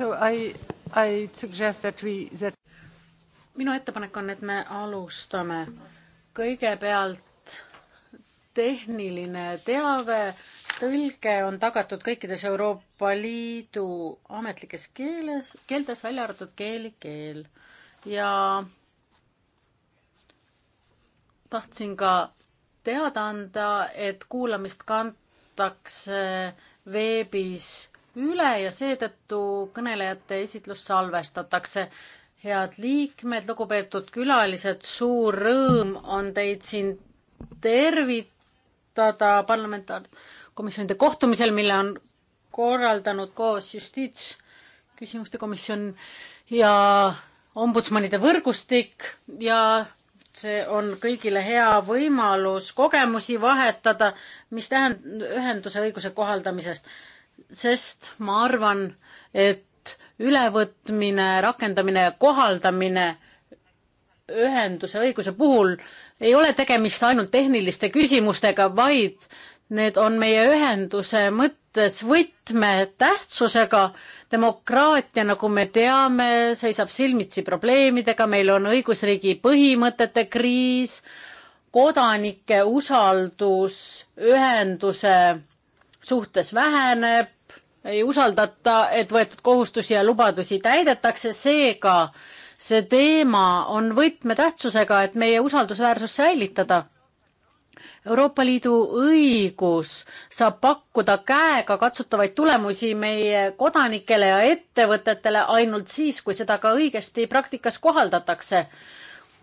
I, I that we, that... minu ettepanek on, et me alustame kõigepealt tehniline teave. tõlge on tagatud kõikides Euroopa Liidu ametlikes keeles, keeltes, välja arvatud keeli keel ja tahtsin ka teada anda, et kuulamist kantakse veebis üle ja seetõttu kõnelejate esitlus salvestatakse. head liikmed, lugupeetud külalised, suur rõõm on teid siin tervitada parlamentaarkomisjonide kohtumisel, mille on korraldanud koos justiitsküsimuste komisjon ja ombudsmanide võrgustik ja see on kõigile hea võimalus kogemusi vahetada, mis tähendab ühenduse õiguse kohaldamisest sest ma arvan, et ülevõtmine, rakendamine ja kohaldamine ühenduse õiguse puhul ei ole tegemist ainult tehniliste küsimustega, vaid need on meie ühenduse mõttes võtmetähtsusega. demokraatia, nagu me teame, seisab silmitsi probleemidega, meil on õigusriigi põhimõtete kriis, kodanike usaldus ühenduse suhtes väheneb, ei usaldata, et võetud kohustusi ja lubadusi täidetakse, seega see teema on võtmetähtsusega, et meie usaldusväärsus säilitada. Euroopa Liidu õigus saab pakkuda käega katsutavaid tulemusi meie kodanikele ja ettevõtetele ainult siis, kui seda ka õigesti praktikas kohaldatakse.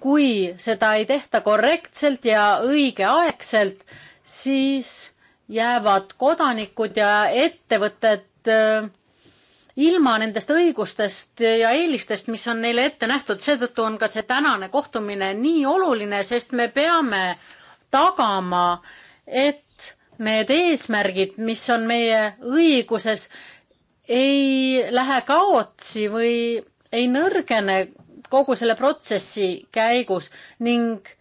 kui seda ei tehta korrektselt ja õigeaegselt, siis jäävad kodanikud ja ettevõtted Äh, ilma nendest õigustest ja eelistest, mis on neile ette nähtud, seetõttu on ka see tänane kohtumine nii oluline, sest me peame tagama, et need eesmärgid, mis on meie õiguses, ei lähe kaotsi või ei nõrgene kogu selle protsessi käigus ning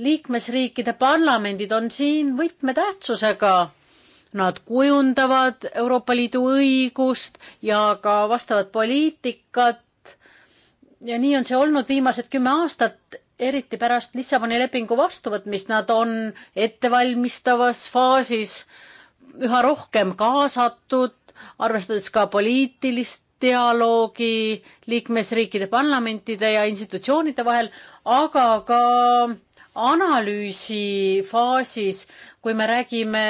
liikmesriikide parlamendid on siin võtmetähtsusega Nad kujundavad Euroopa Liidu õigust ja ka vastavat poliitikat. ja nii on see olnud viimased kümme aastat, eriti pärast Lissaboni lepingu vastuvõtmist, nad on ettevalmistavas faasis üha rohkem kaasatud, arvestades ka poliitilist dialoogi liikmesriikide parlamentide ja institutsioonide vahel, aga ka analüüsifaasis, kui me räägime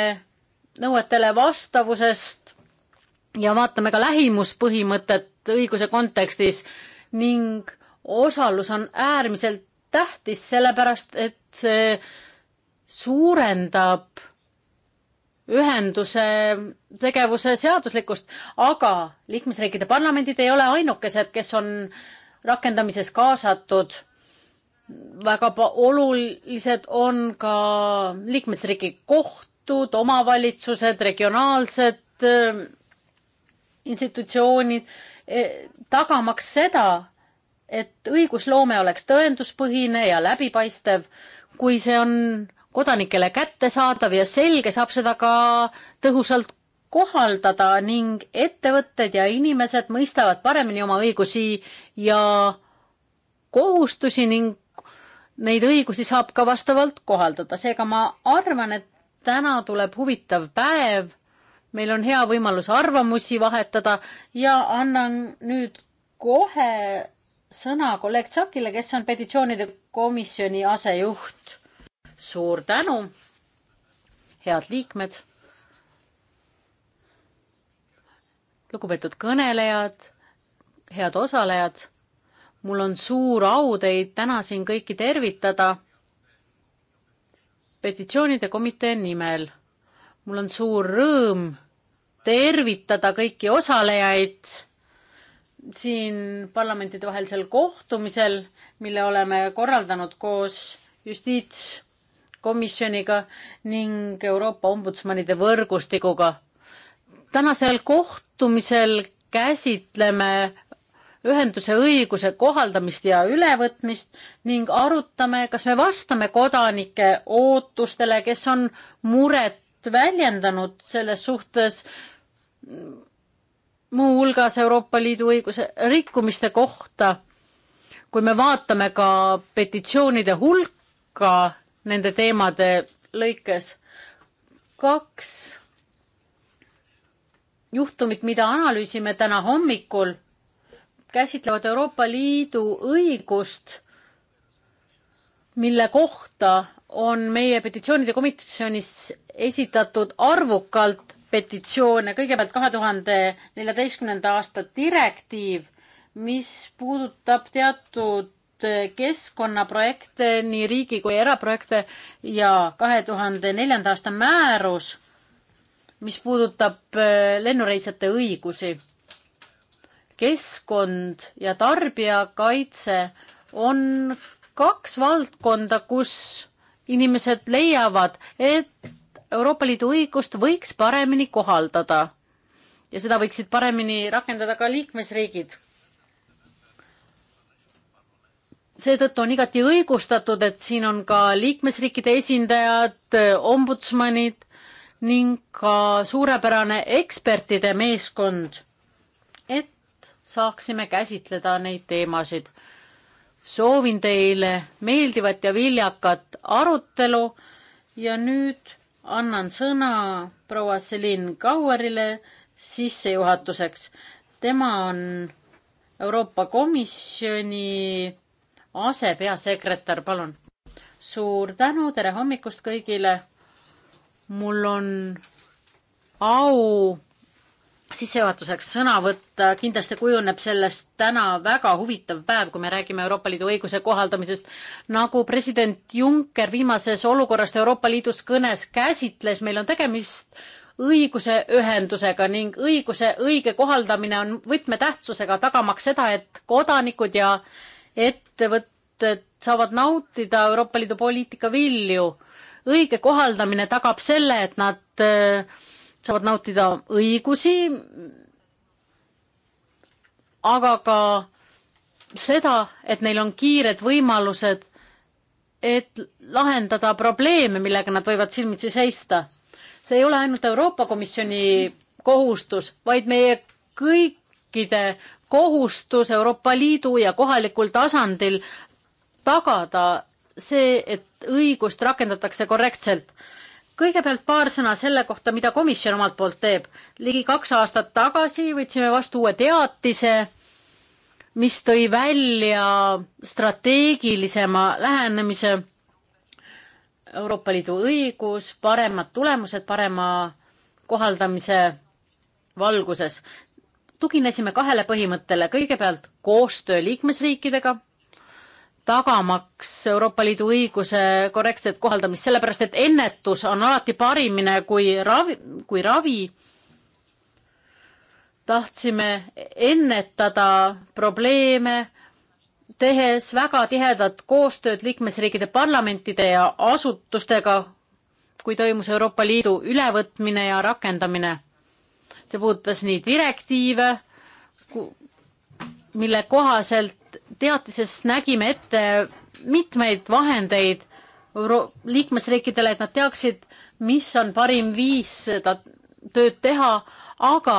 nõuetele vastavusest ja vaatame ka lähimuspõhimõtet õiguse kontekstis ning osalus on äärmiselt tähtis, sellepärast et see suurendab ühenduse tegevuse seaduslikkust, aga liikmesriikide parlamendid ei ole ainukesed, kes on rakendamises kaasatud. väga olulised on ka liikmesriigi kohtud, liidud, omavalitsused, regionaalsed äh, institutsioonid, eh, tagamaks seda, et õigusloome oleks tõenduspõhine ja läbipaistev, kui see on kodanikele kättesaadav ja selge, saab seda ka tõhusalt kohaldada ning ettevõtted ja inimesed mõistavad paremini oma õigusi ja kohustusi ning neid õigusi saab ka vastavalt kohaldada. seega ma arvan, et täna tuleb huvitav päev, meil on hea võimalus arvamusi vahetada ja annan nüüd kohe sõna kolleeg Tsakile, kes on petitsioonide komisjoni asejuht. suur tänu, head liikmed, lugupeetud kõnelejad, head osalejad, mul on suur au teid täna siin kõiki tervitada petitsioonide komitee nimel. mul on suur rõõm tervitada kõiki osalejaid siin parlamentide vahelisel kohtumisel, mille oleme korraldanud koos justiitskomisjoniga ning Euroopa ombudsmanide võrgustikuga. tänasel kohtumisel käsitleme ühenduse õiguse kohaldamist ja ülevõtmist ning arutame, kas me vastame kodanike ootustele, kes on muret väljendanud selles suhtes muuhulgas Euroopa Liidu õiguse rikkumiste kohta. kui me vaatame ka petitsioonide hulka nende teemade lõikes, kaks juhtumit, mida analüüsime täna hommikul käsitlevad Euroopa Liidu õigust, mille kohta on meie petitsioonide komisjonis esitatud arvukalt petitsioone, kõigepealt kahe tuhande neljateistkümnenda aasta direktiiv, mis puudutab teatud keskkonnaprojekte, nii riigi kui eraprojekte ja kahe tuhande neljanda aasta määrus, mis puudutab lennureisijate õigusi keskkond ja tarbijakaitse on kaks valdkonda, kus inimesed leiavad, et Euroopa Liidu õigust võiks paremini kohaldada ja seda võiksid paremini rakendada ka liikmesriigid. seetõttu on igati õigustatud, et siin on ka liikmesriikide esindajad, ombudsmanid ning ka suurepärane ekspertide meeskond, et saaksime käsitleda neid teemasid. soovin teile meeldivat ja viljakat arutelu ja nüüd annan sõna proua Selin Kauerile sissejuhatuseks. tema on Euroopa Komisjoni asepeasekretär, palun. suur tänu, tere hommikust kõigile. mul on au sissejuhatuseks sõnavõtt, äh, kindlasti kujuneb sellest täna väga huvitav päev, kui me räägime Euroopa Liidu õiguse kohaldamisest. nagu president Juncker viimases olukorrast Euroopa Liidus kõnes käsitles, meil on tegemist õiguse ühendusega ning õiguse õige kohaldamine on võtmetähtsusega, tagamaks seda, et kodanikud ja ettevõtted saavad nautida Euroopa Liidu poliitika vilju. õige kohaldamine tagab selle, et nad äh, saavad nautida õigusi, aga ka seda, et neil on kiired võimalused, et lahendada probleeme, millega nad võivad silmitsi seista. see ei ole ainult Euroopa Komisjoni kohustus, vaid meie kõikide kohustus Euroopa Liidu ja kohalikul tasandil tagada see, et õigust rakendatakse korrektselt kõigepealt paar sõna selle kohta, mida komisjon omalt poolt teeb. ligi kaks aastat tagasi võtsime vastu uue teatise, mis tõi välja strateegilisema lähenemise Euroopa Liidu õigus, paremad tulemused parema kohaldamise valguses. tuginesime kahele põhimõttele, kõigepealt koostöö liikmesriikidega tagamaks Euroopa Liidu õiguse korrektset kohaldamist, sellepärast et ennetus on alati parimine kui ravi, kui ravi. tahtsime ennetada probleeme, tehes väga tihedat koostööd liikmesriikide parlamentide ja asutustega, kui toimus Euroopa Liidu ülevõtmine ja rakendamine. see puudutas nii direktiive, mille kohaselt teatises nägime ette mitmeid vahendeid liikmesriikidele, et nad teaksid, mis on parim viis seda tööd teha, aga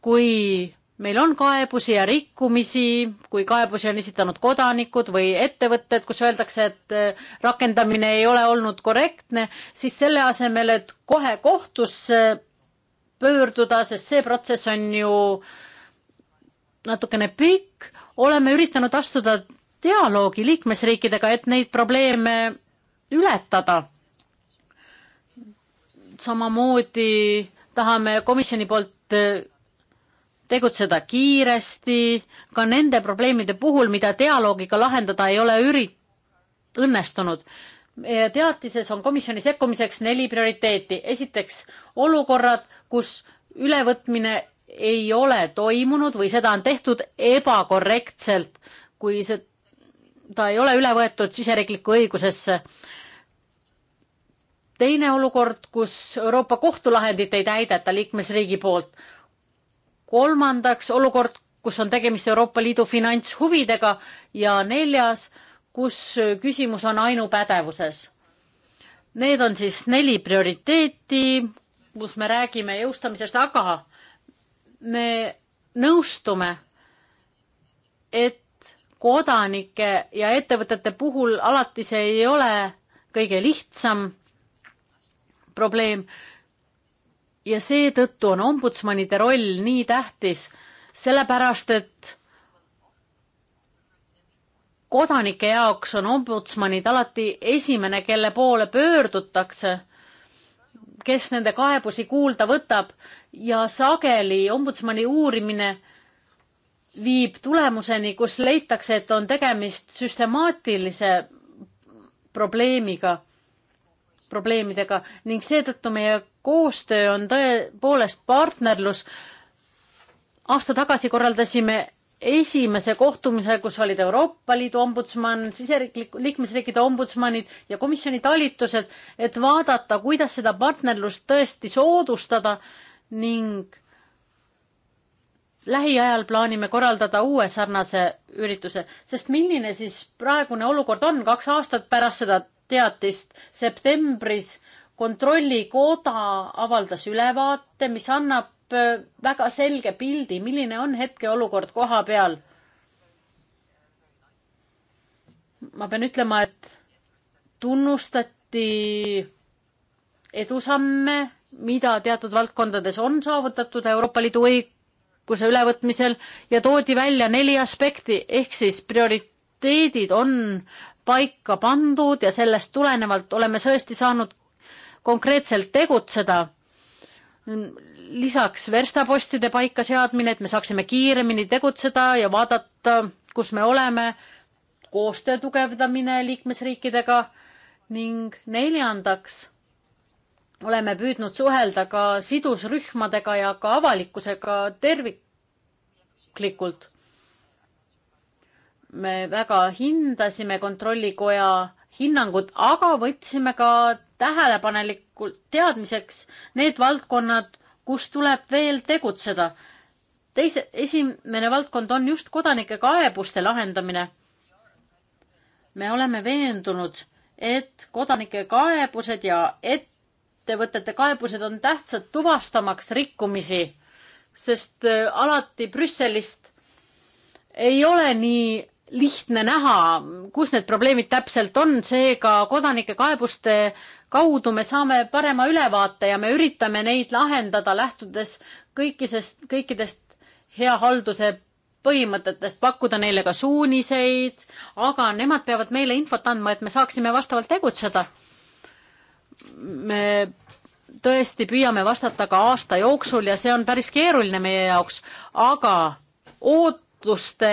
kui meil on kaebusi ja rikkumisi, kui kaebusi on esitanud kodanikud või ettevõtted, kus öeldakse, et äh, rakendamine ei ole olnud korrektne, siis selle asemel, et kohe kohtusse pöörduda, sest see protsess on ju äh, natukene pikk, oleme üritanud astuda dialoogi liikmesriikidega, et neid probleeme ületada. samamoodi tahame komisjoni poolt äh, tegutseda kiiresti ka nende probleemide puhul, mida dialoogiga lahendada ei ole ürit-, õnnestunud. teatises on komisjoni sekkumiseks neli prioriteeti. esiteks olukorrad, kus ülevõtmine ei ole toimunud või seda on tehtud ebakorrektselt, kui see, ta ei ole üle võetud siseriiklikku õigusesse. teine olukord, kus Euroopa kohtulahendit ei täideta liikmesriigi poolt. kolmandaks olukord, kus on tegemist Euroopa Liidu finantshuvidega ja neljas, kus küsimus on ainupädevuses. Need on siis neli prioriteeti, kus me räägime jõustamisest, aga me nõustume, et kodanike ja ettevõtete puhul alati see ei ole kõige lihtsam probleem. ja seetõttu on ombudsmanide roll nii tähtis, sellepärast et kodanike jaoks on ombudsmanid alati esimene, kelle poole pöördutakse kes nende kaebusi kuulda võtab ja sageli ombudsmani uurimine viib tulemuseni, kus leitakse, et on tegemist süstemaatilise probleemiga, probleemidega ning seetõttu meie koostöö on tõepoolest partnerlus. aasta tagasi korraldasime esimese kohtumise, kus olid Euroopa Liidu ombudsman, siseriikliku, liikmesriikide ombudsmanid ja komisjoni talitused, et vaadata, kuidas seda partnerlust tõesti soodustada ning lähiajal plaanime korraldada uue sarnase ürituse, sest milline siis praegune olukord on kaks aastat pärast seda teatist septembris kontrollikoda avaldas ülevaate, mis annab annab äh, väga selge pildi, milline on hetkeolukord koha peal. ma pean ütlema, et tunnustati edusamme, mida teatud valdkondades on saavutatud Euroopa Liidu õiguse ülevõtmisel ja toodi välja neli aspekti ehk siis prioriteedid on paika pandud ja sellest tulenevalt oleme tõesti saanud konkreetselt tegutseda lisaks verstapostide paikaseadmine, et me saaksime kiiremini tegutseda ja vaadata, kus me oleme, koostöö tugevdamine liikmesriikidega ning neljandaks oleme püüdnud suhelda ka sidusrühmadega ja ka avalikkusega terviklikult. me väga hindasime Kontrollikoja hinnangut, aga võtsime ka tähelepanelikult teadmiseks need valdkonnad, kus tuleb veel tegutseda. teise, esimene valdkond on just kodanike kaebuste lahendamine. me oleme veendunud, et kodanike kaebused ja ettevõtete kaebused on tähtsad tuvastamaks rikkumisi, sest äh, alati Brüsselist ei ole nii lihtne näha, kus need probleemid täpselt on, seega kodanike kaebuste kaudu me saame parema ülevaate ja me üritame neid lahendada lähtudes kõikidest, kõikidest hea halduse põhimõtetest, pakkuda neile ka suuniseid, aga nemad peavad meile infot andma, et me saaksime vastavalt tegutseda. me tõesti püüame vastata ka aasta jooksul ja see on päris keeruline meie jaoks, aga ootuste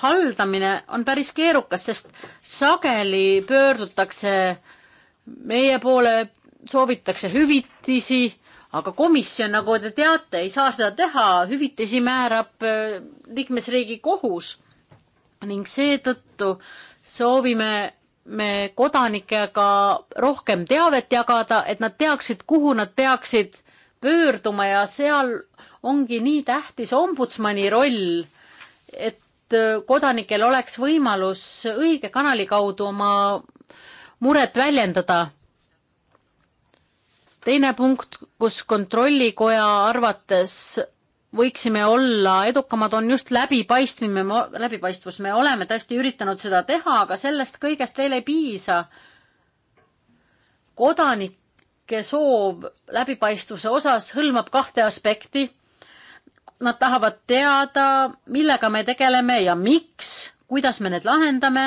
haldamine on päris keerukas, sest sageli pöördutakse äh, meie poole soovitakse hüvitisi, aga komisjon, nagu te teate, ei saa seda teha, hüvitisi määrab äh, liikmesriigi kohus ning seetõttu soovime me kodanikega rohkem teavet jagada, et nad teaksid, kuhu nad peaksid pöörduma ja seal ongi nii tähtis ombudsmani roll, et äh, kodanikel oleks võimalus õige kanali kaudu oma muret väljendada. teine punkt, kus Kontrollikoja arvates võiksime olla edukamad, on just läbipaistv, läbipaistvus, me oleme tõesti üritanud seda teha, aga sellest kõigest veel ei piisa. kodanike soov läbipaistvuse osas hõlmab kahte aspekti. Nad tahavad teada, millega me tegeleme ja miks, kuidas me need lahendame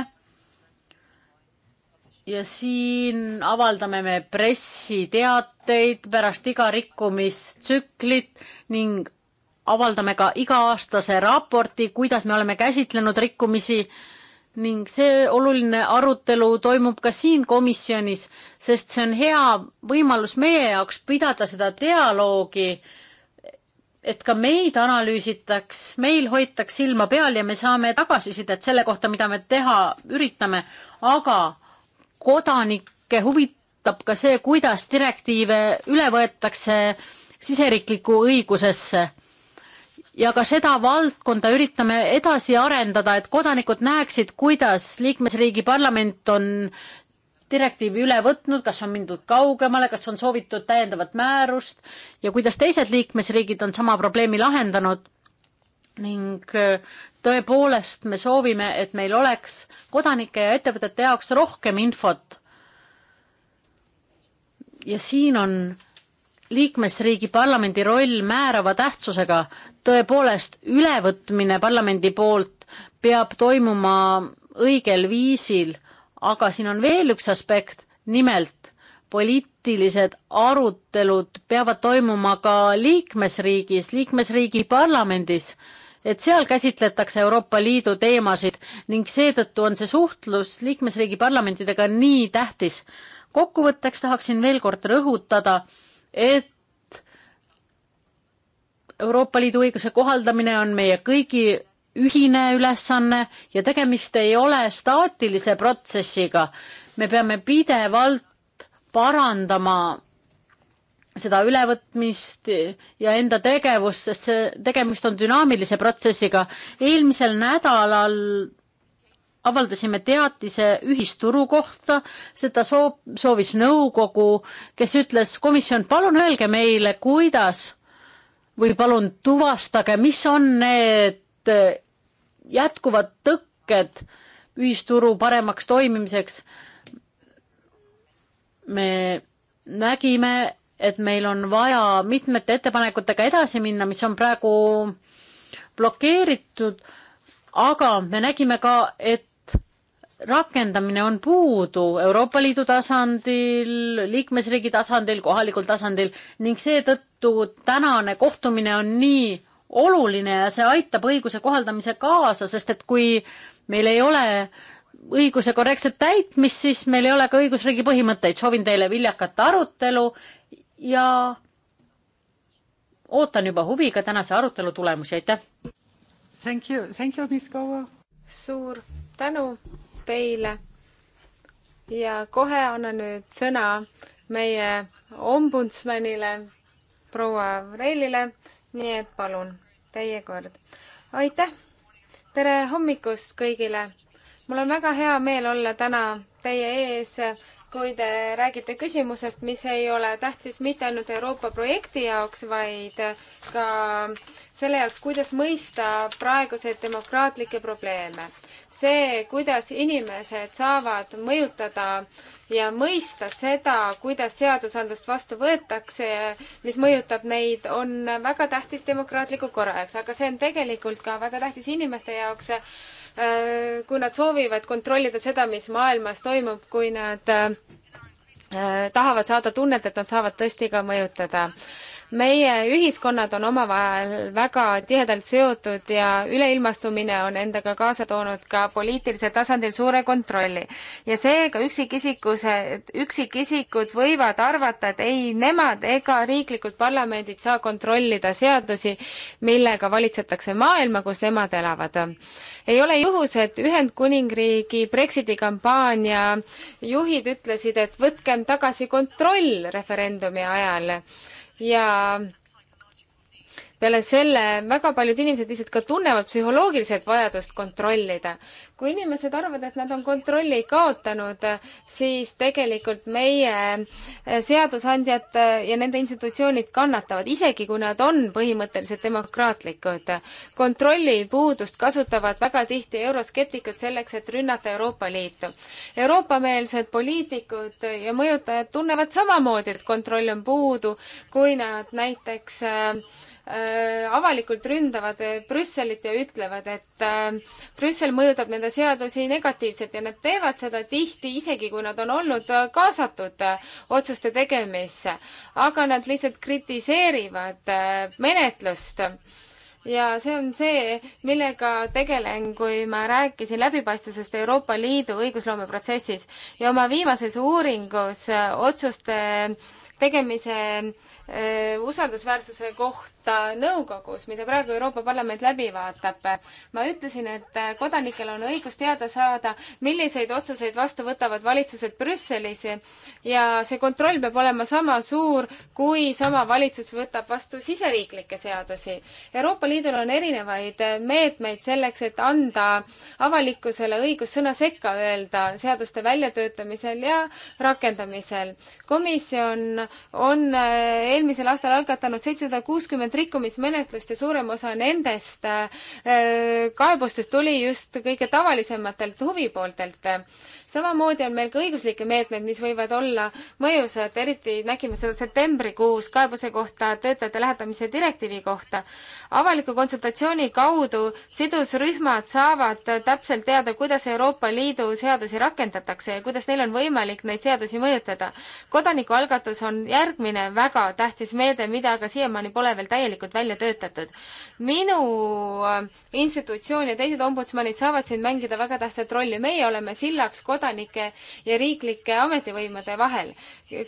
ja siin avaldame me pressiteateid pärast iga rikkumistsüklit ning avaldame ka iga-aastase raporti, kuidas me oleme käsitlenud rikkumisi ning see oluline arutelu toimub ka siin komisjonis, sest see on hea võimalus meie jaoks pidada seda dialoogi, et ka meid analüüsitaks, meil hoitaks silma peal ja me saame tagasisidet selle kohta, mida me teha üritame, aga kodanikke huvitab ka see, kuidas direktiive üle võetakse siseriiklikku õigusesse. ja ka seda valdkonda üritame edasi arendada, et kodanikud näeksid, kuidas liikmesriigi parlament on direktiivi üle võtnud, kas on mindud kaugemale, kas on soovitud täiendavat määrust ja kuidas teised liikmesriigid on sama probleemi lahendanud ning tõepoolest me soovime, et meil oleks kodanike ja ettevõtete jaoks rohkem infot. ja siin on liikmesriigi parlamendi roll määrava tähtsusega. tõepoolest, ülevõtmine parlamendi poolt peab toimuma õigel viisil, aga siin on veel üks aspekt, nimelt poliitilised arutelud peavad toimuma ka liikmesriigis, liikmesriigi parlamendis et seal käsitletakse Euroopa Liidu teemasid ning seetõttu on see suhtlus liikmesriigi parlamentidega nii tähtis. kokkuvõtteks tahaksin veel kord rõhutada, et Euroopa Liidu õiguse kohaldamine on meie kõigi ühine ülesanne ja tegemist ei ole staatilise protsessiga. me peame pidevalt parandama seda ülevõtmist ja enda tegevust, sest see tegemist on dünaamilise protsessiga. eelmisel nädalal avaldasime teatise ühisturu kohta, seda soov, soovis nõukogu, kes ütles, komisjon, palun öelge meile, kuidas või palun tuvastage, mis on need jätkuvad tõkked ühisturu paremaks toimimiseks. me nägime, et meil on vaja mitmete ettepanekutega edasi minna, mis on praegu blokeeritud, aga me nägime ka, et rakendamine on puudu Euroopa Liidu tasandil, liikmesriigi tasandil, kohalikul tasandil ning seetõttu tänane kohtumine on nii oluline ja see aitab õiguse kohaldamise kaasa, sest et kui meil ei ole õiguse korrektset täitmist, siis meil ei ole ka õigusriigi põhimõtteid. soovin teile viljakat arutelu ja ootan juba huviga tänase arutelu tulemusi, aitäh! Thank you, thank you, Miss Kaua! suur tänu teile ja kohe annan nüüd sõna meie ombudsmanile, proua Reilile, nii et palun, teie kord. aitäh! tere hommikust kõigile! mul on väga hea meel olla täna teie ees kui te räägite küsimusest, mis ei ole tähtis mitte ainult Euroopa projekti jaoks, vaid ka selle jaoks, kuidas mõista praeguseid demokraatlikke probleeme. see, kuidas inimesed saavad mõjutada ja mõista seda, kuidas seadusandlust vastu võetakse, mis mõjutab neid, on väga tähtis demokraatliku korra jaoks, aga see on tegelikult ka väga tähtis inimeste jaoks Äh, kui nad soovivad kontrollida seda, mis maailmas toimub, kui nad äh, tahavad saada tunnet, et nad saavad tõesti ka mõjutada meie ühiskonnad on omavahel väga tihedalt seotud ja üleilmastumine on endaga kaasa toonud ka poliitilisel tasandil suure kontrolli. ja seega üksikisikuse, üksikisikud võivad arvata, et ei nemad ega riiklikud parlamendid saa kontrollida seadusi, millega valitsetakse maailma, kus nemad elavad. ei ole juhus, et Ühendkuningriigi Brexiti kampaania juhid ütlesid, et võtkem tagasi kontroll referendumi ajal ja peale selle väga paljud inimesed lihtsalt ka tunnevad psühholoogiliselt vajadust kontrollida. kui inimesed arvavad, et nad on kontrolli kaotanud, siis tegelikult meie eh, seadusandjad eh, ja nende institutsioonid kannatavad, isegi kui nad on põhimõtteliselt demokraatlikud. kontrolli puudust kasutavad väga tihti euroskeptikud selleks, et rünnata Euroopa Liitu. Euroopa-meelsed poliitikud ja mõjutajad tunnevad samamoodi, et kontroll on puudu, kui nad näiteks äh, Äh, avalikult ründavad äh, Brüsselit ja ütlevad, et äh, Brüssel mõjutab nende seadusi negatiivselt ja nad teevad seda tihti, isegi kui nad on olnud kaasatud otsuste tegemisse. aga nad lihtsalt kritiseerivad menetlust ja see on see, millega tegelen, kui ma rääkisin läbipaistvusest Euroopa Liidu õigusloomeprotsessis ja oma viimases uuringus otsuste äh, tegemise usaldusväärsuse kohta nõukogus, mida praegu Euroopa Parlament läbi vaatab. ma ütlesin, et äh, kodanikel on õigus teada saada, milliseid otsuseid vastu võtavad valitsused Brüsselis ja see kontroll peab olema sama suur, kui sama valitsus võtab vastu siseriiklikke seadusi. Euroopa Liidul on erinevaid meetmeid selleks, et anda avalikkusele õigus sõna sekka öelda seaduste väljatöötamisel ja rakendamisel. komisjon on äh, eelmisel aastal algatanud seitsesada kuuskümmend rikkumismenetlust ja suurem osa nendest äh, kaebustest tuli just kõige tavalisematelt huvipooltelt samamoodi on meil ka õiguslikke meetmeid, mis võivad olla mõjusad, eriti nägime seda septembrikuus kaebuse kohta töötajate lähetamise direktiivi kohta. avaliku konsultatsiooni kaudu sidusrühmad saavad täpselt teada, kuidas Euroopa Liidu seadusi rakendatakse ja kuidas neil on võimalik neid seadusi mõjutada. kodanikualgatus on järgmine väga tähtis meede, mida aga siiamaani pole veel täielikult välja töötatud. minu äh, institutsioon ja teised ombudsmanid saavad siin mängida väga tähtsat rolli, meie oleme sillaks kodanikualgatuse kodanike ja riiklike ametivõimude vahel.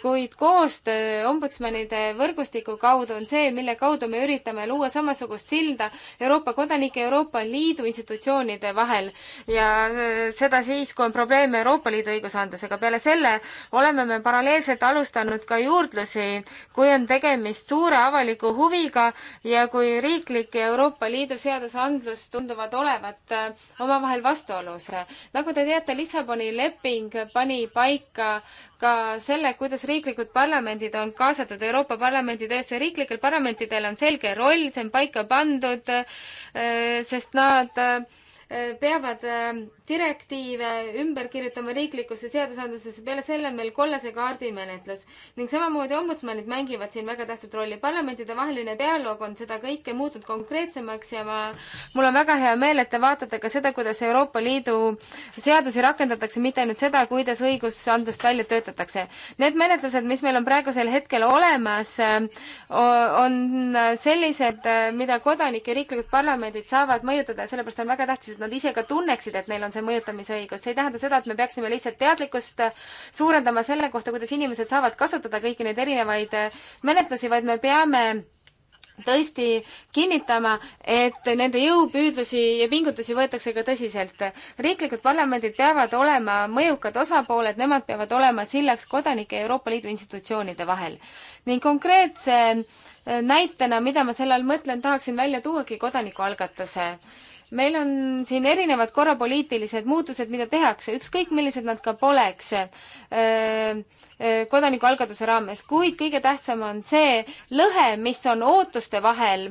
kuid koostöö ombudsmanide võrgustiku kaudu on see, mille kaudu me üritame luua samasugust silda Euroopa kodanike, Euroopa Liidu institutsioonide vahel ja äh, seda siis, kui on probleeme Euroopa Liidu õigusandlusega. peale selle oleme me paralleelselt alustanud ka juurdlusi, kui on tegemist suure avaliku huviga ja kui riiklik ja Euroopa Liidu seadusandlus tunduvad olevat äh, omavahel vastuolus. nagu te teate, Lissaboni leping pani paika ka selle, kuidas riiklikud parlamendid on kaasatud Euroopa Parlamendi töösse. riiklikel parlamentidel on selge roll, see on paika pandud, eh, sest nad eh, Äh, peavad äh, direktiive ümber kirjutama riiklikusse seadusandlusesse, peale selle on meil kollase kaardi menetlus ning samamoodi ombudsmanid mängivad siin väga tähtsat rolli. parlamentide vaheline dialoog on seda kõike muutnud konkreetsemaks ja ma, mul on väga hea meel, et te vaatate ka seda, kuidas Euroopa Liidu seadusi rakendatakse, mitte ainult seda, kuidas õigusandlust välja töötatakse. Need menetlused, mis meil on praegusel hetkel olemas, äh, on sellised, mida kodanike riiklikud parlamendid saavad mõjutada ja sellepärast on väga tähtis, et nad ise ka tunneksid, et neil on see mõjutamisõigus. see ei tähenda seda, et me peaksime lihtsalt teadlikkust suurendama selle kohta, kuidas inimesed saavad kasutada kõiki neid erinevaid äh, menetlusi, vaid me peame tõesti kinnitama, et nende jõupüüdlusi ja pingutusi võetakse ka tõsiselt. riiklikud parlamendid peavad olema mõjukad osapooled, nemad peavad olema sillaks kodanike ja Euroopa Liidu institutsioonide vahel. ning konkreetse äh, näitena, mida ma selle all mõtlen, tahaksin välja tuuagi kodanikualgatuse meil on siin erinevad korrapoliitilised muutused, mida tehakse, ükskõik millised nad ka poleks äh, äh, kodanikualgatuse raames, kuid kõige tähtsam on see lõhe, mis on ootuste vahel,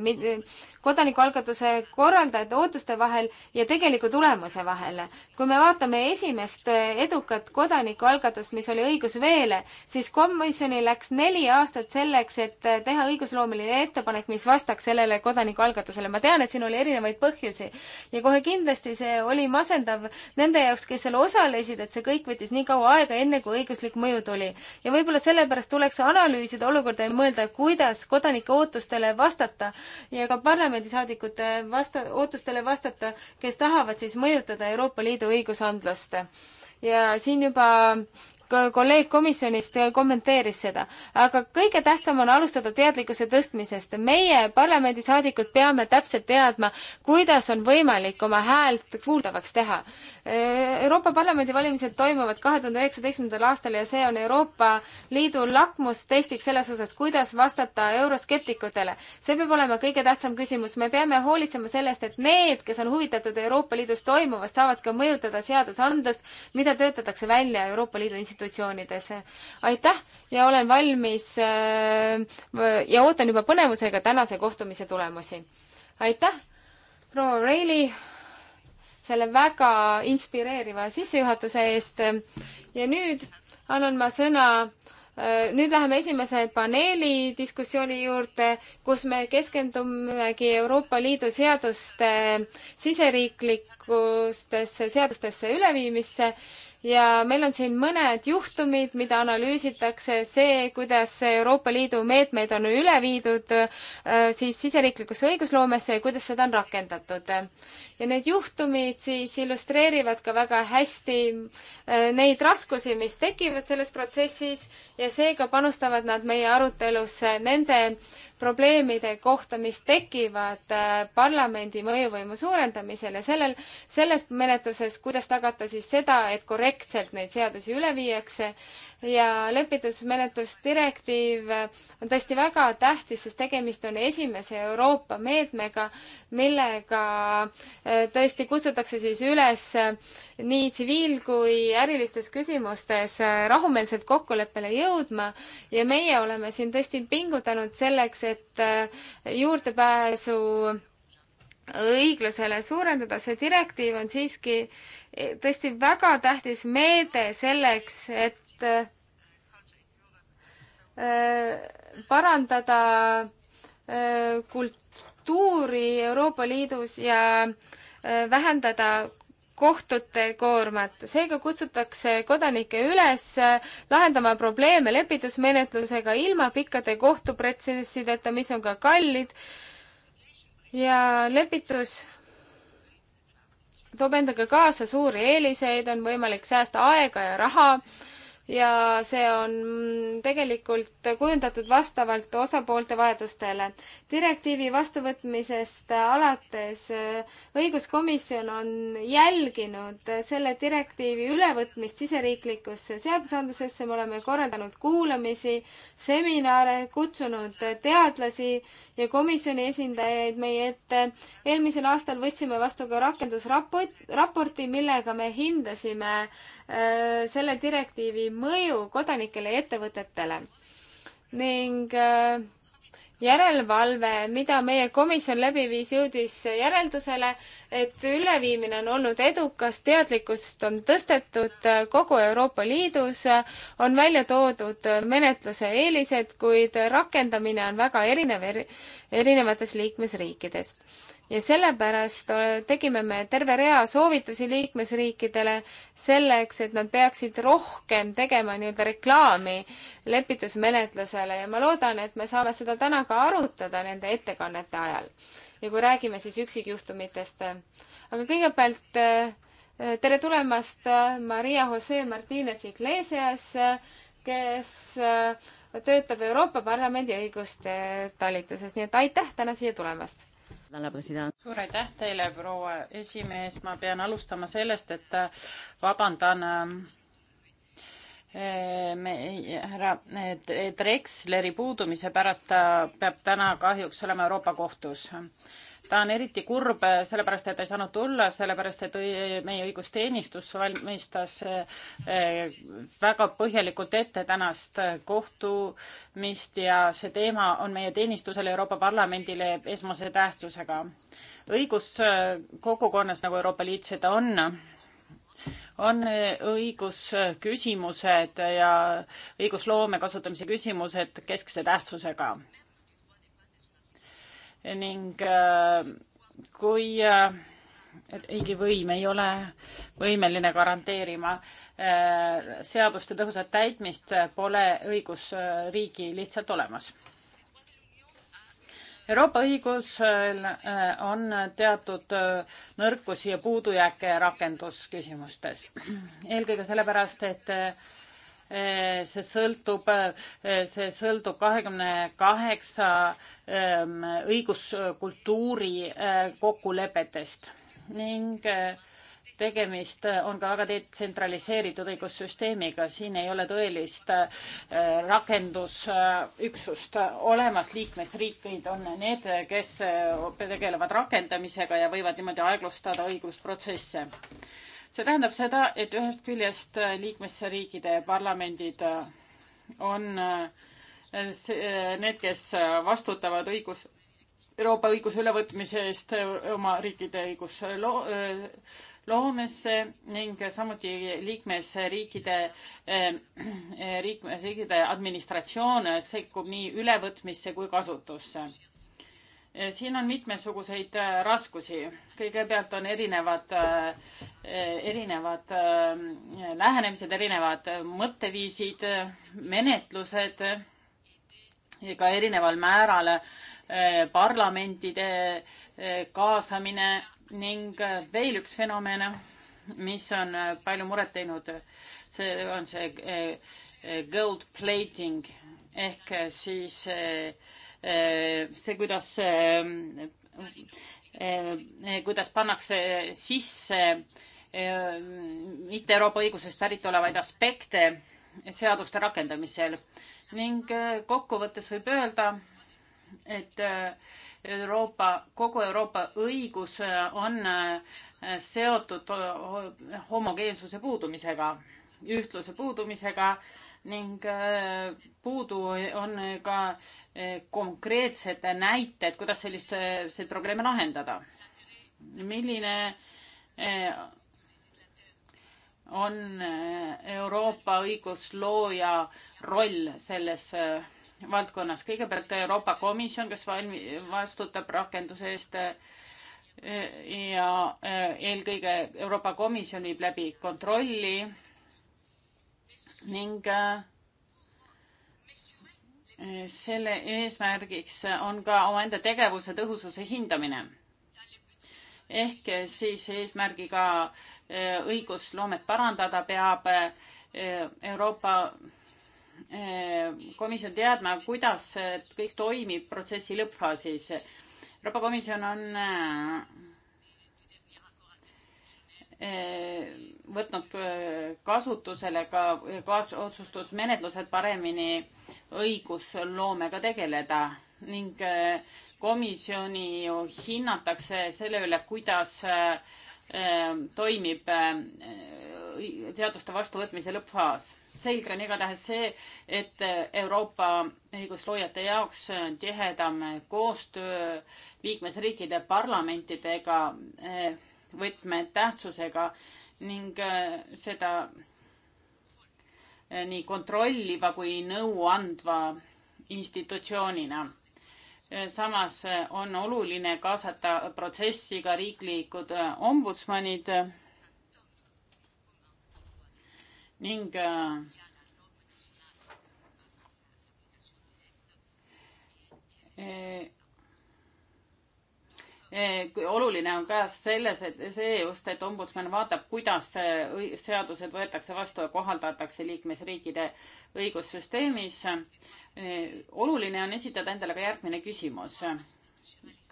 kodanikualgatuse korraldajate ootuste vahel ja tegeliku tulemuse vahel. kui me vaatame esimest eh, edukat kodanikualgatust, mis oli õigus veele, siis komisjoni läks neli aastat selleks, et eh, teha õigusloomeline ettepanek, mis vastaks sellele kodanikualgatusele. ma tean, et siin oli erinevaid põhjusi ja kohe kindlasti see oli masendav nende jaoks, kes seal osalesid, et see kõik võttis nii kaua aega, enne kui õiguslik mõju tuli. ja võib-olla sellepärast tuleks analüüsida olukorda ja mõelda, kuidas kodanike ootustele vastata ja ka parlamendi parlamendisaadikute vasta-, ootustele vastata, kes tahavad siis mõjutada Euroopa Liidu õigusandlust. ja siin juba kolleeg komisjonist kommenteeris seda. aga kõige tähtsam on alustada teadlikkuse tõstmisest. meie parlamendisaadikud peame täpselt teadma, kuidas on võimalik oma häält kuuldavaks teha. Euroopa Parlamendi valimised toimuvad kahe tuhande üheksateistkümnendal aastal ja see on Euroopa Liidu lakmustestiks selles osas, kuidas vastata euroskeptikutele. see peab olema kõige tähtsam küsimus. me peame hoolitsema sellest, et need, kes on huvitatud Euroopa Liidus toimuvast, saavad ka mõjutada seadusandlust, mida töötatakse välja Euroopa Liidu institutsioonides institutsioonides. aitäh ja olen valmis äh, ja ootan juba põnevusega tänase kohtumise tulemusi. aitäh, proua Reili, selle väga inspireeriva sissejuhatuse eest ja nüüd annan ma sõna äh, nüüd läheme esimese paneeli diskussiooni juurde, kus me keskendumegi Euroopa Liidu seaduste siseriiklikustesse seadustesse üleviimisse ja meil on siin mõned juhtumid, mida analüüsitakse, see, kuidas Euroopa Liidu meetmeid on üle viidud äh, siis siseriiklikusse õigusloomesse ja kuidas seda on rakendatud. ja need juhtumid siis illustreerivad ka väga hästi äh, neid raskusi, mis tekivad selles protsessis ja seega panustavad nad meie arutelusse nende probleemide kohta, mis tekivad äh, parlamendi mõjuvõimu suurendamisel ja sellel, selles menetluses, kuidas tagada siis seda, et korrektselt neid seadusi üle viiakse ja lepitusmenetlusdirektiiv on tõesti väga tähtis, sest tegemist on esimese Euroopa meetmega, millega äh, tõesti kutsutakse siis üles äh, nii tsiviil kui ärilistes küsimustes äh, rahumeelselt kokkuleppele jõudma ja meie oleme siin tõesti pingutanud selleks, et juurdepääsu õiglusele suurendada, see direktiiv on siiski tõesti väga tähtis meede selleks, et Äh, parandada äh, kultuuri Euroopa Liidus ja äh, vähendada kohtute koormat. seega kutsutakse kodanikke üles lahendama probleeme lepitusmenetlusega ilma pikkade kohtuprotsessideta, mis on ka kallid. ja lepitus toob endaga kaasa suuri eeliseid, on võimalik säästa aega ja raha ja see on tegelikult kujundatud vastavalt osapoolte vajadustele. direktiivi vastuvõtmisest alates õiguskomisjon on jälginud selle direktiivi ülevõtmist siseriiklikusse seadusandlusesse, me oleme korraldanud kuulamisi, seminare, kutsunud teadlasi ja komisjoni esindajaid meie ette. eelmisel aastal võtsime vastu ka rakendusraport, raporti, millega me hindasime äh, selle direktiivi mõju kodanikele ja ettevõtetele ning äh, järelevalve, mida meie komisjon läbi viis, jõudis järeldusele, et üleviimine on olnud edukas, teadlikkust on tõstetud kogu Euroopa Liidus, on välja toodud menetluse eelised, kuid rakendamine on väga erinev eri, erinevates liikmesriikides ja sellepärast äh, tegime me terve rea soovitusi liikmesriikidele selleks, et nad peaksid rohkem tegema nii-öelda reklaami lepitusmenetlusele ja ma loodan, et me saame seda täna ka arutada nende ettekannete ajal. ja kui räägime siis üksikjuhtumitest. Äh, aga kõigepealt äh, tere tulemast Maria Jose Martinez Iglesias, kes töötab Euroopa Parlamendi õiguste talituses, nii et aitäh täna siia tulemast suur aitäh teile, proua esimees, ma pean alustama sellest, et äh, vabandan äh, härra Drexleri puudumise pärast ta äh, peab täna kahjuks olema Euroopa Kohtus ta on eriti kurb sellepärast, et ta ei saanud tulla, sellepärast et meie õigusteenistus valmistas eh, väga põhjalikult ette tänast kohtumist ja see teema on meie teenistusele, Euroopa Parlamendile esmase tähtsusega. õiguskogukonnas, nagu Euroopa Liit seda on, on õigusküsimused ja õigusloome kasutamise küsimused keskse tähtsusega ning äh, kui äh, riigivõim ei ole võimeline garanteerima äh, seaduste tõhusat täitmist, pole õigusriigi lihtsalt olemas. Euroopa õigusel on teatud nõrkusi ja puudujääke rakendusküsimustes. eelkõige sellepärast, et Eh, see sõltub, eh, see sõltub kahekümne kaheksa ehm, õiguskultuuri eh, kokkulepetest ning tegemist on ka väga detsentraliseeritud õigussüsteemiga, siin ei ole tõelist rakendusüksust olemas, liikmesriigid on need, kes tegelevad rakendamisega ja võivad niimoodi aeglustada õigusprotsesse see tähendab seda, et ühest küljest äh, liikmesriikide parlamendid äh, on äh, need, kes vastutavad õigus, Euroopa õiguse ülevõtmise eest oma riikide õigusloomesse ning samuti liikmesriikide, liikmesriikide administratsioon sekkub nii ülevõtmisse kui kasutusse Eh, siin on mitmesuguseid eh, raskusi. kõigepealt on erinevad, eh, erinevad lähenemised, erinevad mõtteviisid, menetlused ka erineval määral parlamentide kaasamine ning veel üks fenomen, mis on palju muret teinud, see on see gold plating ehk siis Äh, see, kuidas äh, äh, kuidas pannakse sisse mitte Euroopa õigusest pärit olevaid aspekte seaduste rakendamisel ning kokkuvõttes võib öelda, et Euroopa, kogu Euroopa õigus on seotud homogeensuse puudumisega, ühtluse puudumisega ning äh, puudu on ka äh, konkreetsed näited, kuidas sellist, äh, selliseid probleeme lahendada. milline on Euroopa õiguslooja roll selles valdkonnas. kõigepealt Euroopa Komisjon, kes valmi-, vastutab rakenduse eest ja eelkõige Euroopa Komisjon viib läbi kontrolli ning äh, selle eesmärgiks on ka omaenda tegevuse tõhususe hindamine ehk siis eesmärgiga äh, õigusloomet parandada peab äh, Euroopa Komisjon teadma, kuidas kõik toimib protsessi lõppfaasis. Euroopa Komisjon on Eh, võtnud eh, kasutusele ka kaasotsustusmenetlused paremini õigusloomega tegeleda ning eh, komisjoni ju hinnatakse selle üle, kuidas toimib teaduste vastuvõtmise lõppfaas. selge on igatahes see, et Euroopa õigusloojate jaoks tihedam koostöö liikmesriikide parlamentidega võtmetähtsusega ning äh, seda äh, nii kontrolliva kui nõuandva institutsioonina. Äh, samas on oluline kaasata protsessi ka riiklikud ombudsmanid ning Eh, oluline on ka selles, et see just, et ombudsman vaatab, kuidas seadused võetakse vastu ja kohaldatakse liikmesriikide õigussüsteemis. Eh, oluline on esitada endale ka järgmine küsimus.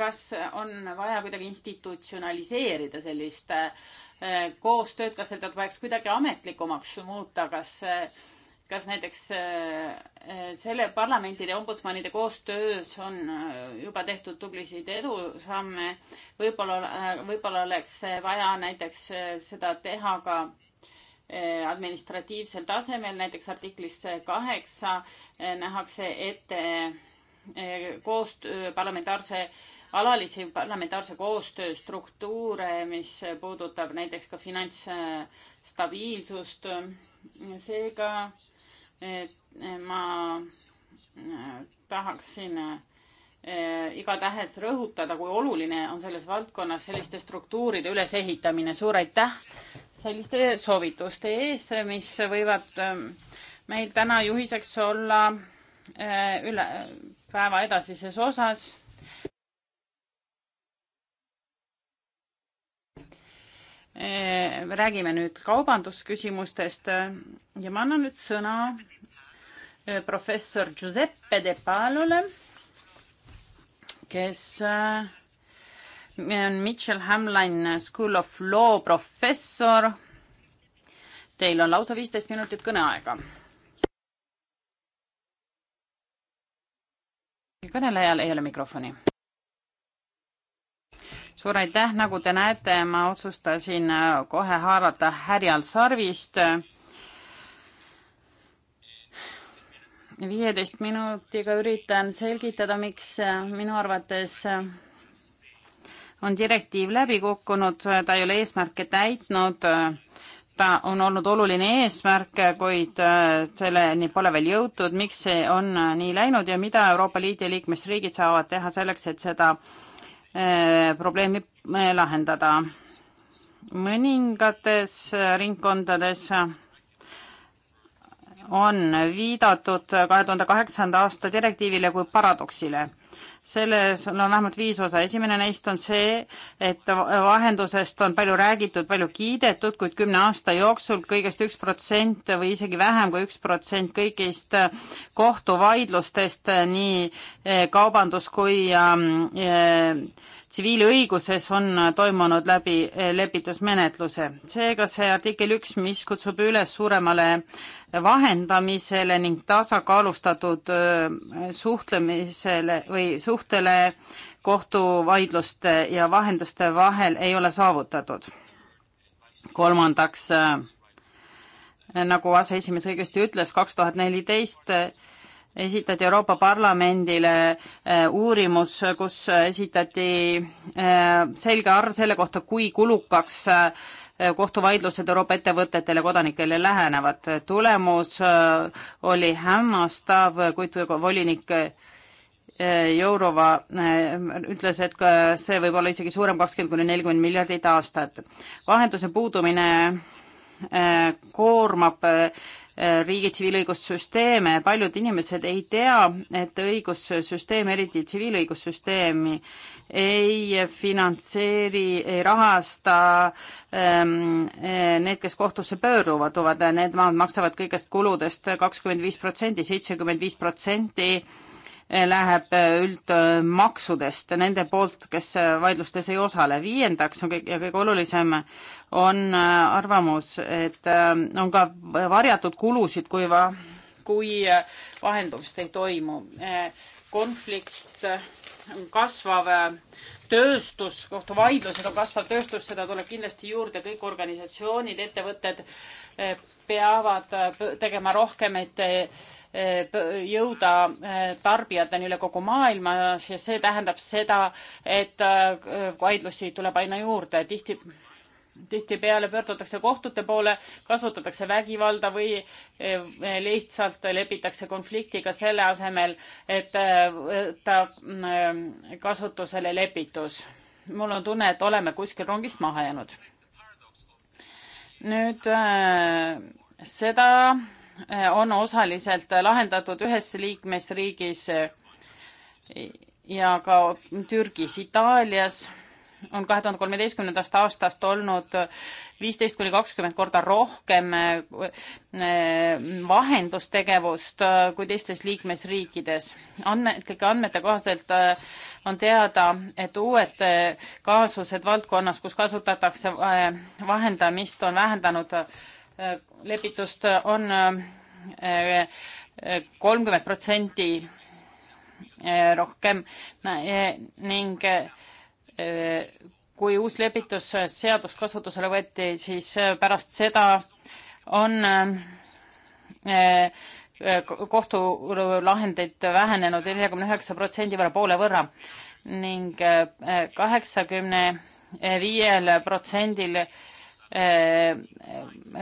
kas on vaja kuidagi institutsionaliseerida sellist eh, koostööd, kas seda tuleks kuidagi ametlikumaks muuta, kas kas näiteks äh, äh, selle parlamentide ombudsmanide koostöös on äh, juba tehtud tublisid edusamme, võib-olla, võib-olla oleks vaja näiteks seda teha ka administratiivsel tasemel, näiteks artiklis kaheksa nähakse ette koostöö parlamentaarse, alalisi parlamentaarse koostöö struktuure, mis puudutab näiteks ka finantsstabiilsust. seega et eh, ma eh, tahaksin eh, igatahes rõhutada, kui oluline on selles valdkonnas selliste struktuuride ülesehitamine. suur aitäh selliste soovituste ees, mis võivad meil täna juhiseks olla üle päeva edasises osas me eh, räägime nüüd kaubandusküsimustest ja ma annan nüüd sõna eh, professor Giuseppe De Palole, kes eh, on Mitchell Hamline School of Law professor. Teil on lausa viisteist minutit kõneaega. kõnelejal ei ole mikrofoni suur aitäh, nagu te näete, ma otsustasin äh, kohe haarata härjal sarvist. viieteist minutiga üritan selgitada, miks äh, minu arvates äh, on direktiiv läbi kukkunud, ta ei ole eesmärke täitnud, ta on olnud oluline eesmärk, kuid selleni pole veel jõutud, miks see on nii läinud ja mida Euroopa Liidu liikmesriigid saavad teha selleks, et seda Eh, probleemi eh, lahendada. mõningates eh, ringkondades on viidatud kahe tuhande kaheksanda aasta direktiivile kui paradoksile selles on vähemalt viis osa, esimene neist on see, et vahendusest on palju räägitud, palju kiidetud, kuid kümne aasta jooksul kõigest üks protsent või isegi vähem kui üks protsent kõigist kohtuvaidlustest nii eh, kaubandus kui ähm, eh, tsiviilõiguses on toimunud läbi eh, lepitusmenetluse. seega see artikkel üks, mis kutsub üles suuremale vahendamisele ning tasakaalustatud äh, suhtlemisele või su suhtele kohtuvaidluste ja vahenduste vahel ei ole saavutatud. kolmandaks, äh, nagu aseesimees õigesti ütles, kaks tuhat neliteist äh, esitati Euroopa Parlamendile äh, uurimus, kus esitati selge arv selle kohta, kui kulukaks kohtuvaidlused Euroopa ettevõtetele, kodanikele lähenevad. tulemus oli hämmastav, kuid volinik Jourova eh, ütles, et see võib olla isegi suurem, kakskümmend kuni nelikümmend miljardit aastat. vahenduse puudumine eh, koormab eh, riigi tsiviilõigussüsteeme, paljud inimesed ei tea, et õigussüsteem, eriti tsiviilõigussüsteemi, ei finantseeri, ei rahasta ähm, need, kes kohtusse pööruvad, need maad maksavad kõigest kuludest kakskümmend viis protsenti, seitsekümmend viis protsenti läheb äh, üldmaksudest nende poolt, kes äh, vaidlustes ei osale. viiendaks on kõik ja kõige olulisem on äh, arvamus, et on ka varjatud kulusid, kui va-, kui vahendumist ei toimu. konflikt kasvav tööstus, kohtuvaidlused on kasvav tööstus, seda tuleb kindlasti juurde, kõik organisatsioonid, ettevõtted peavad tegema rohkem, et Eh, jõuda eh, tarbijateni üle kogu maailma ja see tähendab seda, et eh, vaidlusi tuleb aina juurde. tihti tihtipeale pöördutakse kohtute poole, kasutatakse vägivalda või lihtsalt lepitakse konfliktiga selle asemel, et võtta mm, kasutusele lepitus. mul on tunne, et oleme kuskil rongist maha jäänud. nüüd seda Äh, on osaliselt lahendatud ühes liikmesriigis ja ka Türgis, Itaalias on kahe tuhande kolmeteistkümnendast aastast olnud viisteist kuni kakskümmend korda rohkem äh, vahendustegevust äh, kui teistes liikmesriikides. andmetlike andmete kohaselt on teada, et uued kaasused valdkonnas, kus kasutatakse vahendamist, on vähendanud lepitust on äh, äh, kolmkümmend protsenti äh, rohkem ning kui uus lepitusseadus kasutusele võeti, siis pärast seda on kohtulahendeid vähenenud neljakümne üheksa protsendi võrra, poole võrra ning kaheksakümne viiel protsendil Äh,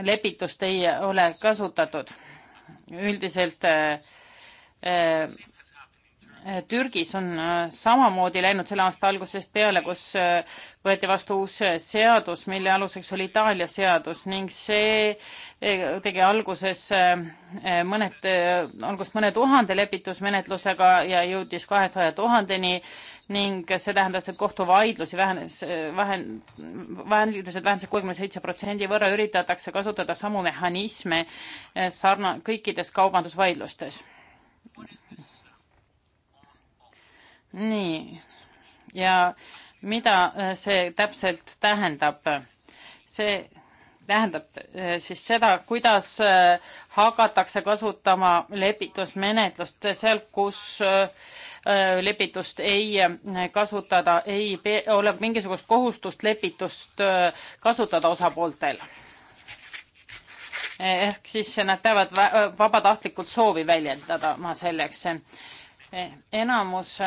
lepitust ei ole kasutatud. üldiselt äh, äh, Türgis on äh, samamoodi läinud selle aasta algusest peale, kus äh, võeti vastu uus äh, seadus, mille aluseks oli Itaalia seadus ning see tegi alguses mõned, algust mõne tuhande lepitusmenetlusega ja jõudis kahesaja tuhandeni ning see tähendas, et kohtuvaidlusi vähenes, vähen-, vaidlused vähenesid kuuekümne seitse protsendi võrra, üritatakse kasutada samu mehhanisme sarna-, kõikides kaubandusvaidlustes nii, ja mida äh, see täpselt tähendab? see tähendab äh, siis seda, kuidas äh, hakatakse kasutama lepitusmenetlust seal, kus lepitust ei kasutada, ei ole mingisugust kohustust lepitust kasutada osapooltel. ehk siis nad peavad vabatahtlikult soovi väljendada selleks. enamus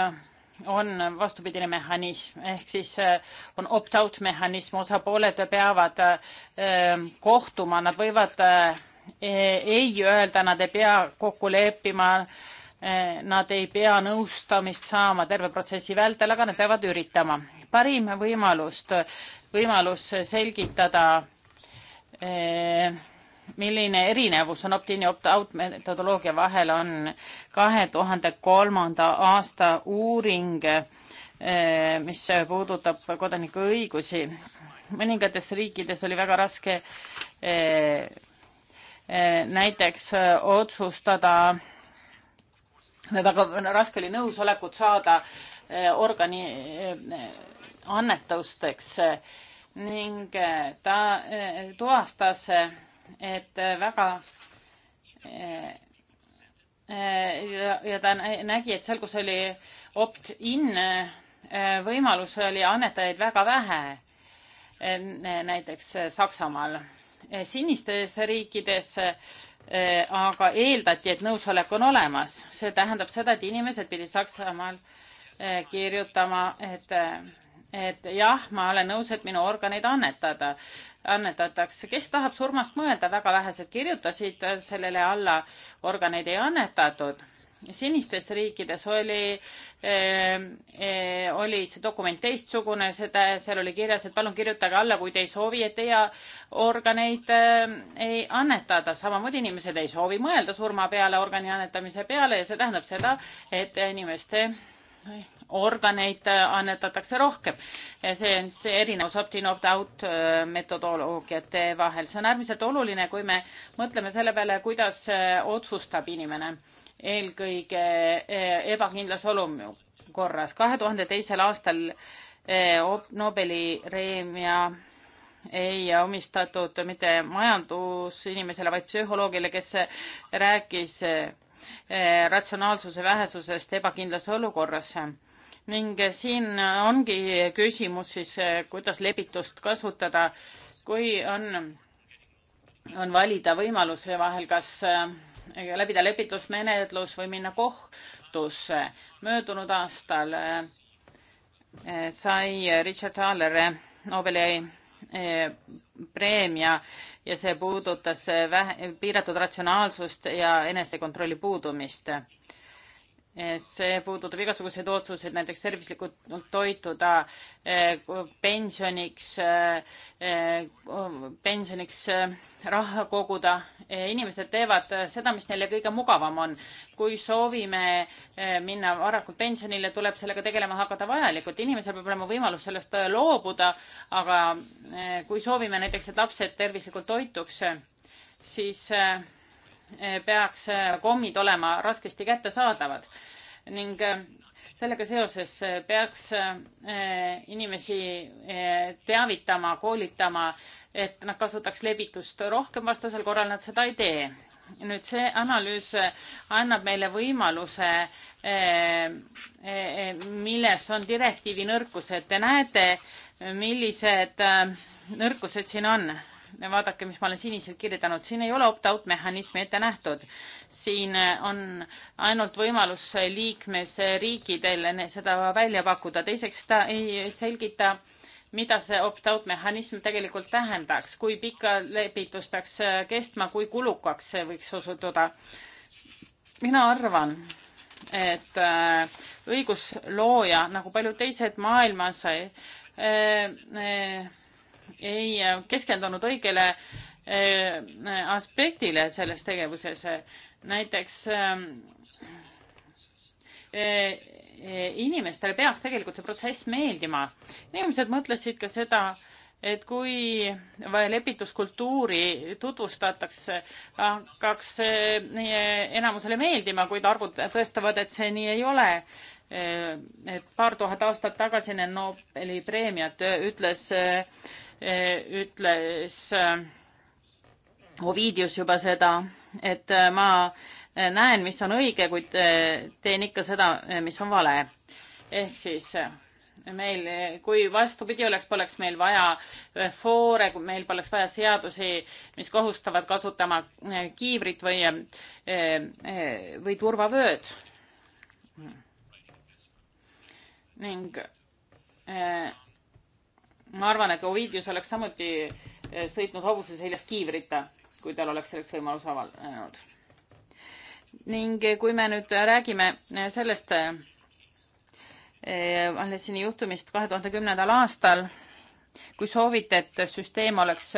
on vastupidine mehhanism ehk siis äh, on opt-out mehhanism, osapooled peavad äh, kohtuma, nad võivad äh, e-, ei öelda, nad ei pea kokku leppima, nad ei pea nõustamist saama terve protsessi vältel, aga nad peavad üritama. parim võimalust, võimalus selgitada milline erinevus on opt-in ja opt-out metodoloogia vahel, on kahe tuhande kolmanda aasta uuring, eh, mis puudutab kodanikuõigusi. mõningates riikides oli väga raske eh, eh, näiteks otsustada, väga raske oli nõusolekut saada organi annetusteks ning ta tuvastas et äh, väga ja, äh, äh, ja ta nägi, et seal, kus oli opt-in võimalus, oli annetajaid väga vähe. näiteks Saksamaal, sinistes riikides aga eeldati, et nõusolek on olemas, see tähendab seda, et inimesed pidid Saksamaal kirjutama, et, et jah, ma olen nõus, et minu organeid annetada annetatakse, kes tahab surmast mõelda, väga vähesed kirjutasid sellele alla, organeid ei annetatud. sinistes riikides oli eh,, eh, oli see dokument teistsugune, seda, seal oli kirjas, et palun kirjutage alla, kui te ei soovi, et teie organeid eh, ei annetada. samamoodi inimesed ei soovi mõelda surma peale, organi annetamise peale ja see tähendab seda, et inimeste eh, organeid äh, annetatakse rohkem. see on see erinevus opt-in, opt-out äh, metodoloogiate vahel. see on äärmiselt oluline, kui me mõtleme selle peale, kuidas äh, otsustab inimene eelkõige ebakindlas olukorras. kahe tuhande teisel aastal Nobeli preemia ei omistatud mitte majandusinimesele, vaid psühholoogile, kes rääkis ratsionaalsuse vähesusest ebakindlas olukorras ning siin ongi küsimus siis, kuidas lepitust kasutada, kui on, on valida võimaluse vahel, kas äh, läbida lepitusmenetlus või minna kohtusse. möödunud aastal äh, sai Richard Thaler äh, Nobeli preemia ja see puudutas vähe, piiratud ratsionaalsust ja enesekontrolli puudumist Eh, see puudutab igasuguseid otsuseid, näiteks tervislikult toituda, eh, pensioniks, eh, pensioniks raha koguda. inimesed teevad seda, mis neile kõige mugavam on. kui soovime minna varakult pensionile, tuleb sellega tegelema hakata vajalikult. inimesel peab olema võimalus sellest loobuda, aga kui soovime näiteks, et lapsed tervislikult toituks, siis äh, Eh, peaks eh, kommid olema raskesti kättesaadavad ning eh, sellega seoses peaks inimesi teavitama, koolitama, et nad kasutaks levitust rohkem, vastasel korral nad seda ei tee. nüüd see analüüs annab meile võimaluse, milles on direktiivi nõrkused. Te näete, millised nõrkused siin on vaadake, mis ma olen sinisel kirjutanud, siin ei ole opt-out mehhanismi ette nähtud. siin äh, on ainult võimalus liikmesriikidel seda välja pakkuda, teiseks ta ei selgita, mida see opt-out mehhanism tegelikult tähendaks, kui pika lepitus peaks äh, kestma, kui kulukaks see võiks osutuda. mina arvan, et äh, õiguslooja, nagu paljud teised maailmas, ei äh, keskendunud õigele äh, aspektile selles tegevuses. näiteks ähm, äh, inimestele peaks tegelikult see protsess meeldima. inimesed mõtlesid ka seda, et kui lepituskultuuri tutvustatakse, hakkaks see enamusele meeldima, kuid arvud tõestavad, et see nii ei ole. et paar tuhat aastat tagasi enne Nobeli preemiat ütles Eh, ütles eh, Ovidius juba seda, et eh, ma näen, mis on õige, kuid teen ikka seda, mis on vale. ehk siis meil, kui vastupidi oleks, poleks meil vaja foore, kui meil poleks vaja seadusi, mis kohustavad kasutama kiivrit või, või turvavööd. ning ma arvan, et Ovidius oleks samuti eh, sõitnud hobuse seljas kiivrita, kui tal oleks selleks võimalus avanenud. ning eh, kui me nüüd räägime eh, sellest Valesini juhtumist kahe tuhande kümnendal aastal, kui soovite, et süsteem oleks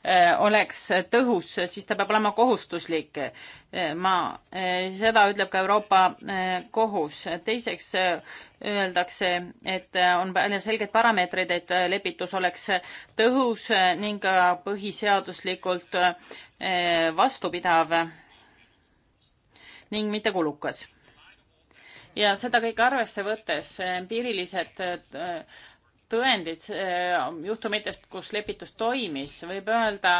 Eh, oleks tõhus, siis ta peab olema kohustuslik. Eh, ma, eh, seda ütleb ka Euroopa Kohus. teiseks öeldakse, et on selged parameetrid, et lepitus oleks tõhus ning põhiseaduslikult vastupidav ning mitte kulukas ja seda kõike arvesse võttes empiirilised tõendid eh, juhtumitest, kus lepitus toimis, võib öelda,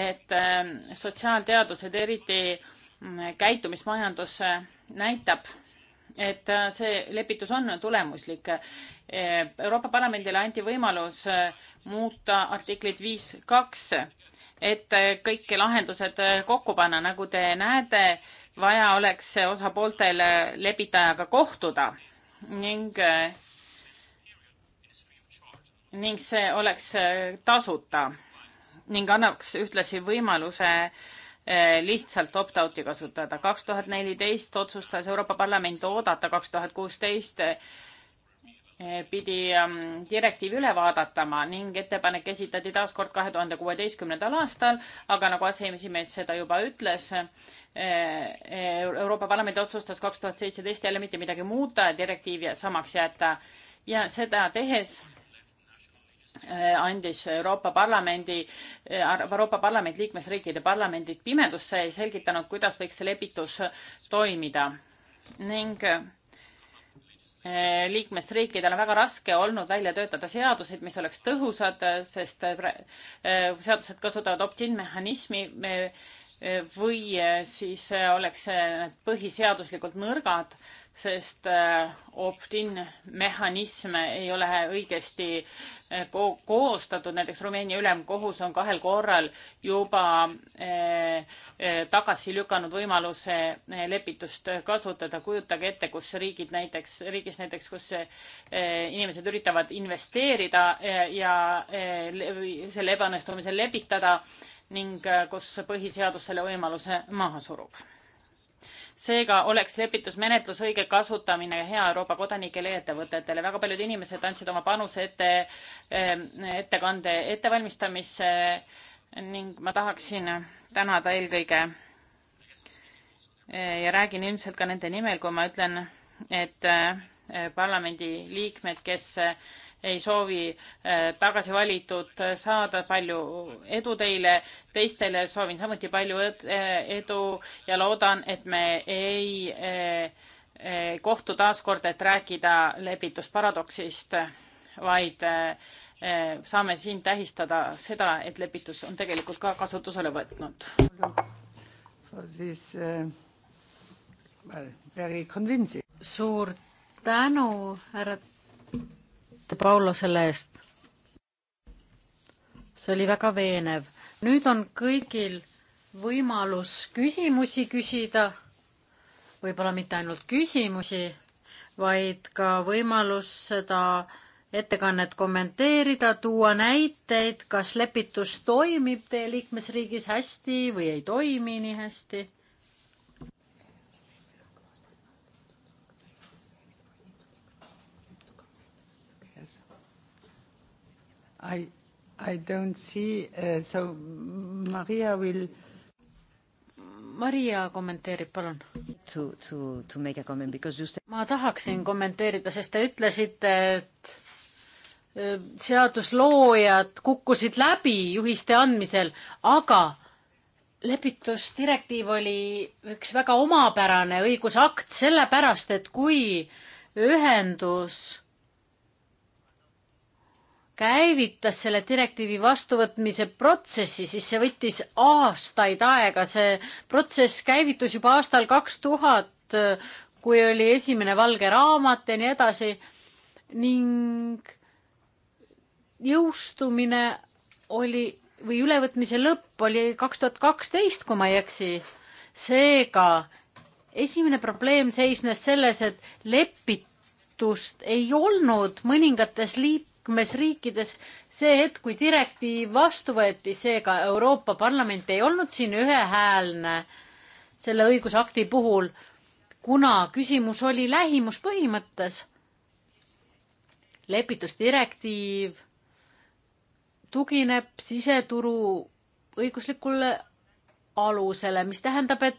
et eh, sotsiaalteadused, eriti mm, käitumismajandus näitab, et eh, see lepitus on tulemuslik. Euroopa Parlamendile anti võimalus muuta artiklit viis kaks, et kõik lahendused kokku panna, nagu te näete, vaja oleks osapooltel lepitajaga kohtuda ning ning see oleks äh, tasuta ning annaks ühtlasi võimaluse äh, lihtsalt opt-out'i kasutada. kaks tuhat neliteist otsustas Euroopa Parlament oodata, kaks tuhat kuusteist äh, pidi ähm, direktiiv üle vaadatama ning ettepanek esitati taas kord kahe tuhande kuueteistkümnendal aastal, aga nagu aseesimees seda juba ütles, Euroopa Parlament otsustas kaks tuhat seitseteist jälle mitte midagi muuta ja direktiivi samaks jätta ja seda tehes Äh, andis Euroopa Parlamendi, äh, Euroopa Parlamendi liikmesriikide parlamendid pimedusse ja selgitanud, kuidas võiks see lepitus toimida. ning äh, liikmesriikidel on väga raske olnud välja töötada seaduseid, mis oleks tõhusad, sest seadused kasutavad opt-in mehhanismi või siis oleks need põhiseaduslikult nõrgad sest äh, opt-in mehhanism ei ole õigesti äh, ko koostatud, näiteks Rumeenia ülemkohus on kahel korral juba eh, eh, tagasi lükanud võimaluse eh, lepitust kasutada. kujutage ette, kus riigid näiteks, riigis näiteks, kus inimesed üritavad investeerida ja selle ebaõnnestumisel lepitada ning kus põhiseadus selle võimaluse maha surub seega oleks lepitusmenetlus õige kasutamine hea Euroopa kodanikele ja ettevõtetele. väga paljud inimesed andsid oma panuse ette, ehm, ettekande ettevalmistamisse ning ma tahaksin tänada eelkõige eh, ja räägin ilmselt ka nende nimel, kui ma ütlen, et eh, parlamendi liikmed, kes ei soovi äh, tagasi valitud äh, saada. palju edu teile, teistele soovin samuti palju äh, edu ja loodan, et me ei kohtu taas kord, et rääkida lepitusparadoksist, vaid saame siin tähistada seda, et lepitus on tegelikult ka kasutusele võtnud. siis äh, very convincing. suur tänu, härra De Paulo selle eest. see oli väga veenev. nüüd on kõigil võimalus küsimusi küsida, võib-olla mitte ainult küsimusi, vaid ka võimalus seda ettekannet kommenteerida, tuua näiteid, kas lepitus toimib teie liikmesriigis hästi või ei toimi nii hästi I, I don't see uh,, so Maria will. Maria kommenteerib, palun. To, to, to make a comment because you said. ma tahaksin kommenteerida, sest te ütlesite, et eh, seadusloojad kukkusid läbi juhiste andmisel, aga lepitusdirektiiv oli üks väga omapärane õigusakt, sellepärast et kui ühendus käivitas selle direktiivi vastuvõtmise protsessi, siis see võttis aastaid aega, see protsess käivitus juba aastal kaks tuhat, kui oli esimene valge raamat ja nii edasi ning jõustumine oli või ülevõtmise lõpp oli kaks tuhat kaksteist, kui ma ei eksi. seega esimene probleem seisnes selles, et lepitust ei olnud mõningates liit-, liikmesriikides see hetk, kui direktiiv vastu võeti, seega Euroopa Parlament ei olnud siin ühehäälne selle õigusakti puhul, kuna küsimus oli lähimuspõhimõttes. lepitusdirektiiv tugineb siseturu õiguslikule alusele, mis tähendab, et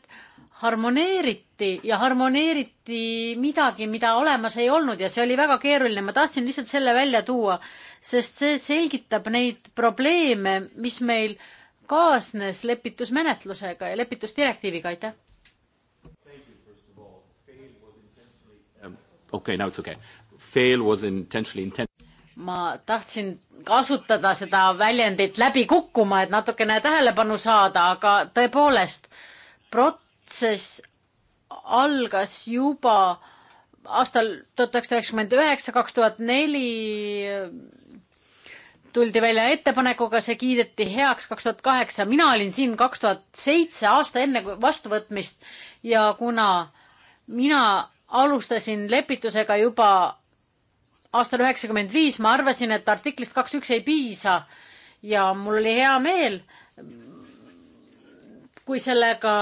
harmoneeriti ja harmoneeriti midagi, mida olemas ei olnud ja see oli väga keeruline, ma tahtsin lihtsalt selle välja tuua, sest see selgitab neid probleeme, mis meil kaasnes lepitusmenetlusega ja lepitusdirektiiviga, aitäh. Um, okei, now it's okay. Fail was intentionally intent-. ma tahtsin kasutada seda väljendit läbi kukkuma, et natukene tähelepanu saada, aga tõepoolest, prot-, Leetzes algas juba aastal tuhat üheksasada üheksakümmend üheksa, kaks tuhat neli tuldi välja ettepanekuga, see kiideti heaks kaks tuhat kaheksa, mina olin siin kaks tuhat seitse, aasta enne vastuvõtmist ja kuna mina alustasin lepitusega juba aastal üheksakümmend viis, ma arvasin, et artiklist kaks üks ei piisa ja mul oli hea meel, kui sellega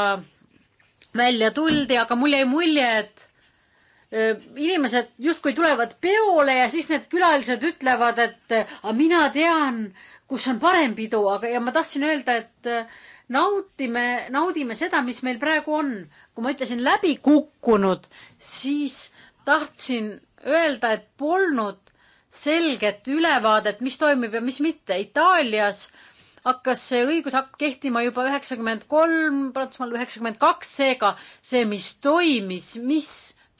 välja tuldi, aga mul jäi mulje, et e, inimesed justkui tulevad peole ja siis need külalised ütlevad, et mina tean, kus on parem pidu, aga, ja ma tahtsin öelda, et e, nautime, naudime seda, mis meil praegu on. kui ma ütlesin läbi kukkunud, siis tahtsin öelda, et polnud selget ülevaadet, mis toimib ja mis mitte. Itaalias äh, hakkas see õigusakt kehtima juba üheksakümmend kolm, Prantsusmaal üheksakümmend kaks, seega see, mis toimis, mis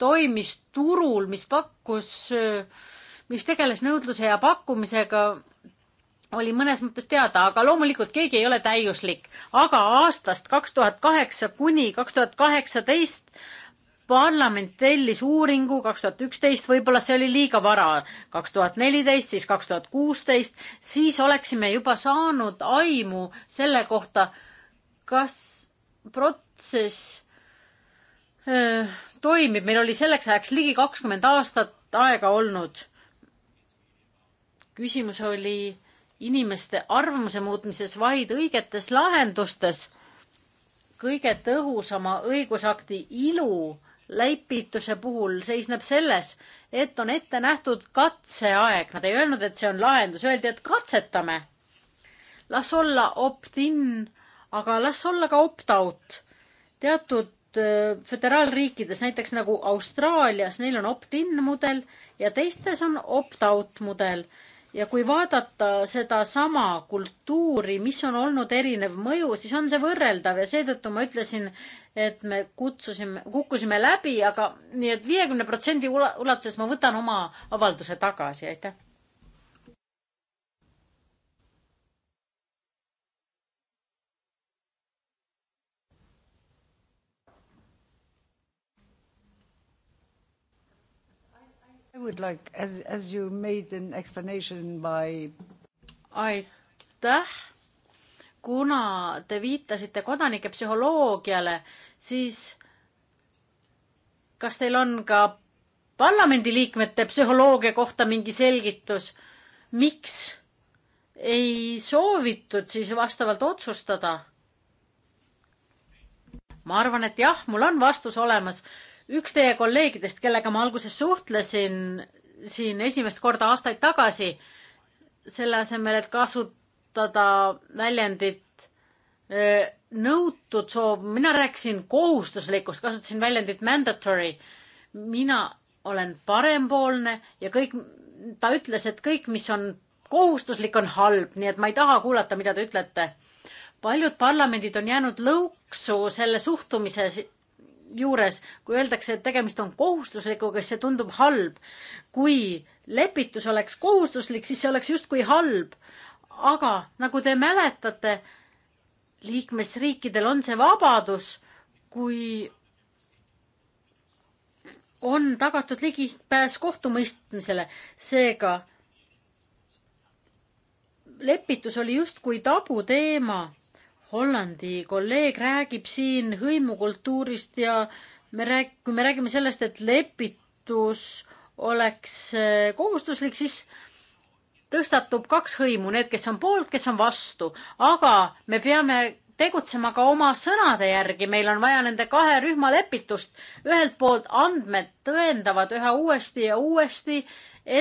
toimis turul, mis pakkus, mis tegeles nõudluse ja pakkumisega, oli mõnes mõttes teada, aga loomulikult keegi ei ole täiuslik. aga aastast kaks tuhat kaheksa kuni kaks tuhat kaheksateist parlament tellis uuringu kaks tuhat üksteist, võib-olla see oli liiga vara, kaks tuhat neliteist, siis kaks tuhat kuusteist, siis oleksime juba saanud aimu selle kohta, kas protsess öö, äh, toimib, meil oli selleks ajaks ligi kakskümmend aastat aega olnud. küsimus oli inimeste arvamuse muutmises, vaid õigetes lahendustes. kõige tõhusama õigusakti ilu leipituse puhul seisneb selles, et on ette nähtud katseaeg, nad ei öelnud, et see on lahendus, öeldi, et katsetame. las olla opt-in, aga las olla ka opt-out. teatud föderaalriikides, näiteks nagu Austraalias, neil on opt-in mudel ja teistes on opt-out mudel ja kui vaadata sedasama kultuuri, mis on olnud erinev mõju, siis on see võrreldav ja seetõttu ma ütlesin, et me kutsusime, kukkusime läbi aga, aga nii et viiekümne protsendi ulatuses ma võtan oma avalduse tagasi, aitäh. Like, as, as by... aitäh! kuna te viitasite kodanike psühholoogiale, siis kas teil on ka parlamendiliikmete psühholoogia kohta mingi selgitus, miks ei soovitud siis vastavalt otsustada? ma arvan, et jah, mul on vastus olemas üks teie kolleegidest, kellega ma alguses suhtlesin siin esimest korda aastaid tagasi, selle asemel, et kasutada väljendit nõutud soov, mina rääkisin kohustuslikust, kasutasin väljendit mandatory. mina olen parempoolne ja kõik, ta ütles, et kõik, mis on kohustuslik, on halb, nii et ma ei taha kuulata, mida te ütlete. paljud parlamendid on jäänud lõuksu selle suhtumise juures, kui öeldakse, et tegemist on kohustuslikuga, siis see tundub halb. kui lepitus oleks kohustuslik, siis see oleks justkui halb. aga nagu te mäletate, liikmesriikidel on see vabadus, kui on tagatud ligipääs kohtumõistmisele, seega lepitus oli justkui tabuteema Hollandi kolleeg räägib siin hõimukultuurist ja me rääg-, kui me räägime sellest, et lepitus oleks eh, kohustuslik, siis tõstatub kaks hõimu, need, kes on poolt, kes on vastu, aga me peame tegutsema ka oma sõnade järgi, meil on vaja nende kahe rühma lepitust. ühelt poolt andmed tõendavad üha uuesti ja uuesti,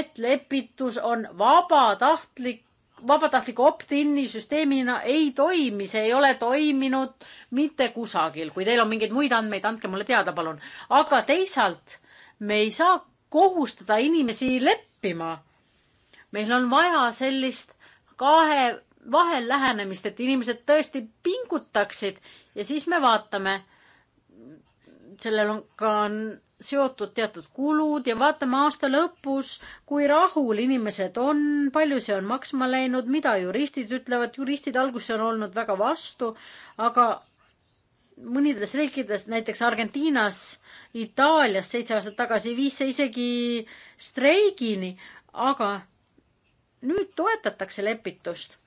et lepitus on vabatahtlik vabatahtliku opt-in'i süsteemina ei toimi, see ei ole toiminud mitte kusagil. kui teil on mingeid muid andmeid, andke mulle teada, palun. aga teisalt me ei saa kohustada inimesi leppima. meil on vaja sellist kahe vahel lähenemist, et inimesed tõesti pingutaksid ja siis me vaatame. sellel on ka seotud teatud kulud ja vaatame aasta lõpus, kui rahul inimesed on, palju see on maksma läinud, mida juristid ütlevad, juristid alguses on olnud väga vastu, aga mõnides riikides, näiteks Argentiinas, Itaalias seitse aastat tagasi viis see isegi streigini, aga nüüd toetatakse lepitust.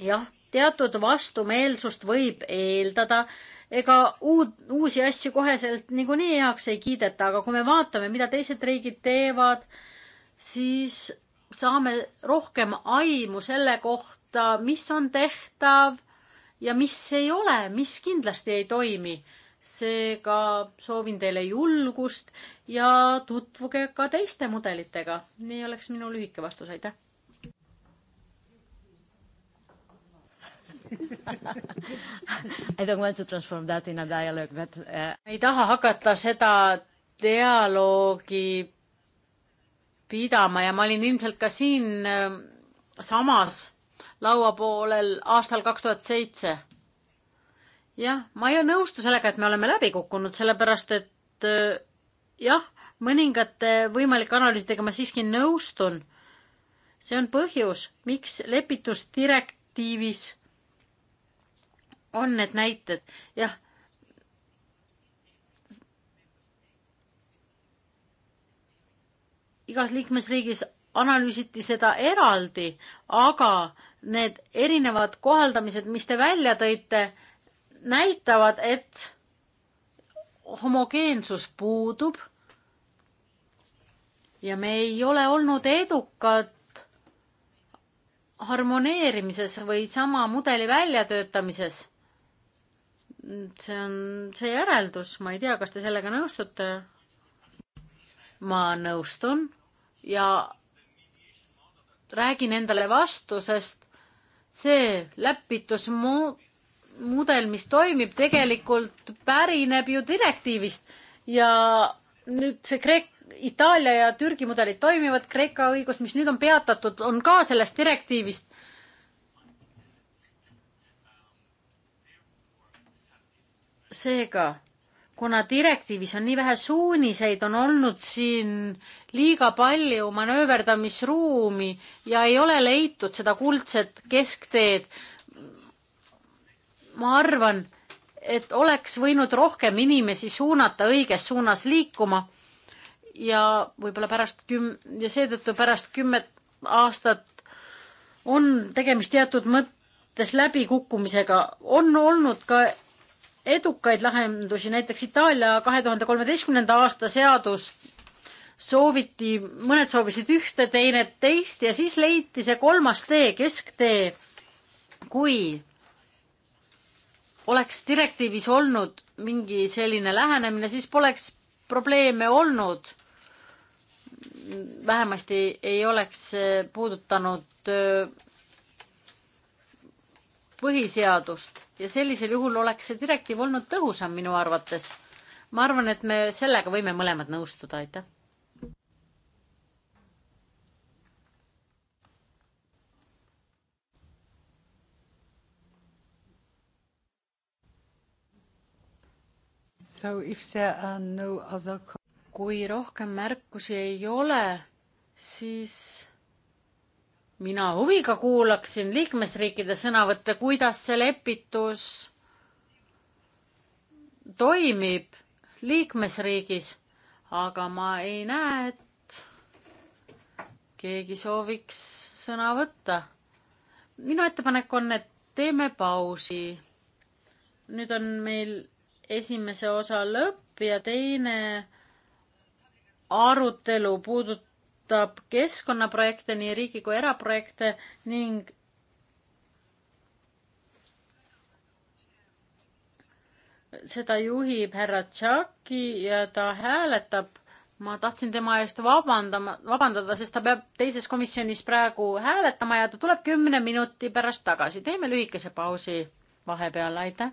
jah, teatud vastumeelsust võib eeldada ega uud, uusi asju koheselt niikuinii heaks ei kiideta, aga kui me vaatame, mida teised riigid teevad, siis saame rohkem aimu selle kohta, mis on tehtav ja mis ei ole, mis kindlasti ei toimi. seega soovin teile julgust ja tutvuge ka teiste mudelitega. nii oleks minu lühike vastus, aitäh! I don't want to transform that in a dialogue, but uh... ei taha hakata seda dialoogi pidama ja ma olin ilmselt ka siin äh, samas laua poolel aastal kaks tuhat seitse. jah, ma ei nõustu sellega, et me oleme läbi kukkunud, sellepärast et äh, jah, mõningate võimalike analüüsidega ma siiski nõustun. see on põhjus, miks lepitusdirektiivis on need näited, jah. igas liikmesriigis analüüsiti seda eraldi, aga need erinevad kohaldamised, mis te välja tõite, näitavad, et homogeensus puudub. ja me ei ole olnud edukad harmoneerimises või sama mudeli väljatöötamises see on see järeldus, ma ei tea, kas te sellega nõustute? ma nõustun ja räägin endale vastu, sest see läpitusmu-, mudel, mis toimib, tegelikult pärineb ju direktiivist ja nüüd see Kreek-, Itaalia ja Türgi mudelid toimivad, Kreeka õigus, mis nüüd on peatatud, on ka sellest direktiivist seega, kuna direktiivis on nii vähe suuniseid, on olnud siin liiga palju manööverdamisruumi ja ei ole leitud seda kuldset keskteed. ma arvan, et oleks võinud rohkem inimesi suunata õiges suunas liikuma ja võib-olla pärast küm- ja seetõttu pärast kümmet aastat on tegemist teatud mõttes läbikukkumisega. on olnud ka edukaid lahendusi, näiteks Itaalia kahe tuhande kolmeteistkümnenda aasta seadus sooviti, mõned soovisid ühte, teine teist ja siis leiti see kolmas tee, kesktee. kui oleks direktiivis olnud mingi selline lähenemine, siis poleks probleeme olnud. vähemasti ei oleks puudutanud äh, põhiseadust ja sellisel juhul oleks see direktiiv olnud tõhusam minu arvates. ma arvan, et me sellega võime mõlemad nõustuda, aitäh. So if there are no other kui rohkem märkusi ei ole, siis mina huviga kuulaksin liikmesriikide sõnavõtte, kuidas see lepitus toimib liikmesriigis, aga ma ei näe, et keegi sooviks sõna võtta. minu ettepanek on, et teeme pausi. nüüd on meil esimese osa lõpp ja teine arutelu puudutab puudutab keskkonnaprojekte, nii riigi kui eraprojekte ning seda juhib härra Tšaki ja ta hääletab. ma tahtsin tema eest vabandama, vabandada, sest ta peab teises komisjonis praegu hääletama ja ta tuleb kümne minuti pärast tagasi. teeme lühikese pausi vahepeal, aitäh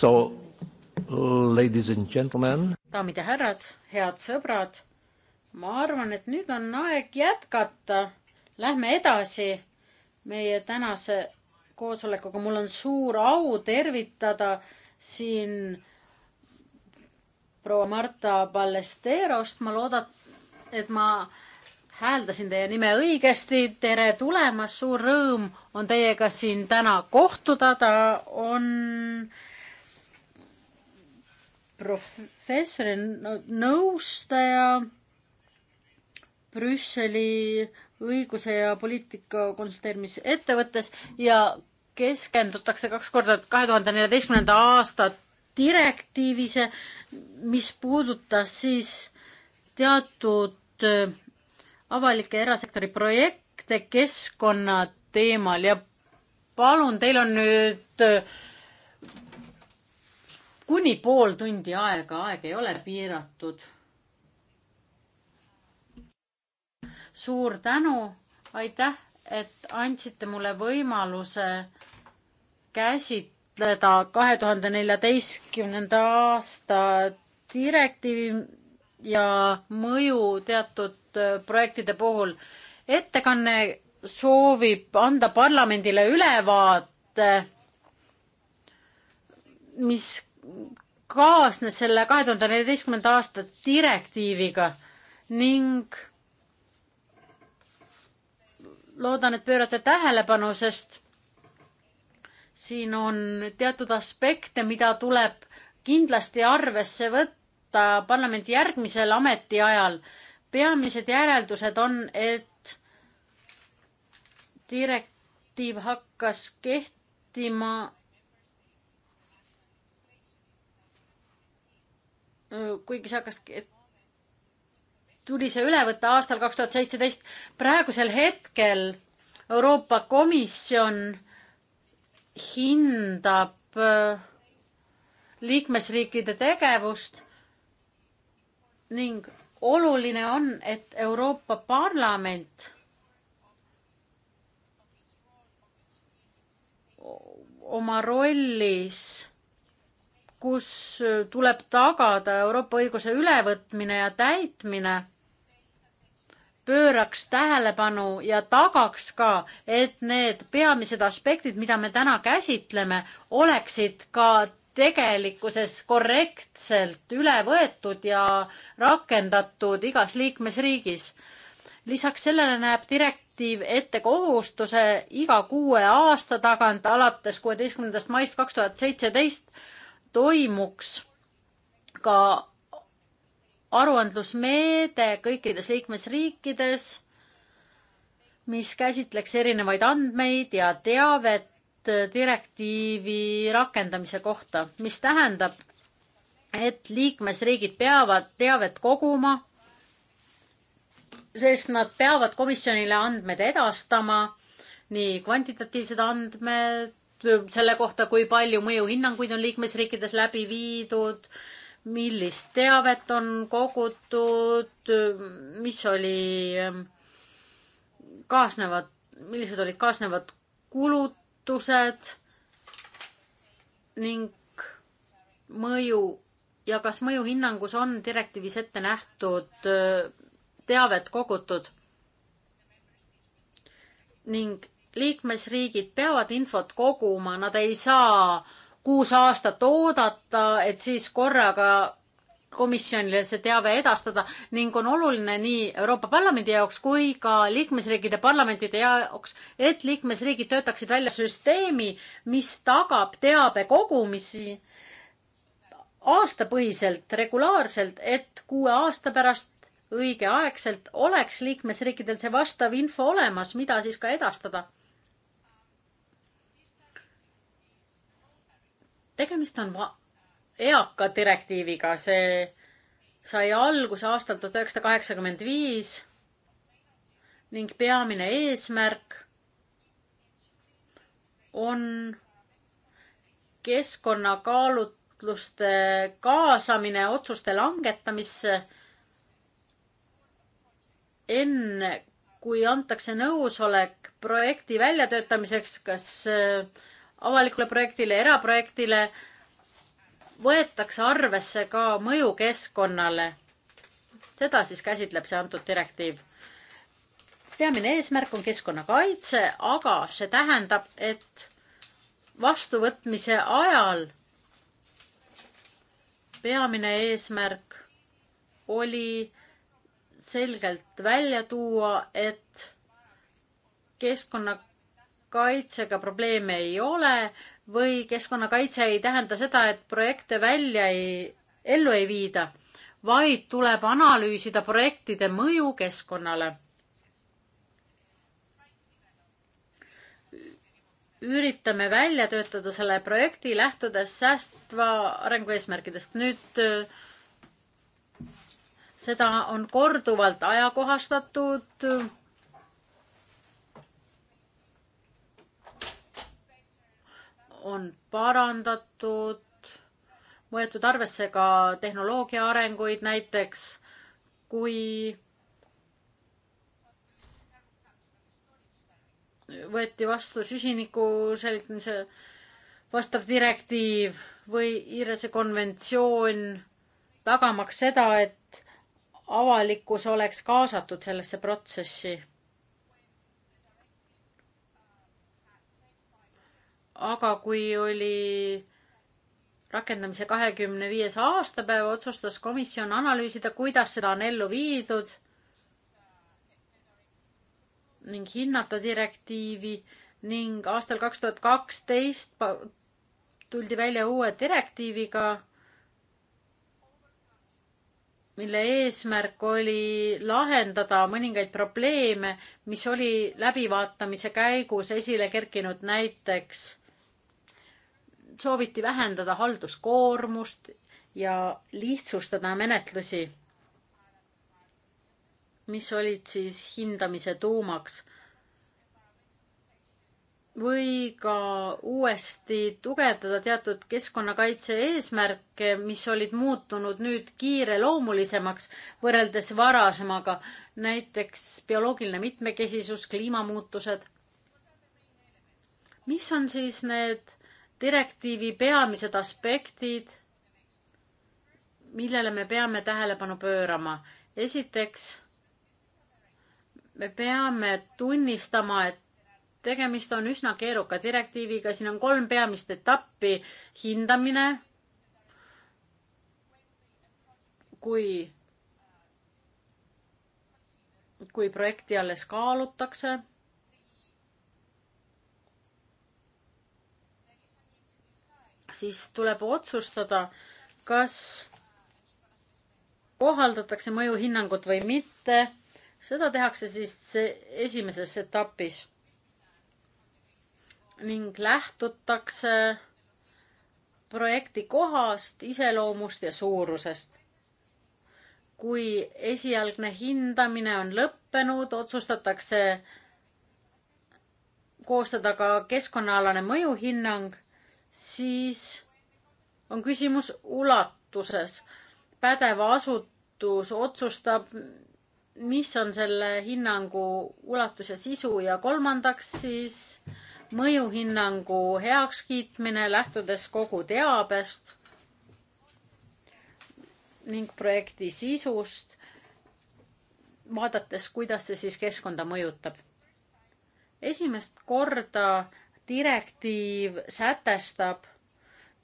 So, ladies and gentlemen. daamid ja härrad, head sõbrad, ma arvan, et nüüd on aeg jätkata. Lähme edasi meie tänase koosolekuga. mul on suur au tervitada siin proua Marta Ballesterost. ma loodan, et ma hääldasin teie nime õigesti. tere tulemast, suur rõõm on teiega siin täna kohtuda. ta on äh, professori nõustaja Brüsseli õiguse ja poliitika konsulteerimisettevõttes ja keskendutakse kaks korda kahe tuhande neljateistkümnenda aasta direktiivis, mis puudutas siis teatud äh, avalike erasektori projekte keskkonnateemal ja palun, teil on nüüd äh, kuni pool tundi aega, aeg ei ole piiratud. suur tänu, aitäh, et andsite mulle võimaluse käsitleda kahe tuhande neljateistkümnenda aasta direktiivi ja mõju teatud äh, projektide puhul. ettekanne soovib anda parlamendile ülevaate, mis kaasnes selle kahe tuhande neljateistkümnenda aasta direktiiviga ning loodan, et pöörate tähelepanu, sest siin on teatud aspekte, mida tuleb kindlasti arvesse võtta parlamendi järgmisel ametiajal. peamised järeldused on, et direktiiv hakkas kehtima kuigi see hakkas, tuli see üle võtta aastal kaks tuhat seitseteist. praegusel hetkel Euroopa Komisjon hindab liikmesriikide tegevust ning oluline on, et Euroopa Parlament oma rollis kus tuleb tagada Euroopa õiguse ülevõtmine ja täitmine, pööraks tähelepanu ja tagaks ka, et need peamised aspektid, mida me täna käsitleme, oleksid ka tegelikkuses korrektselt üle võetud ja rakendatud igas liikmesriigis. lisaks sellele näeb direktiiv ette kohustuse iga kuue aasta tagant alates kuueteistkümnendast maist kaks tuhat seitseteist toimuks ka aruandlusmeede kõikides liikmesriikides, mis käsitleks erinevaid andmeid ja teavet direktiivi rakendamise kohta, mis tähendab, et liikmesriigid peavad teavet koguma, sest nad peavad komisjonile andmed edastama, nii kvantitatiivsed andmed, selle kohta, kui palju mõjuhinnanguid on liikmesriikides läbi viidud, millist teavet on kogutud, mis oli ähm, kaasnevad, millised olid kaasnevad kulutused ning mõju ja kas mõjuhinnangus on direktiivis ette nähtud äh, teavet kogutud ning liikmesriigid peavad infot koguma, nad ei saa kuus aastat oodata, et siis korraga komisjonile see teave edastada ning on oluline nii Euroopa Parlamendi jaoks kui ka liikmesriikide parlamentide jaoks, et liikmesriigid töötaksid välja süsteemi, mis tagab teabe kogumisi aastapõhiselt, regulaarselt, et kuue aasta pärast õigeaegselt oleks liikmesriikidel see vastav info olemas, mida siis ka edastada. tegemist on eaka direktiiviga, see sai alguse aastal tuhat üheksasada kaheksakümmend viis ning peamine eesmärk on keskkonnakaalutluste kaasamine otsuste langetamisse enne, kui antakse nõusolek projekti väljatöötamiseks, kas äh, avalikule projektile, eraprojektile, võetakse arvesse ka mõju keskkonnale. seda siis käsitleb see antud direktiiv. peamine eesmärk on keskkonnakaitse, aga see tähendab, et vastuvõtmise ajal peamine eesmärk oli selgelt välja tuua, et keskkonna kaitsega probleeme ei ole või keskkonnakaitse ei tähenda seda, et projekte välja ei, ellu ei viida, vaid tuleb analüüsida projektide mõju keskkonnale. üritame välja töötada selle projekti, lähtudes säästva arengu eesmärkidest. nüüd äh, seda on korduvalt ajakohastatud on parandatud, võetud arvesse ka tehnoloogia arenguid, näiteks kui võeti vastu süsiniku selgitamise vastav direktiiv või IRS-e konventsioon, tagamaks seda, et avalikkus oleks kaasatud sellesse protsessi aga kui oli rakendamise kahekümne viies aastapäev, otsustas komisjon analüüsida, kuidas seda on ellu viidud ning hinnata direktiivi ning aastal kaks tuhat kaksteist tuldi välja uue direktiiviga, mille eesmärk oli lahendada mõningaid probleeme, mis oli läbivaatamise käigus esile kerkinud, näiteks sooviti vähendada halduskoormust ja lihtsustada menetlusi, mis olid siis hindamise tuumaks. või ka uuesti tugevdada teatud keskkonnakaitse eesmärke, mis olid muutunud nüüd kiireloomulisemaks võrreldes varasemaga, näiteks bioloogiline mitmekesisus, kliimamuutused. mis on siis need direktiivi peamised aspektid, millele me peame tähelepanu pöörama. esiteks, me peame tunnistama, et tegemist on üsna keeruka direktiiviga, siin on kolm peamist etappi, hindamine, kui, kui projekti alles kaalutakse siis tuleb otsustada, kas kohaldatakse mõjuhinnangut või mitte. seda tehakse siis esimeses etapis. ning lähtutakse projekti kohast, iseloomust ja suurusest. kui esialgne hindamine on lõppenud, otsustatakse koostada ka keskkonnaalane mõjuhinnang siis on küsimus ulatuses. pädev asutus otsustab, mis on selle hinnangu ulatus ja sisu ja kolmandaks siis mõjuhinnangu heakskiitmine, lähtudes kogu teabest ning projekti sisust, vaadates, kuidas see siis keskkonda mõjutab. esimest korda direktiiv sätestab,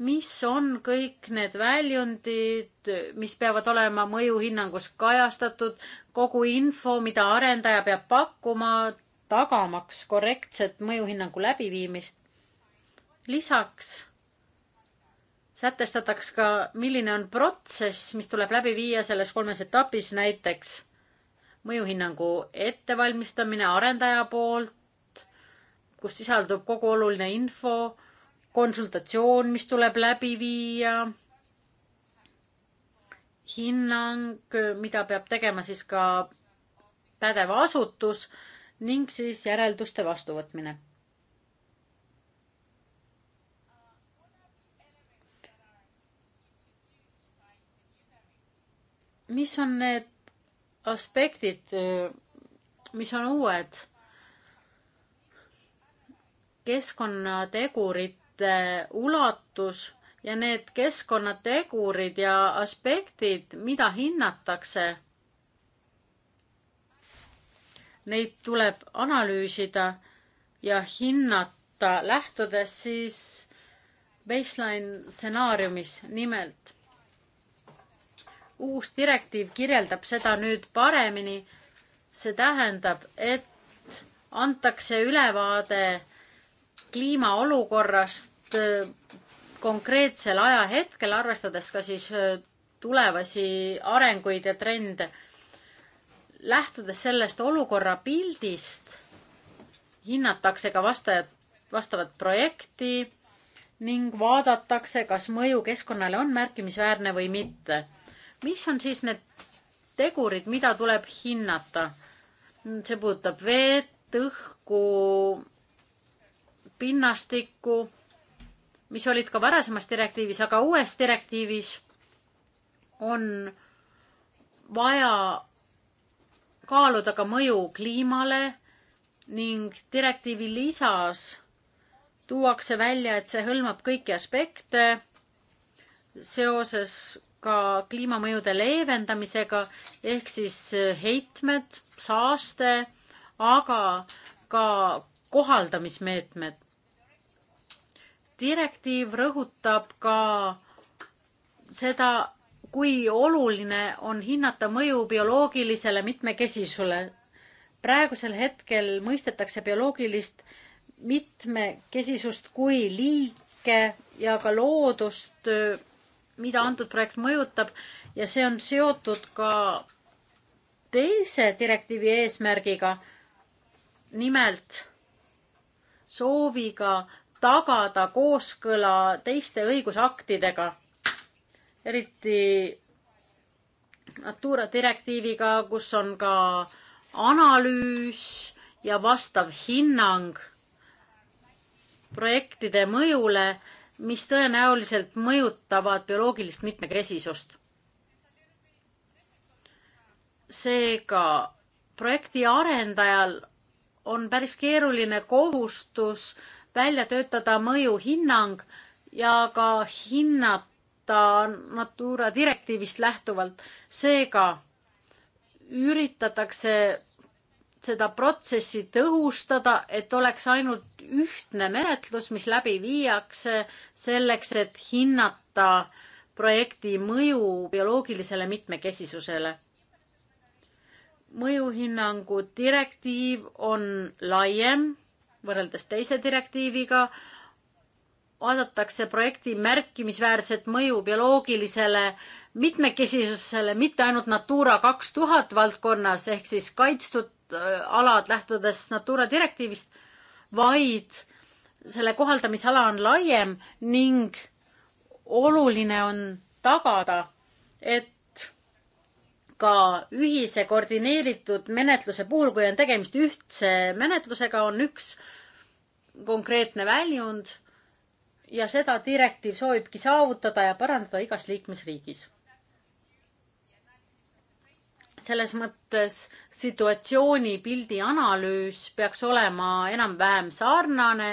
mis on kõik need väljundid, mis peavad olema mõjuhinnangus kajastatud, kogu info, mida arendaja peab pakkuma, tagamaks korrektset mõjuhinnangu läbiviimist. lisaks sätestataks ka, milline on protsess, mis tuleb läbi viia selles kolmes etapis, näiteks mõjuhinnangu ettevalmistamine arendaja poolt, kus sisaldub kogu oluline info, konsultatsioon, mis tuleb läbi viia, hinnang, mida peab tegema siis ka pädev asutus ning siis järelduste vastuvõtmine. mis on need aspektid, mis on uued keskkonnategurite ulatus ja need keskkonnategurid ja aspektid, mida hinnatakse, neid tuleb analüüsida ja hinnata, lähtudes siis baseline stsenaariumis nimelt. uus direktiiv kirjeldab seda nüüd paremini. see tähendab, et antakse ülevaade kliimaolukorrast äh, konkreetsel ajahetkel, arvestades ka siis äh, tulevasi arenguid ja trende. lähtudes sellest olukorra pildist, hinnatakse ka vastajat, vastavat projekti ning vaadatakse, kas mõju keskkonnale on märkimisväärne või mitte. mis on siis need tegurid, mida tuleb hinnata? see puudutab veed, õhku, pinnastikku, mis olid ka varasemas direktiivis, aga uues direktiivis on vaja kaaluda ka mõju kliimale ning direktiivi lisas tuuakse välja, et see hõlmab kõiki aspekte seoses ka kliimamõjude leevendamisega ehk siis heitmed, saaste, aga ka kohaldamismeetmed direktiiv rõhutab ka seda, kui oluline on hinnata mõju bioloogilisele mitmekesisusele. praegusel hetkel mõistetakse bioloogilist mitmekesisust kui liike ja ka loodust, mida antud projekt mõjutab ja see on seotud ka teise direktiivi eesmärgiga, nimelt sooviga tagada kooskõla teiste õigusaktidega, eriti Natura direktiiviga, kus on ka analüüs ja vastav hinnang projektide mõjule, mis tõenäoliselt mõjutavad bioloogilist mitmekesisust. seega projekti arendajal on päris keeruline kohustus äh, välja töötada mõjuhinnang ja ka hinnata Natura direktiivist lähtuvalt. seega üritatakse seda protsessi tõhustada, et oleks ainult ühtne menetlus, mis läbi viiakse selleks, et hinnata projekti mõju bioloogilisele mitmekesisusele. mõjuhinnangu direktiiv on laiem võrreldes teise direktiiviga vaadatakse projekti märkimisväärset mõju bioloogilisele mitmekesisusele, mitte ainult Natura kaks tuhat valdkonnas ehk siis kaitstud äh, alad, lähtudes Natura direktiivist, vaid selle kohaldamisala on laiem ning oluline on tagada, et ka ühise koordineeritud menetluse puhul, kui on tegemist ühtse menetlusega, on üks konkreetne väljund ja seda direktiiv soovibki saavutada ja parandada igas liikmesriigis. selles mõttes situatsiooni pildi analüüs peaks olema enam-vähem sarnane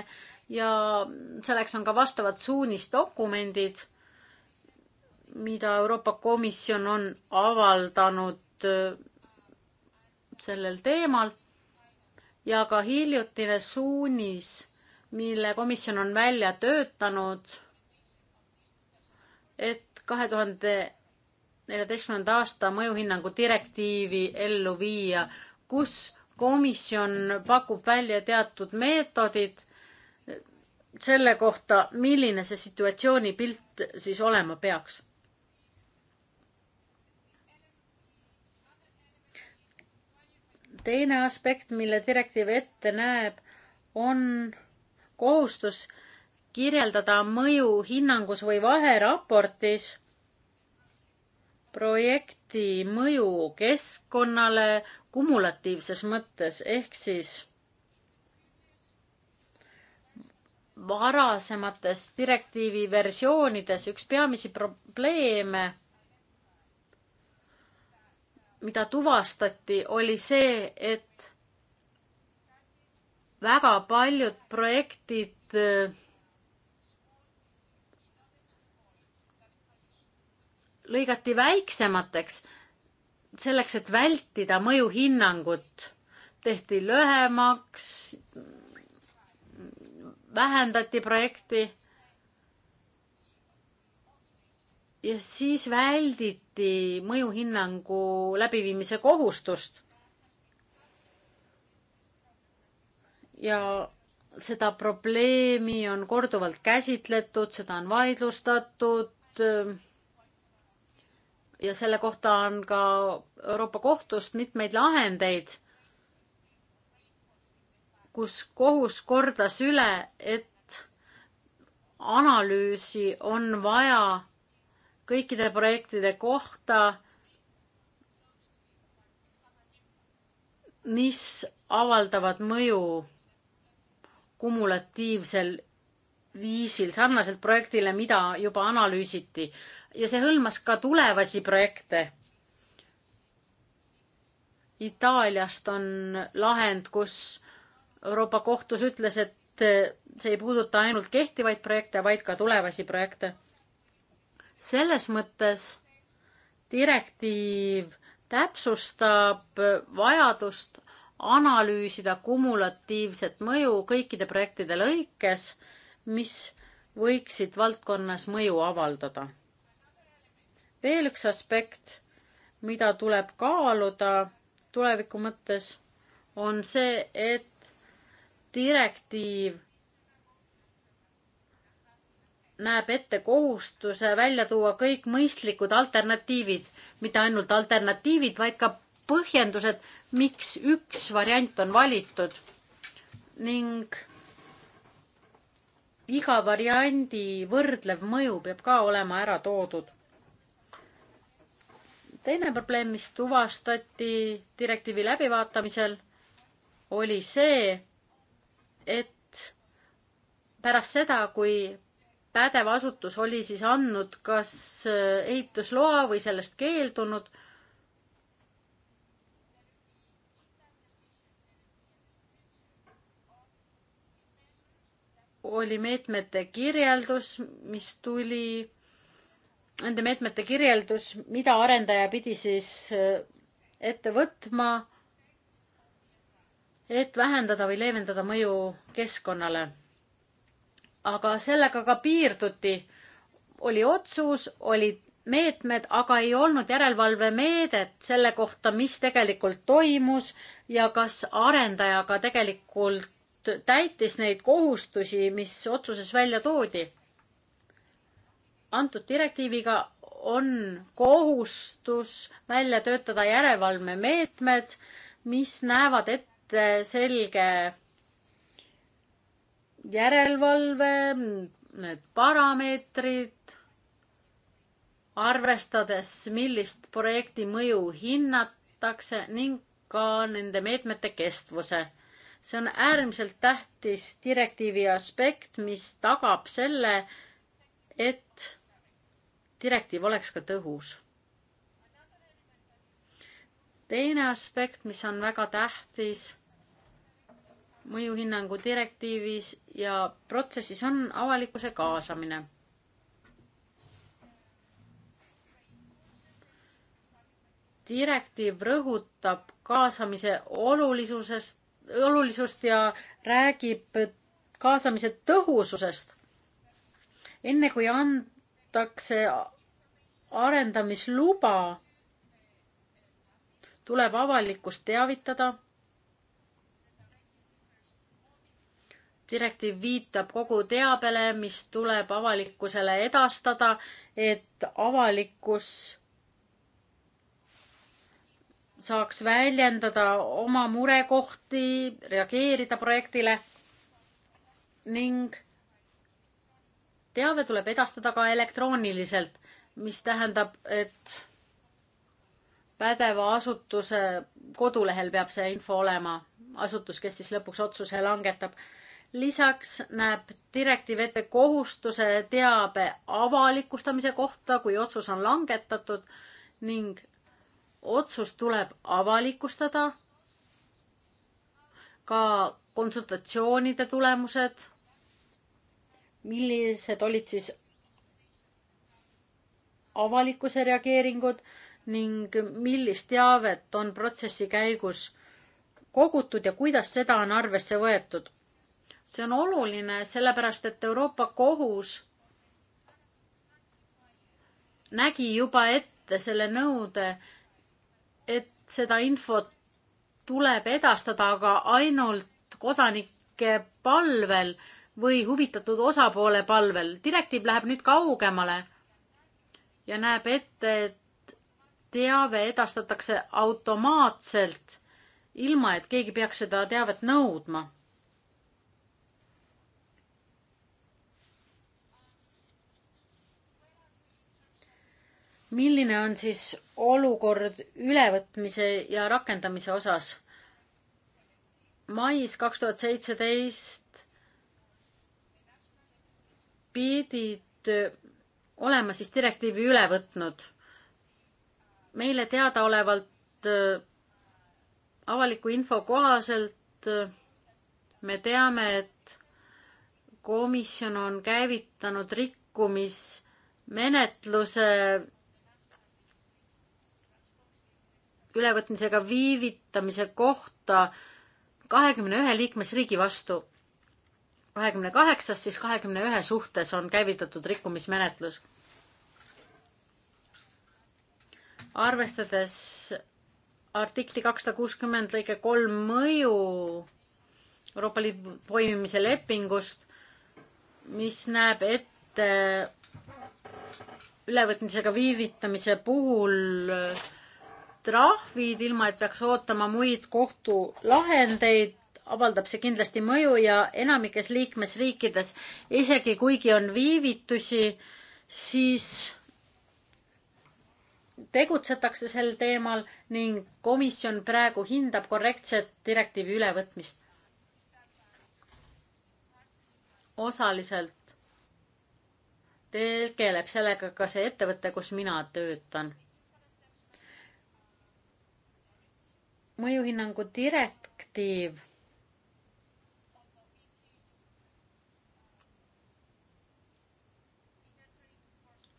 ja selleks on ka vastavad suunisdokumendid mida Euroopa Komisjon on avaldanud äh, sellel teemal ja ka hiljutine suunis, mille komisjon on välja töötanud, et kahe tuhande neljateistkümnenda aasta mõjuhinnangu direktiivi ellu viia, kus komisjon pakub välja teatud meetodid selle kohta, milline see situatsioonipilt siis olema peaks teine aspekt, mille direktiiv ette näeb, on kohustus kirjeldada mõju hinnangus või vaheraportis projekti mõju keskkonnale kumulatiivses mõttes, ehk siis varasemates direktiivi versioonides üks peamisi probleeme mida tuvastati, oli see, et väga paljud projektid äh, lõigati väiksemateks, selleks, et vältida mõjuhinnangut, tehti lühemaks, vähendati projekti ja siis välditi mõjuhinnangu läbiviimise kohustust. ja seda probleemi on korduvalt käsitletud, seda on vaidlustatud. ja selle kohta on ka Euroopa Kohtust mitmeid lahendeid, kus kohus kordas üle, et analüüsi on vaja kõikide projektide kohta, mis avaldavad mõju kumulatiivsel viisil sarnaselt projektile, mida juba analüüsiti ja see hõlmas ka tulevasi projekte. Itaaliast on lahend, kus Euroopa Kohtus ütles, et see ei puuduta ainult kehtivaid projekte, vaid ka tulevasi projekte selles mõttes direktiiv täpsustab vajadust analüüsida kumulatiivset mõju kõikide projektide lõikes, mis võiksid valdkonnas mõju avaldada. veel üks aspekt, mida tuleb kaaluda tuleviku mõttes, on see, et direktiiv näeb ette kohustuse välja tuua kõik mõistlikud alternatiivid, mitte ainult alternatiivid, vaid ka põhjendused, miks üks variant on valitud ning iga variandi võrdlev mõju peab ka olema ära toodud. teine probleem, mis tuvastati direktiivi läbivaatamisel, oli see, et pärast seda, kui pädev asutus oli siis andnud kas äh, ehitusloa või sellest keeldunud. oli meetmete kirjeldus, mis tuli, nende meetmete kirjeldus, mida arendaja pidi siis äh, ette võtma, et vähendada või leevendada mõju keskkonnale aga sellega ka piirduti. oli otsus, olid meetmed, aga ei olnud järelevalvemeedet selle kohta, mis tegelikult toimus ja kas arendaja ka tegelikult täitis neid kohustusi, mis otsuses välja toodi. antud direktiiviga on kohustus välja töötada järelevalvemeetmed, mis näevad ette selge järelevalve, need parameetrid, arvestades, millist projekti mõju hinnatakse ning ka nende meetmete kestvuse. see on äärmiselt tähtis direktiivi aspekt, mis tagab selle, et direktiiv oleks ka tõhus. teine aspekt, mis on väga tähtis mõjuhinnangu direktiivis ja protsessis on avalikkuse kaasamine. direktiiv rõhutab kaasamise olulisusest, olulisust ja räägib kaasamise tõhususest. enne kui antakse arendamisluba, tuleb avalikkust teavitada direktiiv viitab kogu teabele, mis tuleb avalikkusele edastada, et avalikkus saaks väljendada oma murekohti, reageerida projektile ning teave tuleb edastada ka elektrooniliselt, mis tähendab, et pädeva asutuse kodulehel peab see info olema, asutus, kes siis lõpuks otsuse langetab lisaks näeb direktiiv ette kohustuse teabe avalikustamise kohta, kui otsus on langetatud ning otsus tuleb avalikustada, ka konsultatsioonide tulemused, millised olid siis avalikkuse reageeringud ning millist teavet on protsessi käigus kogutud ja kuidas seda on arvesse võetud see on oluline, sellepärast et Euroopa Kohus nägi juba ette selle nõude, et seda infot tuleb edastada, aga ainult kodanike palvel või huvitatud osapoole palvel. direktiiv läheb nüüd kaugemale ja näeb ette, et teave edastatakse automaatselt, ilma et keegi peaks seda teavet nõudma milline on siis olukord ülevõtmise ja rakendamise osas? mais kaks tuhat seitseteist pidid olema siis direktiivi üle võtnud. meile teadaolevalt avaliku info kohaselt me teame, et komisjon on käivitanud rikkumismenetluse ülevõtmisega viivitamise kohta kahekümne ühe liikmesriigi vastu. kahekümne kaheksast siis kahekümne ühe suhtes on käivitatud rikkumismenetlus. arvestades artikli kakssada kuuskümmend lõige kolm mõju Euroopa Liidu toimimise lepingust, mis näeb ette ülevõtmisega viivitamise puhul äh, trahvid, ilma et peaks ootama muid kohtulahendeid, avaldab see kindlasti mõju ja enamikes liikmesriikides, isegi kuigi on viivitusi, siis tegutsetakse sel teemal ning komisjon praegu hindab korrektset direktiivi ülevõtmist. osaliselt tegeleb sellega ka see ettevõte, kus mina töötan mõjuhinnangu direktiiv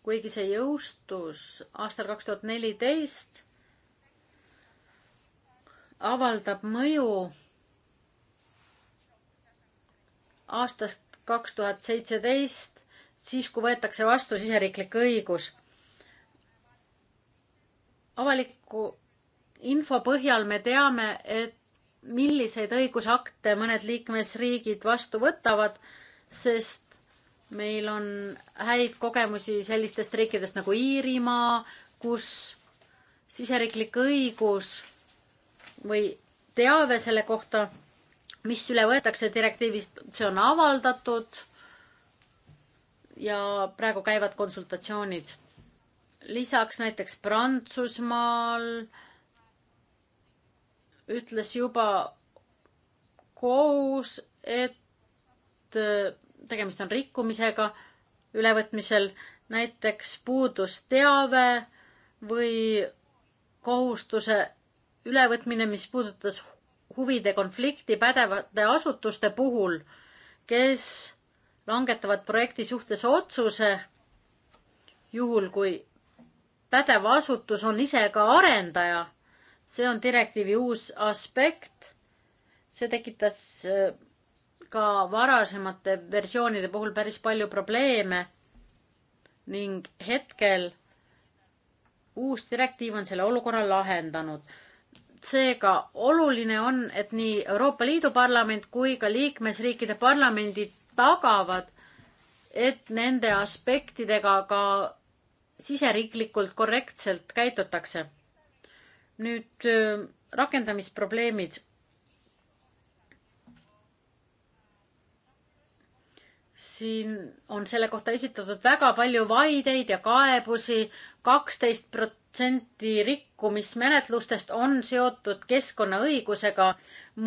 kuigi see jõustus aastal kaks tuhat neliteist, avaldab mõju aastast kaks tuhat seitseteist, siis kui võetakse vastu siseriiklik õigus. avaliku info põhjal me teame, et milliseid õigusakte mõned liikmesriigid vastu võtavad, sest meil on häid kogemusi sellistest riikidest nagu Iirimaa, kus siseriiklik õigus või teave selle kohta, mis üle võetakse direktiivist, see on avaldatud ja praegu käivad konsultatsioonid. lisaks näiteks Prantsusmaal äh, ütles juba kohus, et äh, tegemist on rikkumisega ülevõtmisel, näiteks puudus teave või kohustuse ülevõtmine, mis puudutas huvide konflikti pädevate asutuste puhul, kes langetavad projekti suhtes otsuse, juhul kui pädev asutus on ise ka arendaja see on direktiivi uus aspekt. see tekitas äh, ka varasemate versioonide puhul päris palju probleeme ning hetkel uus direktiiv on selle olukorra lahendanud. seega oluline on, et nii Euroopa Liidu parlament kui ka liikmesriikide parlamendid tagavad, et nende aspektidega ka siseriiklikult korrektselt käitutakse nüüd rakendamisprobleemid. siin on selle kohta esitatud väga palju vaideid ja kaebusi, kaksteist protsenti rikkumismenetlustest on seotud keskkonnaõigusega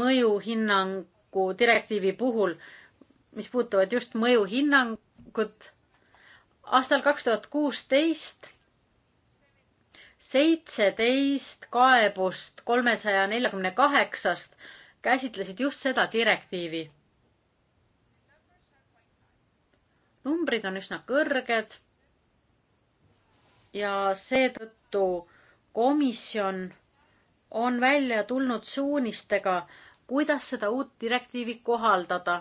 mõjuhinnangu direktiivi puhul, mis puutuvad just mõjuhinnangut aastal kaks tuhat kuusteist seitseteist kaebust kolmesaja neljakümne kaheksast käsitlesid just seda direktiivi. numbrid on üsna kõrged ja seetõttu komisjon on välja tulnud suunistega, kuidas seda uut direktiivi kohaldada,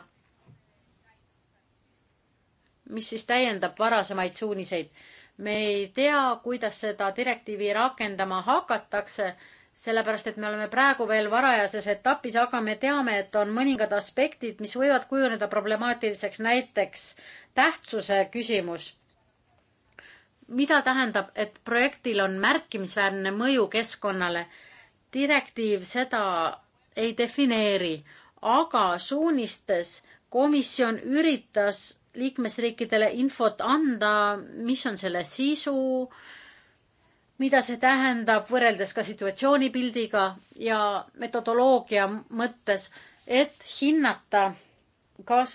mis siis täiendab varasemaid suuniseid me ei tea, kuidas seda direktiivi rakendama hakatakse, sellepärast et me oleme praegu veel varajases etapis, aga me teame, et on mõningad aspektid, mis võivad kujuneda problemaatiliseks, näiteks tähtsuse küsimus. mida tähendab, et projektil on märkimisväärne mõju keskkonnale? direktiiv seda ei defineeri, aga suunistes komisjon üritas liikmesriikidele infot anda, mis on selle sisu, mida see tähendab võrreldes ka situatsioonipildiga ja metodoloogia mõttes, et hinnata, kas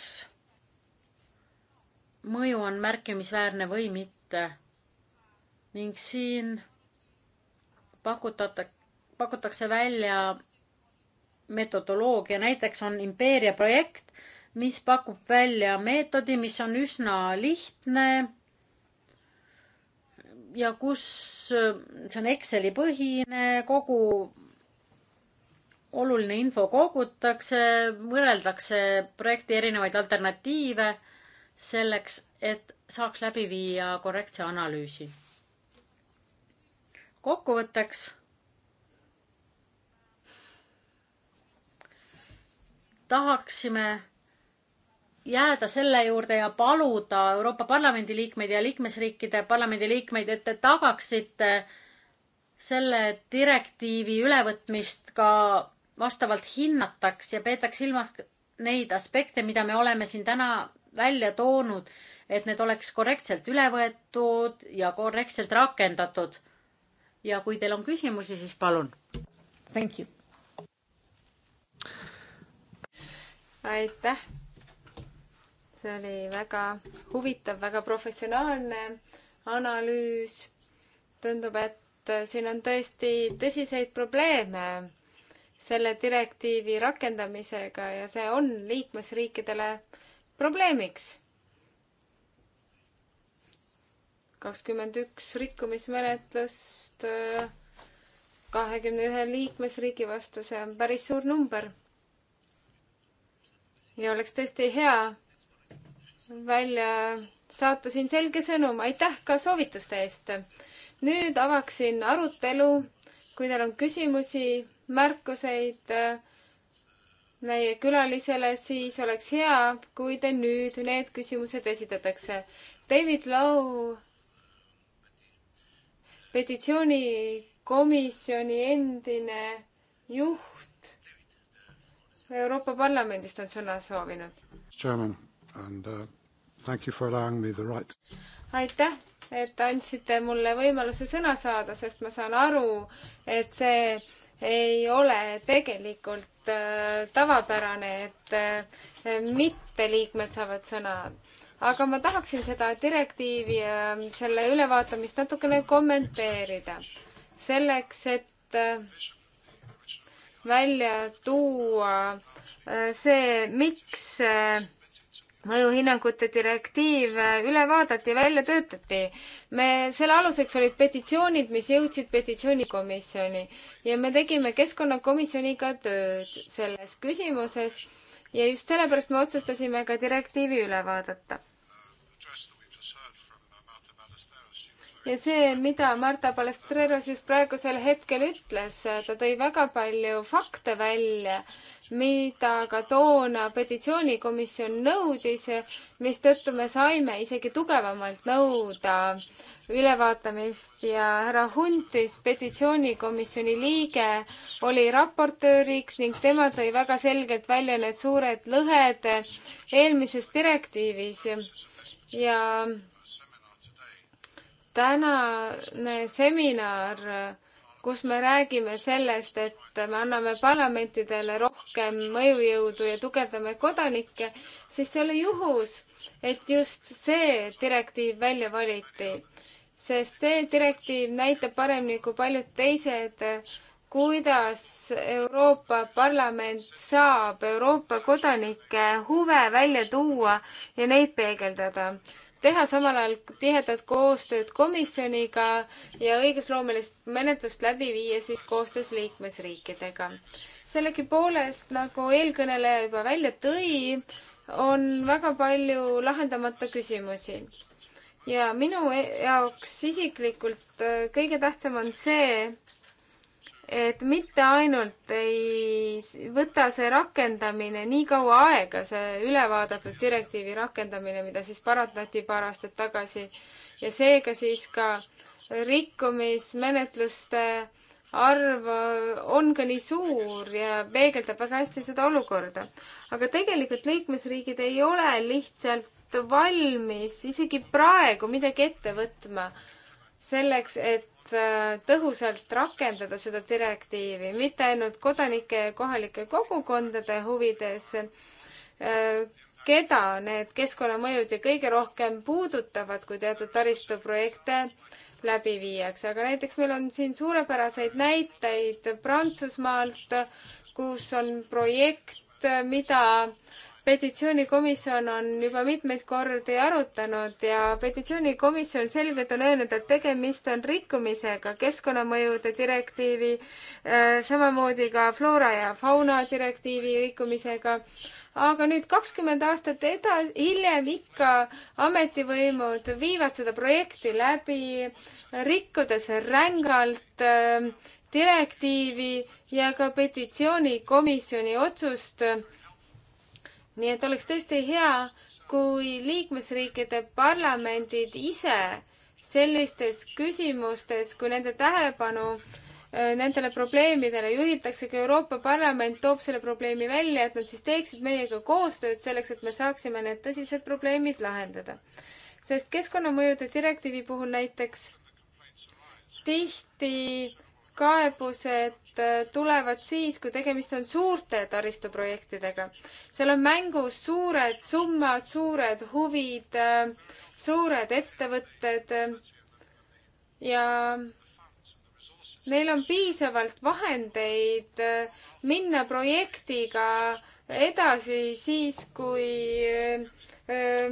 mõju on märkimisväärne või mitte. ning siin pakutata, pakutakse välja metodoloogia, näiteks on Impeeria projekt mis pakub välja meetodi, mis on üsna lihtne ja kus see on Exceli põhine, kogu oluline info kogutakse, võrreldakse projekti erinevaid alternatiive selleks, et saaks läbi viia korrektse analüüsi. kokkuvõtteks. tahaksime jääda selle juurde ja paluda Euroopa Parlamendi liikmeid ja liikmesriikide parlamendi liikmeid, et te tagaksite selle direktiivi ülevõtmist ka vastavalt hinnataks ja peetaks silmas neid aspekte, mida me oleme siin täna välja toonud, et need oleks korrektselt üle võetud ja korrektselt rakendatud. ja kui teil on küsimusi, siis palun. Thank you. aitäh see oli väga huvitav, väga professionaalne analüüs. tundub, et siin on tõesti tõsiseid probleeme selle direktiivi rakendamisega ja see on liikmesriikidele probleemiks kakskümmend üks rikkumismenetlust kahekümne ühe liikmesriigi vastu, see on päris suur number. ja oleks tõesti hea, välja saata siin selge sõnum, aitäh ka soovituste eest. nüüd avaksin arutelu, kui teil on küsimusi, märkuseid äh, meie külalisele, siis oleks hea, kui te nüüd need küsimused esitatakse. David Lau petitsioonikomisjoni endine juht Euroopa Parlamendist on sõna soovinud. Chairman and uh, right. aitäh, et andsite mulle võimaluse sõna saada, sest ma saan aru, et see ei ole tegelikult äh, tavapärane, et äh, mitteliikmed saavad sõna aga ma tahaksin seda direktiivi ja äh, selle ülevaatamist natukene kommenteerida. selleks, et välja tuua see, miks mõjuhinnangute direktiiv äh, üle vaadati, välja töötati. me, selle aluseks olid petitsioonid, mis jõudsid petitsioonikomisjoni ja me tegime keskkonnakomisjoniga tööd selles küsimuses ja just sellepärast me otsustasime ka direktiivi üle vaadata. ja see, mida Marta Palestreros just praegusel hetkel ütles, ta tõi väga palju fakte välja mida ka toona petitsioonikomisjon nõudis, mistõttu me saime isegi tugevamalt nõuda ülevaatamist ja härra Huntis, petitsioonikomisjoni liige, oli raportööriks ning tema tõi väga selgelt välja need suured lõhed eelmises direktiivis ja tänane seminar kus me räägime sellest, et me anname parlamentidele rohkem mõjujõudu ja tugevdame kodanikke, siis see oli juhus, et just see direktiiv välja valiti. sest see direktiiv näitab paremini kui paljud teised, kuidas Euroopa Parlament saab Euroopa kodanike huve välja tuua ja neid peegeldada teha samal ajal tihedat koostööd komisjoniga ja õigusloomelist menetlust läbi viia siis koostöös liikmesriikidega. sellegipoolest, nagu eelkõneleja juba välja tõi, on väga palju lahendamata küsimusi. ja minu e-, jaoks isiklikult äh, kõige tähtsam on see, et mitte ainult ei võta see rakendamine nii kaua aega, see ülevaadatud direktiivi rakendamine, mida siis parandati paar aastat tagasi ja seega siis ka rikkumismenetluste arv on ka nii suur ja peegeldab väga hästi seda olukorda. aga tegelikult liikmesriigid ei ole lihtsalt valmis isegi praegu midagi ette võtma selleks, et Äh, tõhusalt rakendada seda direktiivi, mitte ainult kodanike ja kohalike kogukondade huvides, äh, keda need keskkonnamõjud ju kõige rohkem puudutavad, kui teatud taristuprojekte läbi viiakse, aga näiteks meil on siin suurepäraseid näiteid Prantsusmaalt, kus on projekt, mida äh, petitsioonikomisjon on juba mitmeid kordi arutanud ja petitsioonikomisjon selgelt on öelnud, et tegemist on rikkumisega keskkonnamõjude direktiivi, äh, samamoodi ka floora ja fauna direktiivi rikkumisega. aga nüüd kakskümmend aastat eda-, hiljem ikka ametivõimud viivad seda projekti läbi, rikkudes rängalt äh, direktiivi ja ka petitsioonikomisjoni otsust nii et oleks tõesti hea, kui liikmesriikide parlamendid ise sellistes küsimustes, kui nende tähelepanu äh, nendele probleemidele juhitakse, kui Euroopa Parlament toob selle probleemi välja, et nad siis teeksid meiega koostööd selleks, et me saaksime need tõsised probleemid lahendada. sest keskkonnamõjude direktiivi puhul näiteks tihti kaebused Äh, tulevad siis, kui tegemist on suurte taristuprojektidega. seal on mängus suured summad, suured huvid, äh, suured ettevõtted äh, ja neil on piisavalt vahendeid minna projektiga edasi siis, kui öö,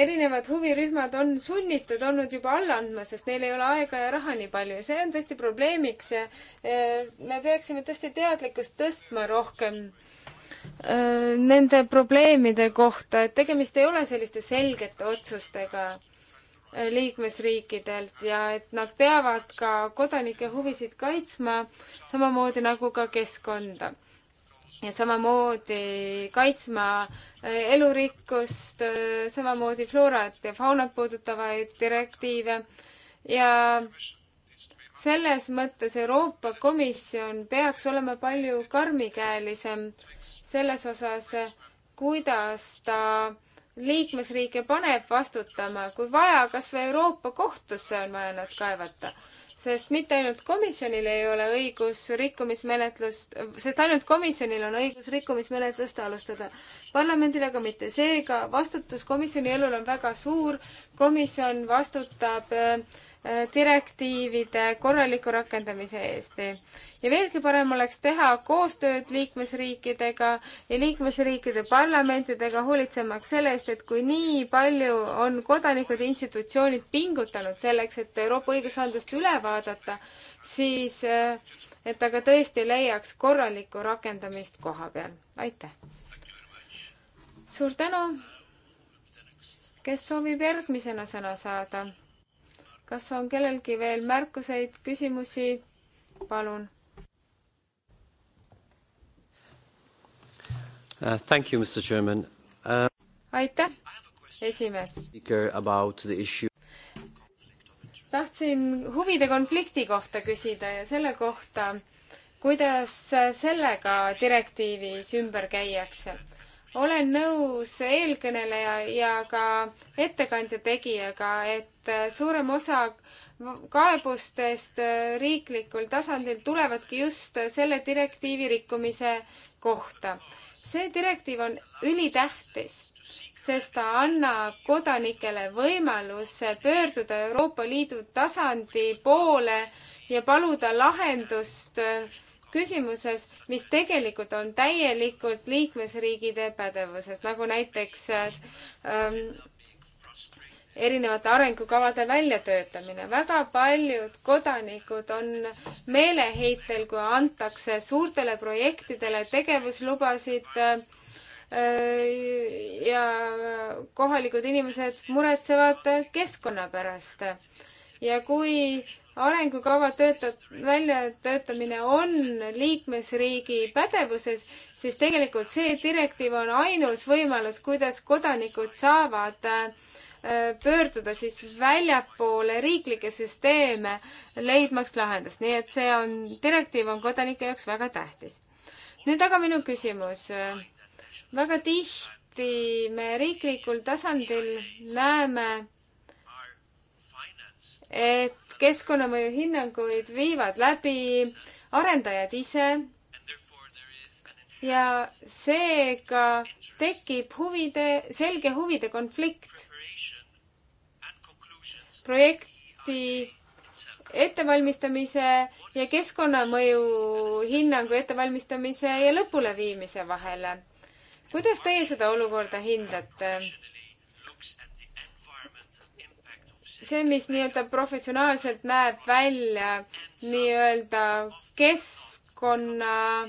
erinevad huvirühmad on sunnitud olnud juba alla andma, sest neil ei ole aega ja raha nii palju ja see on tõesti probleemiks ja eh, me peaksime tõesti teadlikkust tõstma rohkem eh, nende probleemide kohta, et tegemist ei ole selliste selgete otsustega eh, liikmesriikidelt ja et nad peavad ka kodanike huvisid kaitsma, samamoodi nagu ka keskkonda ja samamoodi kaitsma äh, elurikkust, äh, samamoodi floorat ja faunat puudutavaid direktiive ja selles mõttes Euroopa Komisjon peaks olema palju karmikäelisem selles osas, kuidas ta liikmesriike paneb vastutama, kui vaja, kas või Euroopa kohtusse on vaja nad kaevata sest mitte ainult komisjonil ei ole õigus rikkumismenetlust, sest ainult komisjonil on õigus rikkumismenetlust alustada. parlamendil aga mitte. seega vastutus komisjoni elul on väga suur. komisjon vastutab äh, direktiivide korraliku rakendamise eest. ja veelgi parem oleks teha koostööd liikmesriikidega ja liikmesriikide parlamentidega, hoolitsemaks selle eest, et kui nii palju on kodanikud ja institutsioonid pingutanud selleks, et Euroopa õigusandlust üle vaadata, siis eh, et ta ka tõesti leiaks korralikku rakendamist koha peal. aitäh! suur tänu! kes soovib järgmisena sõna saada? kas on kellelgi veel märkuseid, küsimusi? palun uh,. Thank you, Mr Chairman uh.... aitäh, esimees. About the issue tahtsin huvide konflikti kohta küsida ja selle kohta, kuidas sellega direktiivis ümber käiakse. olen nõus eelkõneleja ja ka ettekandja tegijaga, et Äh, suurem osa kaebustest äh, riiklikul tasandil tulevadki just selle direktiivi rikkumise kohta. see direktiiv on ülitähtis, sest ta annab kodanikele võimaluse pöörduda Euroopa Liidu tasandi poole ja paluda lahendust äh, küsimuses, mis tegelikult on täielikult liikmesriigide pädevuses, nagu näiteks ähm, erinevate arengukavade väljatöötamine. väga paljud kodanikud on meeleheitel, kui antakse suurtele projektidele tegevuslubasid äh, ja kohalikud inimesed muretsevad keskkonna pärast. ja kui arengukava töötab, väljatöötamine on liikmesriigi pädevuses, siis tegelikult see direktiiv on ainus võimalus, kuidas kodanikud saavad äh, pöörduda siis väljapoole riiklikke süsteeme, leidmaks lahendust, nii et see on, direktiiv on kodanike jaoks väga tähtis. nüüd aga minu küsimus. väga tihti me riiklikul tasandil näeme, et keskkonnamõju hinnanguid viivad läbi arendajad ise ja seega tekib huvide, selge huvide konflikt projekti ettevalmistamise ja keskkonnamõju hinnangu ettevalmistamise ja lõpuleviimise vahele. kuidas teie seda olukorda hindate? see, mis nii-öelda professionaalselt näeb välja nii-öelda keskkonna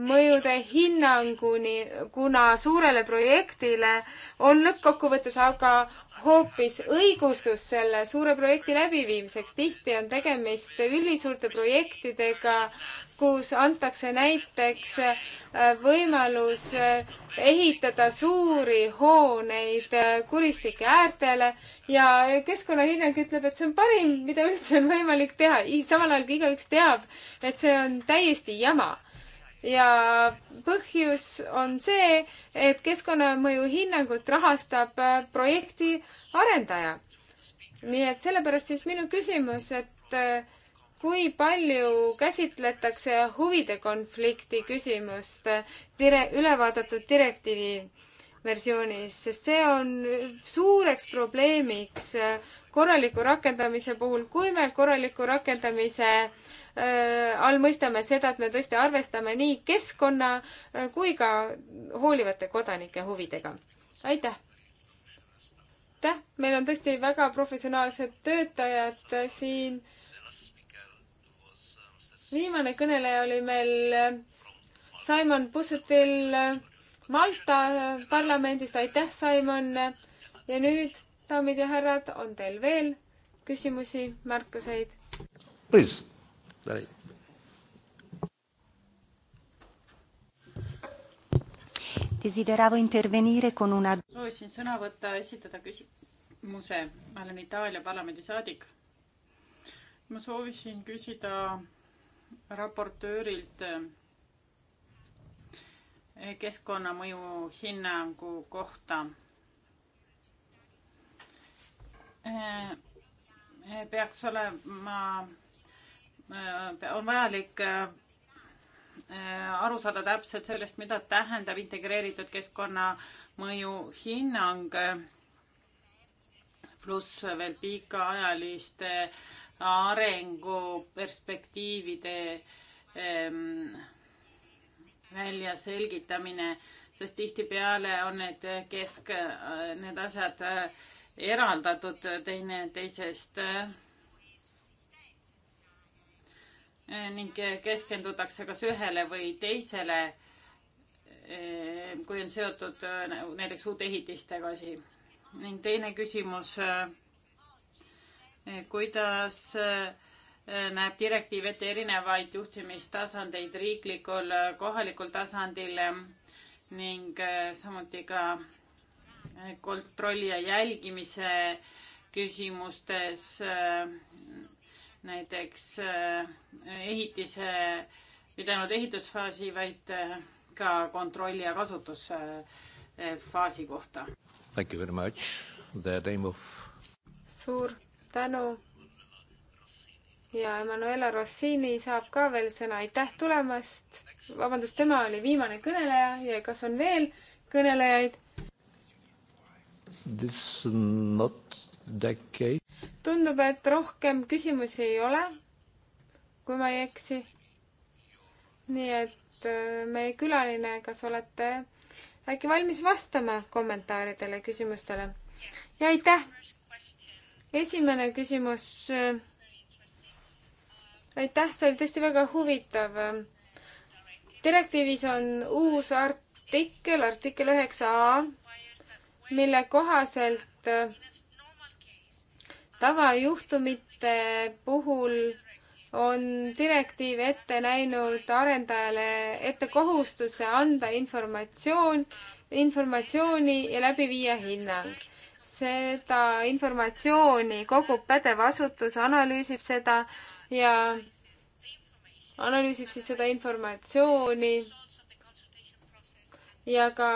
mõjude hinnanguni, kuna suurele projektile on lõppkokkuvõttes aga hoopis õigustus selle suure projekti läbiviimiseks. tihti on tegemist ülisuurte projektidega, kus antakse näiteks äh, võimalus äh, ehitada suuri hooneid äh, kuristike äärtele ja keskkonnahinnang ütleb, et see on parim, mida üldse on võimalik teha. samal ajal kui igaüks teab, et see on täiesti jama ja põhjus on see, et keskkonnamõju hinnangut rahastab äh, projekti arendaja. nii et sellepärast siis minu küsimus, et äh, kui palju käsitletakse huvide konflikti küsimust äh, dire-, ülevaadatud direktiivi versioonis, sest see on suureks probleemiks korraliku rakendamise puhul, kui me korraliku rakendamise äh, Äh, all mõistame seda, et me tõesti arvestame nii keskkonna äh, kui ka hoolivate kodanike huvidega. aitäh! aitäh, meil on tõesti väga professionaalsed töötajad äh, siin. viimane kõneleja oli meil Simon Pussutil Malta parlamendist, aitäh, Simon! ja nüüd, daamid ja härrad, on teil veel küsimusi, märkuseid? Please. Da lei. Desideravo intervenire con una... soovisin sõna võtta, esitada küsimuse. ma olen Itaalia parlamendi saadik. ma soovisin küsida raportöörilt eh, keskkonnamõju hinnangu kohta. Eh, eh, peaks olema Äh, on vajalik äh, äh, aru saada täpselt sellest, mida tähendab integreeritud keskkonnamõju hinnang pluss veel pikaajaliste arenguperspektiivide ähm, väljaselgitamine, sest tihtipeale on need kesk, need asjad eraldatud teineteisest Eh, ning keskendutakse kas ühele või teisele, eh, kui on seotud eh, näiteks uute ehitistega asi. ning teine küsimus, kuidas näeb direktiiv ette erinevaid juhtimistasandeid riiklikul, kohalikul tasandil ning samuti ka kontrolli ja jälgimise küsimustes äh, näiteks äh, ehitise, mitte ainult ehitusfaasi, vaid äh, ka kontrolli ja kasutusfaasi äh, kohta. Thank you very much, the name of. suur tänu. ja Emanuela Rossini saab ka veel sõna, aitäh tulemast. vabandust, tema oli viimane kõneleja ja kas on veel kõnelejaid? This not the case tundub, et rohkem küsimusi ei ole, kui ma ei eksi. nii et äh, meie külaline, kas olete äkki valmis vastama kommentaaridele, küsimustele? ja aitäh! esimene küsimus. Äh, aitäh, see oli tõesti väga huvitav. direktiivis on uus artikkel, artikkel üheksa A, mille kohaselt äh, tavajuhtumite puhul on direktiiv ette näinud arendajale ette kohustuse anda informatsioon, informatsiooni ja läbi viia hinnang. seda informatsiooni kogub pädev asutus, analüüsib seda ja analüüsib siis seda informatsiooni ja ka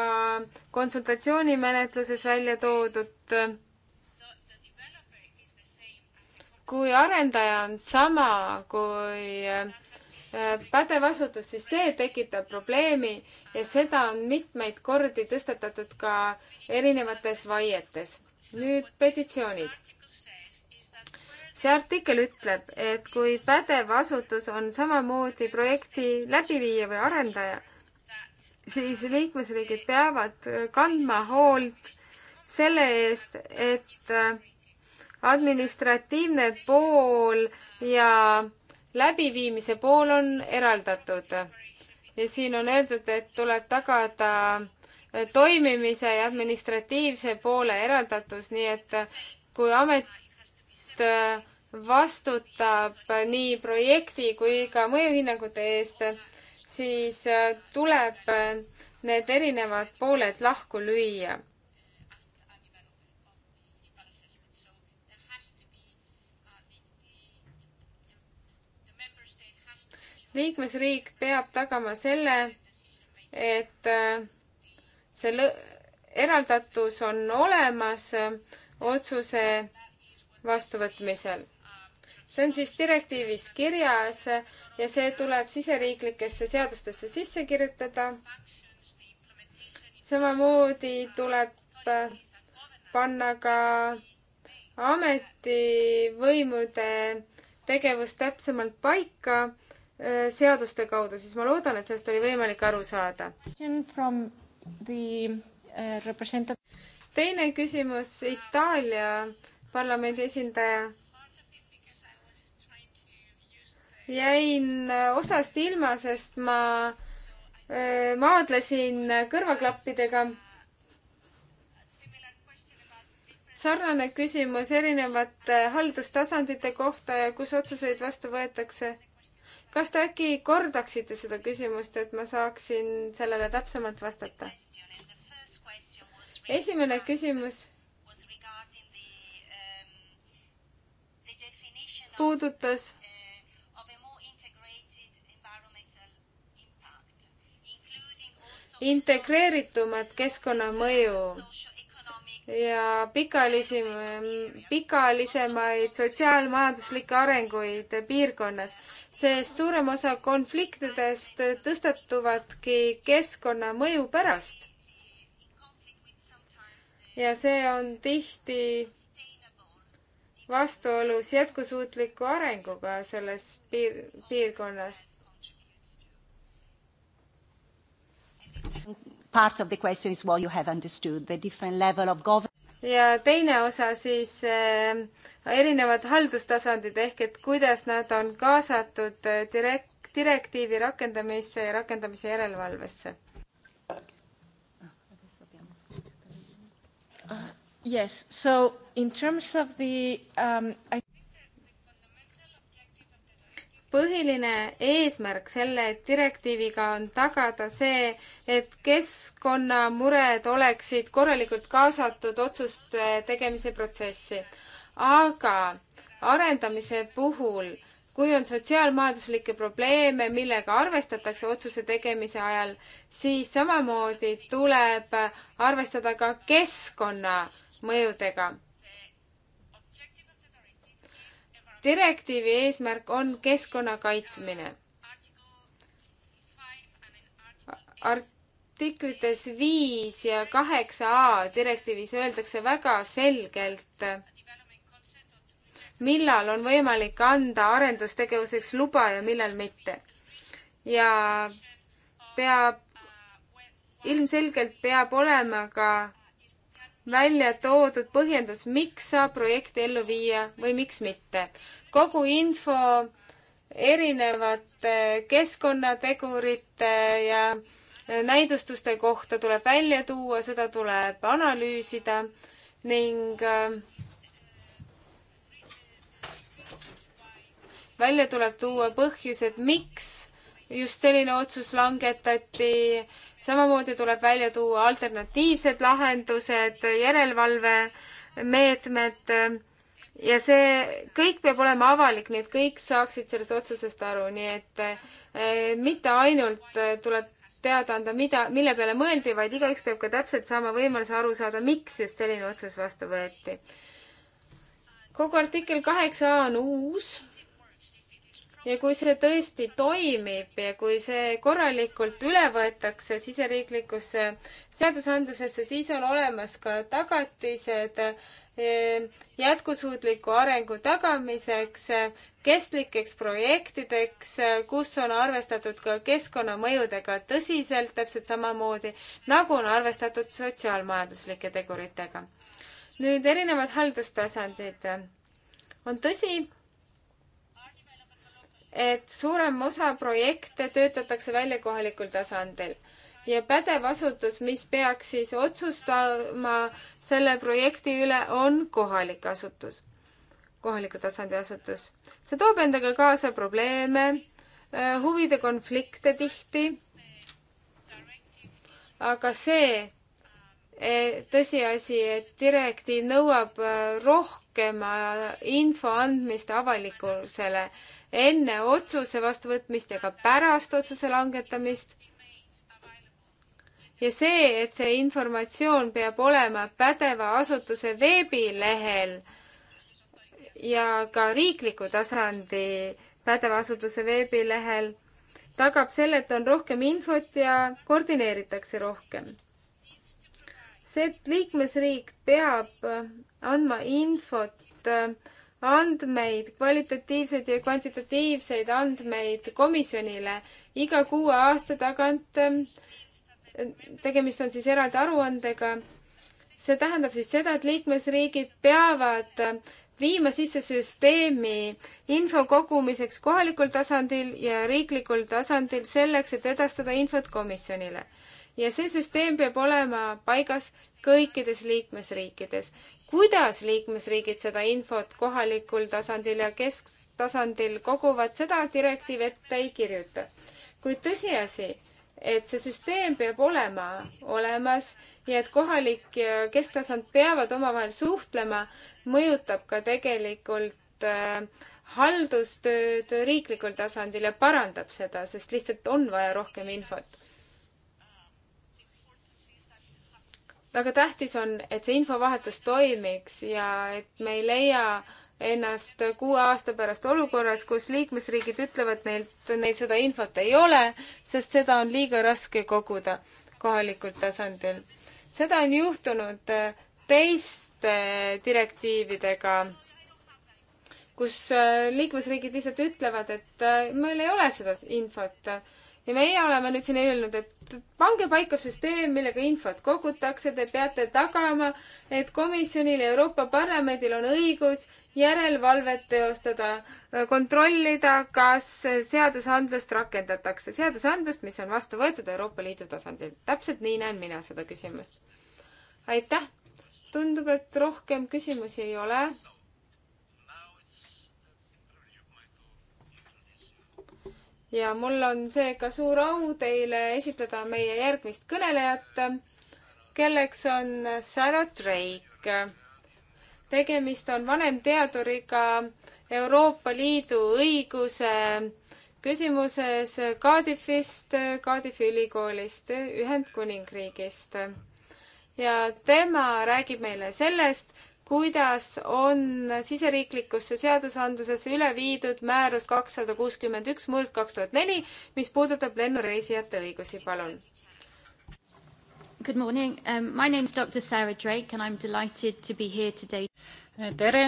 konsultatsioonimenetluses välja toodud kui arendaja on sama kui äh, pädev asutus, siis see tekitab probleemi ja seda on mitmeid kordi tõstatatud ka erinevates vaietes. nüüd petitsioonid. see artikkel ütleb, et kui pädev asutus on samamoodi projekti läbiviija või arendaja, siis liikmesriigid peavad kandma hoolt selle eest, et äh, administratiivne pool ja läbiviimise pool on eraldatud. ja siin on öeldud, et tuleb tagada toimimise ja administratiivse poole eraldatus, nii et kui amet vastutab nii projekti kui ka mõjuhinnangute eest, siis tuleb need erinevad pooled lahku lüüa liikmesriik peab tagama selle, et äh, see eraldatus on olemas äh, otsuse vastuvõtmisel. see on siis direktiivis kirjas äh, ja see tuleb siseriiklikesse seadustesse sisse kirjutada. samamoodi tuleb panna ka ametivõimude tegevus täpsemalt paika Äh, seaduste kaudu, siis ma loodan, et sellest oli võimalik aru saada. Äh, teine küsimus, Itaalia parlamendi esindaja. jäin äh, osast ilma, sest ma maadlesin kõrvaklappidega. sarnane küsimus erinevate haldustasandite kohta ja kus otsuseid vastu võetakse kas te äkki kordaksite seda küsimust, et ma saaksin sellele täpsemalt vastata? esimene küsimus puudutas integreeritumat keskkonnamõju ja pikaajalisi, pikaajalisemaid sotsiaalmajanduslikke arenguid piirkonnas, sest suurem osa konfliktidest tõstatuvadki keskkonna mõju pärast. ja see on tihti vastuolus jätkusuutliku arenguga selles piir, piirkonnas part of the question is what you have understood, the different level of government. ja teine osa siis äh, erinevad haldustasandid ehk et kuidas nad on kaasatud eh, direkt-, direktiivi rakendamisse ja rakendamise järelevalvesse uh,. Yes, so in terms of the um, I põhiline eesmärk selle direktiiviga on tagada see, et keskkonnamured oleksid korralikult kaasatud otsuste tegemise protsessi. aga arendamise puhul, kui on sotsiaalmajanduslikke probleeme, millega arvestatakse otsuse tegemise ajal, siis samamoodi tuleb arvestada ka keskkonnamõjudega direktiivi eesmärk on keskkonna kaitsmine. artiklites viis ja kaheksa A direktiivis öeldakse väga selgelt, millal on võimalik anda arendustegevuseks luba ja millal mitte. ja peab, ilmselgelt peab olema ka välja toodud põhjendus, miks saab projekti ellu viia või miks mitte. kogu info erinevate keskkonnategurite ja näidustuste kohta tuleb välja tuua, seda tuleb analüüsida ning äh, välja tuleb tuua põhjused, miks just selline otsus langetati samamoodi tuleb välja tuua alternatiivsed lahendused, järelevalvemeetmed ja see kõik peab olema avalik, nii et kõik saaksid sellest otsusest aru, nii et eh, mitte ainult eh, tuleb teada anda, mida, mille peale mõeldi, vaid igaüks peab ka täpselt saama võimaluse aru saada, miks just selline otsus vastu võeti. kogu artikkel kaheksa A on uus ja kui see tõesti toimib ja kui see korralikult üle võetakse siseriiklikusse seadusandlusesse, siis on olemas ka tagatised e, jätkusuutliku arengu tagamiseks, kestlikeks projektideks, kus on arvestatud ka keskkonnamõjudega tõsiselt, täpselt samamoodi nagu on arvestatud sotsiaalmajanduslike teguritega. nüüd erinevad haldustasandid. on tõsi, et suurem osa projekte töötatakse välja kohalikul tasandil ja pädev asutus, mis peaks siis otsustama selle projekti üle, on kohalik asutus, kohaliku tasandi asutus. see toob endaga kaasa probleeme, äh, huvide konflikte tihti. aga see Eh, tõsiasi, et direktiiv nõuab äh, rohkem äh, info andmist avalikkusele enne otsuse vastuvõtmist ja ka pärast otsuse langetamist. ja see, et see informatsioon peab olema pädeva asutuse veebilehel ja ka riikliku tasandi pädeva asutuse veebilehel, tagab selle, et on rohkem infot ja koordineeritakse rohkem see, et liikmesriik peab äh, andma infot, äh, andmeid, kvalitatiivseid ja kvantitatiivseid andmeid komisjonile iga kuue aasta tagant. Ähm, tegemist on siis eraldi aruandega. see tähendab siis seda, et liikmesriigid peavad äh, viima sisse süsteemi info kogumiseks kohalikul tasandil ja riiklikul tasandil selleks, et edastada infot komisjonile ja see süsteem peab olema paigas kõikides liikmesriikides. kuidas liikmesriigid seda infot kohalikul tasandil ja kesktasandil koguvad, seda direktiiv ette ei kirjuta. kuid tõsiasi, et see süsteem peab olema olemas ja et kohalik ja kesktasand peavad omavahel suhtlema, mõjutab ka tegelikult äh, haldustööd riiklikul tasandil ja parandab seda, sest lihtsalt on vaja rohkem infot väga tähtis on, et see infovahetus toimiks ja et me ei leia ennast kuue aasta pärast olukorras, kus liikmesriigid ütlevad neilt, neil seda infot ei ole, sest seda on liiga raske koguda kohalikul tasandil. seda on juhtunud äh, teiste direktiividega, kus äh, liikmesriigid lihtsalt ütlevad, et äh, meil ei ole seda infot ja meie oleme nüüd siin öelnud, et pange paika süsteem, millega infot kogutakse, te peate tagama, et komisjonil ja Euroopa Parlamendil on õigus järelevalvet teostada, kontrollida, kas seadusandlust rakendatakse, seadusandlust, mis on vastu võetud Euroopa Liidu tasandil. täpselt nii näen mina seda küsimust. aitäh! tundub, et rohkem küsimusi ei ole ja mul on seega suur au teile esitleda meie järgmist kõnelejat, kelleks on Sarah Drake. tegemist on vanemteaduriga Euroopa Liidu õiguse küsimuses Cardiffist, Cardiffi ülikoolist, Ühendkuningriigist. ja tema räägib meile sellest, kuidas on siseriiklikusse seadusandlusesse üle viidud määrus kakssada kuuskümmend üks murd kaks tuhat neli, mis puudutab lennureisijate õigusi, palun. Good morning um,, my name is doctor Sarah Drake and I am delighted to be here today. tere,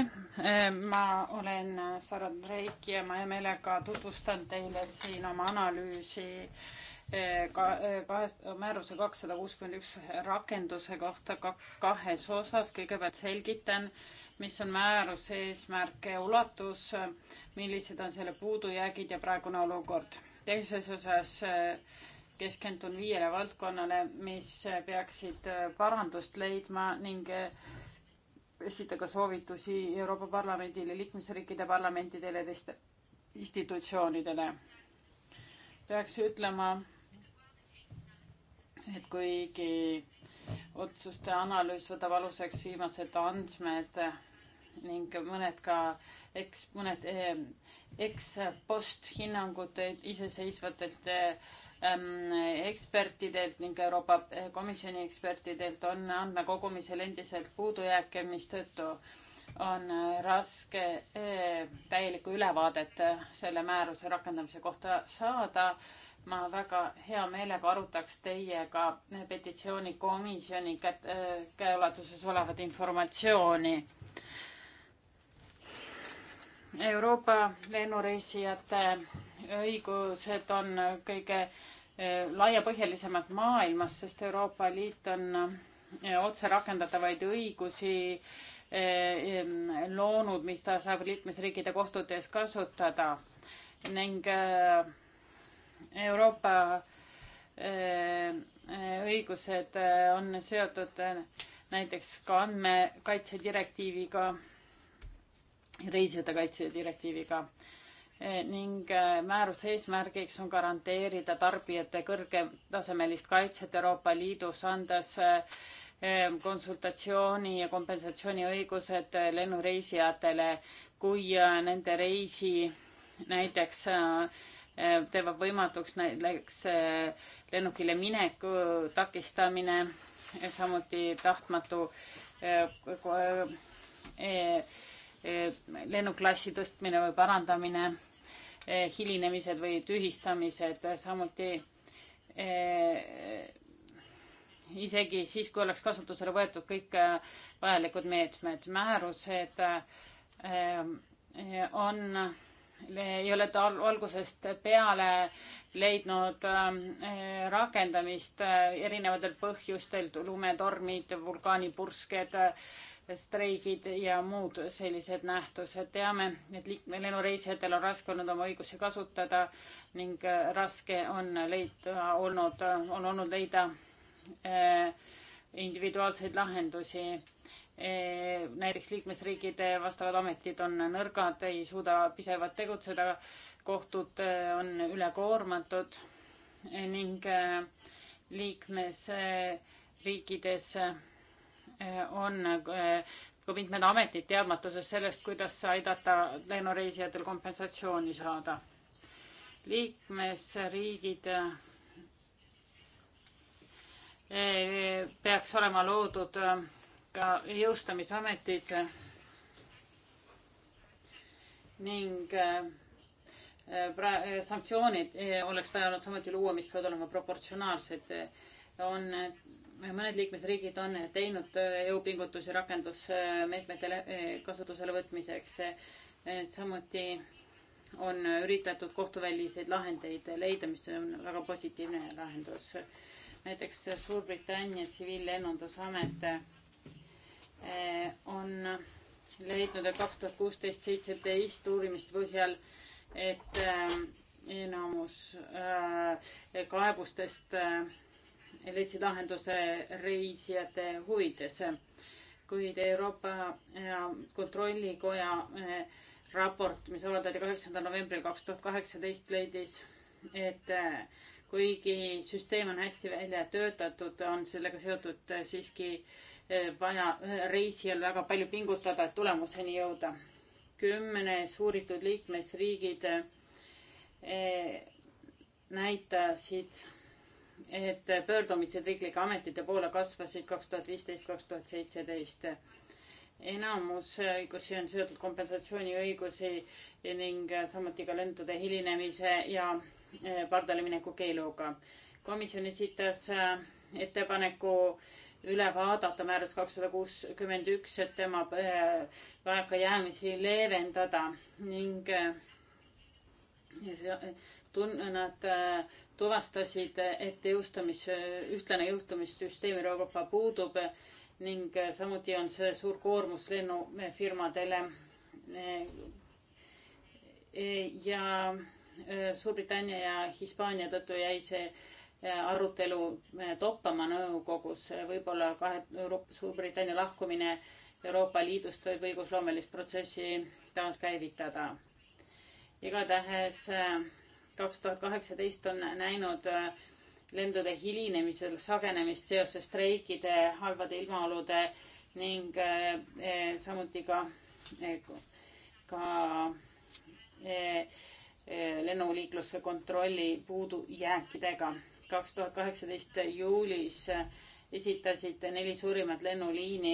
um, ma olen Sarah Drake ja ma hea meelega tutvustan teile siin oma analüüsi äh, Eh, ka eh, kahes, eh, määruse kakssada kuuskümmend üks rakenduse kohta ka kahes osas. kõigepealt selgitan, mis on määruse eesmärk ja ulatus, millised on selle puudujäägid ja praegune olukord. teises osas keskendun viiele valdkonnale, mis peaksid parandust leidma ning esitada soovitusi Euroopa Parlamendile, liikmesriikide parlamentidele ja teiste institutsioonidele. peaks ütlema, et kuigi otsuste analüüs võtab aluseks viimased andmed ning mõned ka eks, mõned eh, eks-post hinnangud iseseisvatelt ehm, ekspertidelt ning Euroopa eh, Komisjoni ekspertidelt on andmekogumisel endiselt puudujääke, mistõttu on eh, raske täielikku ülevaadet selle määruse rakendamise kohta saada ma väga hea meelega arutaks teiega petitsioonikomisjoni kätt, äh, käeulatuses olevat informatsiooni. Euroopa lennureisijate õigused on kõige äh, laiapõhjalisemad maailmas, sest Euroopa Liit on äh, otse rakendatavaid õigusi loonud, mis ta saab liikmesriikide kohtutes kasutada ning äh, Euroopa eh, eh, õigused eh, on seotud näiteks ka andmekaitse direktiiviga, reisijate kaitse direktiiviga ning määruse eesmärgiks on garanteerida tarbijate kõrgetasemelist kaitset Euroopa Liidus, andes konsultatsiooni ja kompensatsiooniõigused lennureisijatele, kui nende reisi näiteks Eh, teevad võimatuks näiteks eh, lennukile mineku takistamine, eh, samuti tahtmatu lennuklassi tõstmine või parandamine, hilinemised või tühistamised, samuti isegi siis, kui oleks kasutusele võetud kõik vajalikud meetmed, määrused on ei ole ta algusest peale leidnud ähm, äh, rakendamist äh, erinevatel põhjustel, lumetormid, vulkaanipursked, äh, streigid ja muud sellised nähtused. teame, et lennureisijatel on raske olnud oma õigusi kasutada ning raske on leida olnud, on olnud leida individuaalseid lahendusi Eh, näiteks liikmesriigide vastavad ametid on nõrgad, ei suuda pisevalt tegutseda, kohtud eh, on ülekoormatud eh, ning liikmesriikides on ka mitmed ametid teadmatuses sellest, kuidas aidata lennureisijatel kompensatsiooni saada. liikmesriigid peaks olema loodud ka jõustamisametid ning äh, pra-, äh, sanktsioonid äh, oleks vaja olnud samuti luua, mis peavad olema proportsionaalsed. on, mõned liikmesriigid on teinud jõupingutusi rakendusmeetmete kasutusele võtmiseks. samuti on üritatud kohtuväliseid lahendeid leida, mis on väga positiivne lahendus. näiteks Suurbritannia tsiviillennundusamet Eh, on leidnud, et kaks tuhat kuusteist seitseteist uurimiste põhjal, et eh, enamus eh, kaebustest leidsid lahenduse reisijate huvides, kuid Euroopa Kontrollikoja raport, mis avaldati kaheksandal novembril kaks tuhat kaheksateist, leidis, et kuigi süsteem on hästi välja töötatud, on sellega seotud siiski äh, Eh, vaja eh, reisijal väga palju pingutada, et tulemuseni jõuda. kümnes uuritud liikmesriigid eh, näitasid, et pöördumised riiklike ametite poole kasvasid kaks tuhat viisteist, kaks tuhat seitseteist. enamus õigusi on seotud kompensatsiooniõigusi ning samuti ka lendude hilinemise ja pardale mineku keeluga. komisjon esitas ettepaneku äh, üle vaadata määrus kakssada kuuskümmend üks, et tema äh, vajakajäämisi leevendada ning äh, tun-, nad äh, tuvastasid, et jõustumis, ühtlane jõustumissüsteem Euroopa puudub ning samuti on see suur koormus lennufirmadele. ja Suurbritannia ja Hispaania tõttu jäi see Äh, arutelu äh, toppama nõukogus, võib-olla kahe Euroopa, Suurbritannia lahkumine Euroopa Liidust võib õigusloomelist protsessi taaskäivitada. igatahes äh, kaks tuhat kaheksateist on näinud lendude hilinemisel sagenemist seoses streikide, halbade ilmaolude ning eh, samuti ka eh,, ka eh, lennuliikluse kontrolli puudujääkidega kaks tuhat kaheksateist juulis esitasid neli suurimat lennuliini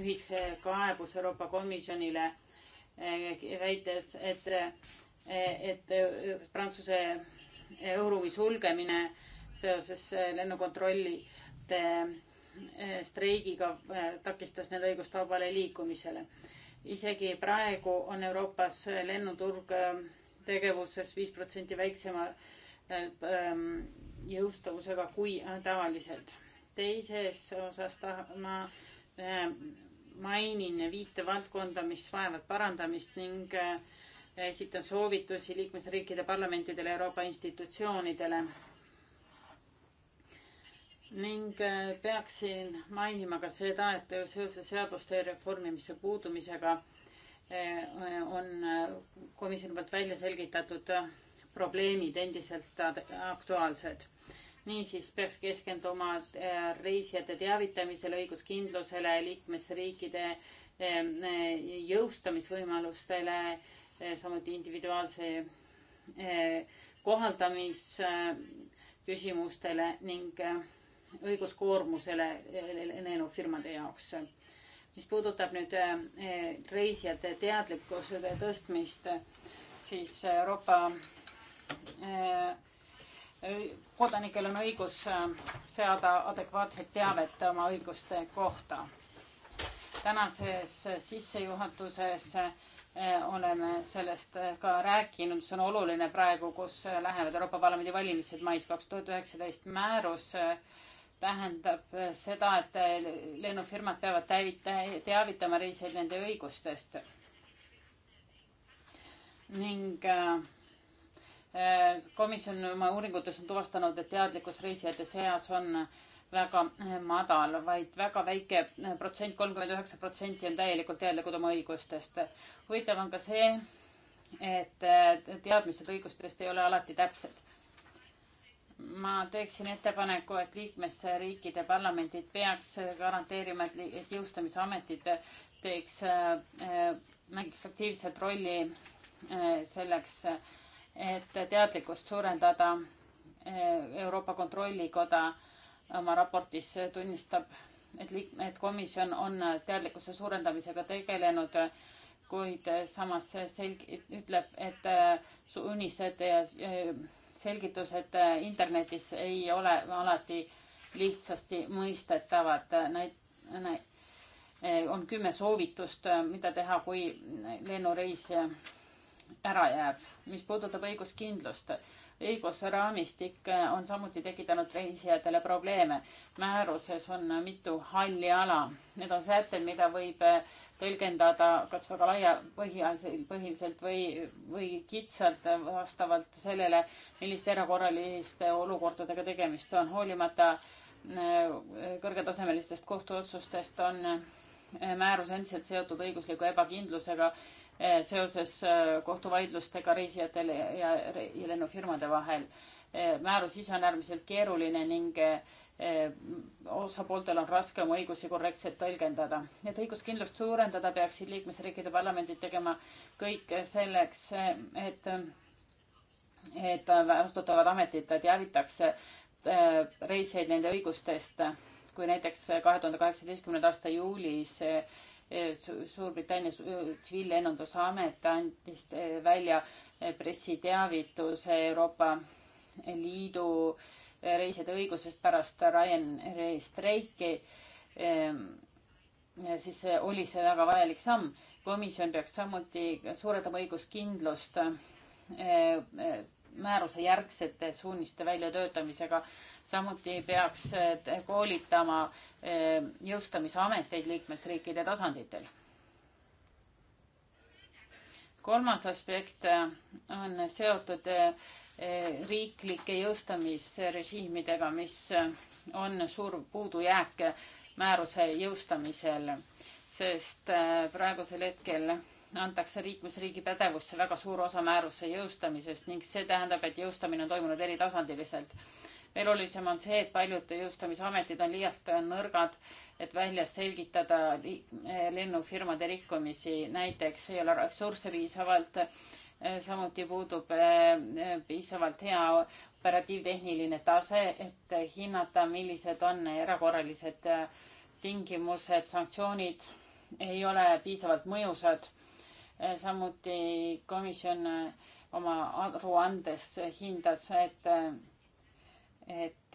ühiskaebus Euroopa Komisjonile eh, väites, et, eh, et eh, Prantsuse õhuruumi sulgemine seoses lennukontrollide streigiga takistas nende õigust vabale liikumisele. isegi praegu on Euroopas lennuturg tegevuses viis protsenti väiksema jõustavusega kui tavaliselt. teises osas ta, ma äh, mainin viitevaldkonda, mis vajavad parandamist ning äh, esitan soovitusi liikmesriikide parlamentidele, Euroopa institutsioonidele. ning äh, peaksin mainima ka seda, et seoses seaduste reformimise puudumisega äh, on äh, komisjoni poolt välja selgitatud äh, probleemid endiselt aktuaalsed niisiis peaks keskenduma äh, reisijate teavitamisele, õiguskindlusele, liikmesriikide ähm, äh, jõustamisvõimalustele, äh, samuti individuaalse kohaldamisküsimustele ning õiguskoormusele lennufirmade jaoks. mis puudutab nüüd reisijate teadlikkuse tõstmist, siis Euroopa kodanikel on õigus äh, seada adekvaatset teavet oma õiguste kohta. tänases sissejuhatuses äh, oleme sellest äh, ka rääkinud, see on oluline praegu, kus lähevad Euroopa Parlamendi valimised mais kaks tuhat üheksateist. määrus tähendab seda, et lennufirmad peavad täivita-, teavitama reisijaid nende õigustest. ning äh, Äh, komisjon oma uuringutes on tuvastanud, et teadlikkus reisijate seas on väga äh, madal, vaid väga väike äh, protsent, kolmkümmend üheksa protsenti on täielikult teadlikud oma õigustest. huvitav on ka see, et teadmised õigustest ei ole alati täpsed. ma teeksin ettepaneku, et liikmesriikide parlamendid peaks garanteerima, et jõustamisametid teeks, mängiks aktiivset rolli selleks, et teadlikkust suurendada. Euroopa Kontrollikoda oma raportis tunnistab, et liik-, et komisjon on teadlikkuse suurendamisega tegelenud, kuid samas selg-, ütleb, et suunised ja selgitused internetis ei ole alati lihtsasti mõistetavad. on kümme soovitust, mida teha, kui lennureis ära jääb. mis puudutab õiguskindlust, õigusraamistik äh, on samuti tekitanud reisijatele probleeme. määruses on mitu halli ala. Need on sätted, mida võib äh, tõlgendada kas väga laiapõhjaliselt või, või kitsalt äh, vastavalt sellele, milliste erakorraliste olukordadega tegemist on. hoolimata kõrgetasemelistest kohtuotsustest on määrus endiselt seotud õigusliku ebakindlusega Eh, seoses eh, kohtuvaidlustega reisijatele ja, ja lennufirmade vahel. Eh, määrus ise on äärmiselt keeruline ning osapooltel on raske oma õigusi korrektselt tõlgendada. et õiguskindlust suurendada, peaksid liikmesriikide parlamendid tegema kõik selleks, et, et vastutavad ametid teavitaks reisijaid nende õigustest. kui näiteks kahe tuhande kaheksateistkümnenda aasta juulis Eh, Suurbritannia eh, tsiviillennundusamet andis eh, välja pressiteavituse Euroopa Liidu reisijate õigusest pärast Ryanairi streiki, ehm, siis oli see väga vajalik samm. komisjon peaks samuti suurendama õiguskindlust määruse järgsete suuniste väljatöötamisega. samuti peaks eh, koolitama eh, jõustamisameteid liikmesriikide tasanditel. kolmas aspekt eh, on seotud riiklike jõustamisrežiimidega, mis on suur puudujääk määruse jõustamisel, sest praegusel hetkel antakse liikmesriigi pädevusse väga suur osa määruse jõustamisest ning see tähendab, et jõustamine on toimunud eritasandiliselt. veel olulisem on see, et paljud jõustamisametid on liialt nõrgad, et välja selgitada lennufirmade rikkumisi, näiteks ei ole ressursse piisavalt, samuti puudub eh, piisavalt hea operatiivtehniline tase, et hinnata, millised on erakorralised eh, tingimused, sanktsioonid ei ole piisavalt mõjusad Eh, samuti komisjon eh, oma aruandes hindas, et, eh, et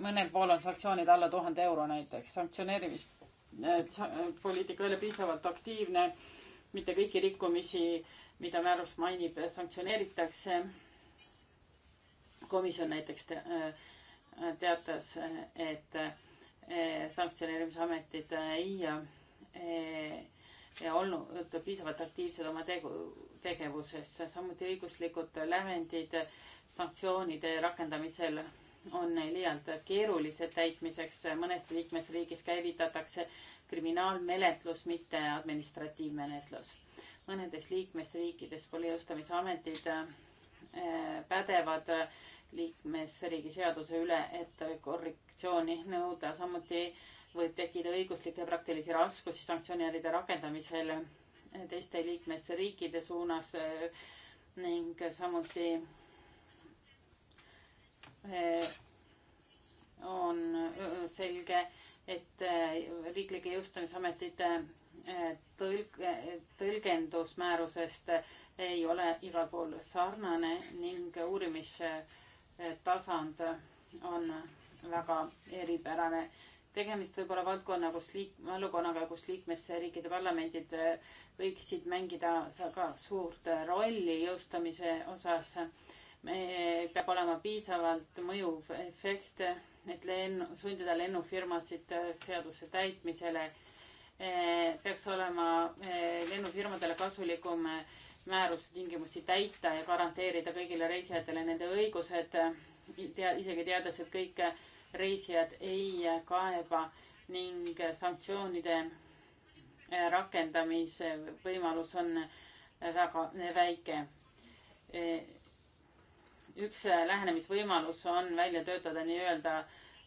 mõnel pool on sanktsioonid alla tuhande euro näiteks, sanktsioneerimispoliitika ei ole piisavalt aktiivne, mitte kõiki rikkumisi, mida määrus mainib, sanktsioneeritakse. komisjon näiteks te, teatas, et sanktsioneerimisametid ei ja olnud piisavalt aktiivsed oma tegu, tegevuses. samuti õiguslikud lävendid sanktsioonide rakendamisel on liialt keerulised täitmiseks. mõnes liikmesriigis käivitatakse kriminaalmenetlus, mitte administratiivmenetlus. mõnedes liikmesriikides pole jõustamisametid äh, pädevad liikmesriigi seaduse üle, et korrektsiooni nõuda. samuti võib tekkida õiguslikke ja praktilisi raskusi sanktsioonide rakendamisel teiste liikmesriikide suunas eh, ning samuti eh, on eh, selge, et riiklike jõustamisametite tõlg-, tõlgendus määrusest ei ole igal pool sarnane ning uurimistasand on väga eripärane tegemist võib olla valdkonna, kus liik-, valdkonnaga, kus liikmesriikide parlamendid äh, võiksid mängida väga suurt äh, rolli jõustamise osas. peab olema piisavalt mõjuv efekt, et lennu, sundida lennufirmasid äh, seaduse täitmisele. peaks olema lennufirmadele kasulikum määruse tingimusi täita ja garanteerida kõigile reisijatele nende õigused, tea, isegi teades, et kõik reisijad ei kaeba ning sanktsioonide rakendamise võimalus on väga väike. üks lähenemisvõimalus on välja töötada nii-öelda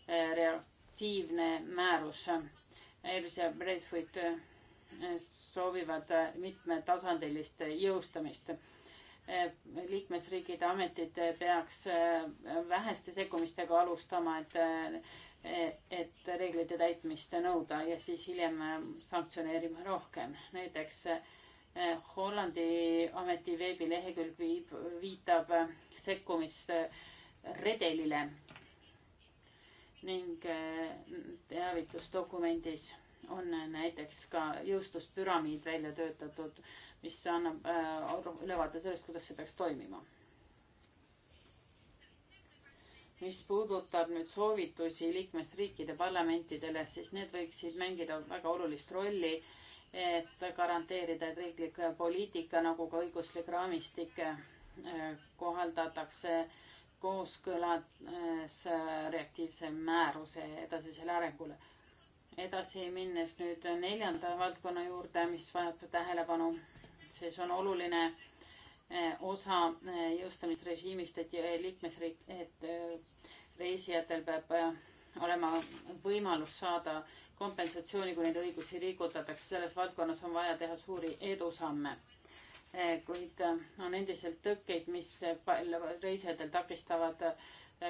eh, reaktiivne määrus. Airs ja Braithwaite eh, soovivad mitmetasandilist jõustamist Eh, liikmesriigide ametid eh, peaks eh, väheste sekkumistega alustama, et, et reeglite täitmist nõuda ja siis hiljem sanktsioneerima rohkem. näiteks Hollandi ameti veebilehekülg viib, viitab sekkumisredelile ning teavitusdokumendis on näiteks ka jõustuspüramiid välja töötatud, mis annab äh, ülevaate sellest, kuidas see peaks toimima. mis puudutab nüüd soovitusi liikmesriikide parlamentidele, siis need võiksid mängida väga olulist rolli, et garanteerida, et riiklik poliitika nagu ka õiguslik raamistik äh, kohaldatakse kooskõlas äh, reaktiivse määruse edasisele arengule. edasi minnes nüüd neljanda valdkonna juurde, mis vajab tähelepanu siis on oluline eh, osa eh, jõustamisrežiimist, et eh, liikmesriik, et reisijatel peab olema võimalus saada kompensatsiooni, kui neid õigusi rikutatakse. selles valdkonnas on vaja teha suuri edusamme. kuid on endiselt tõkkeid, mis reisijatel takistavad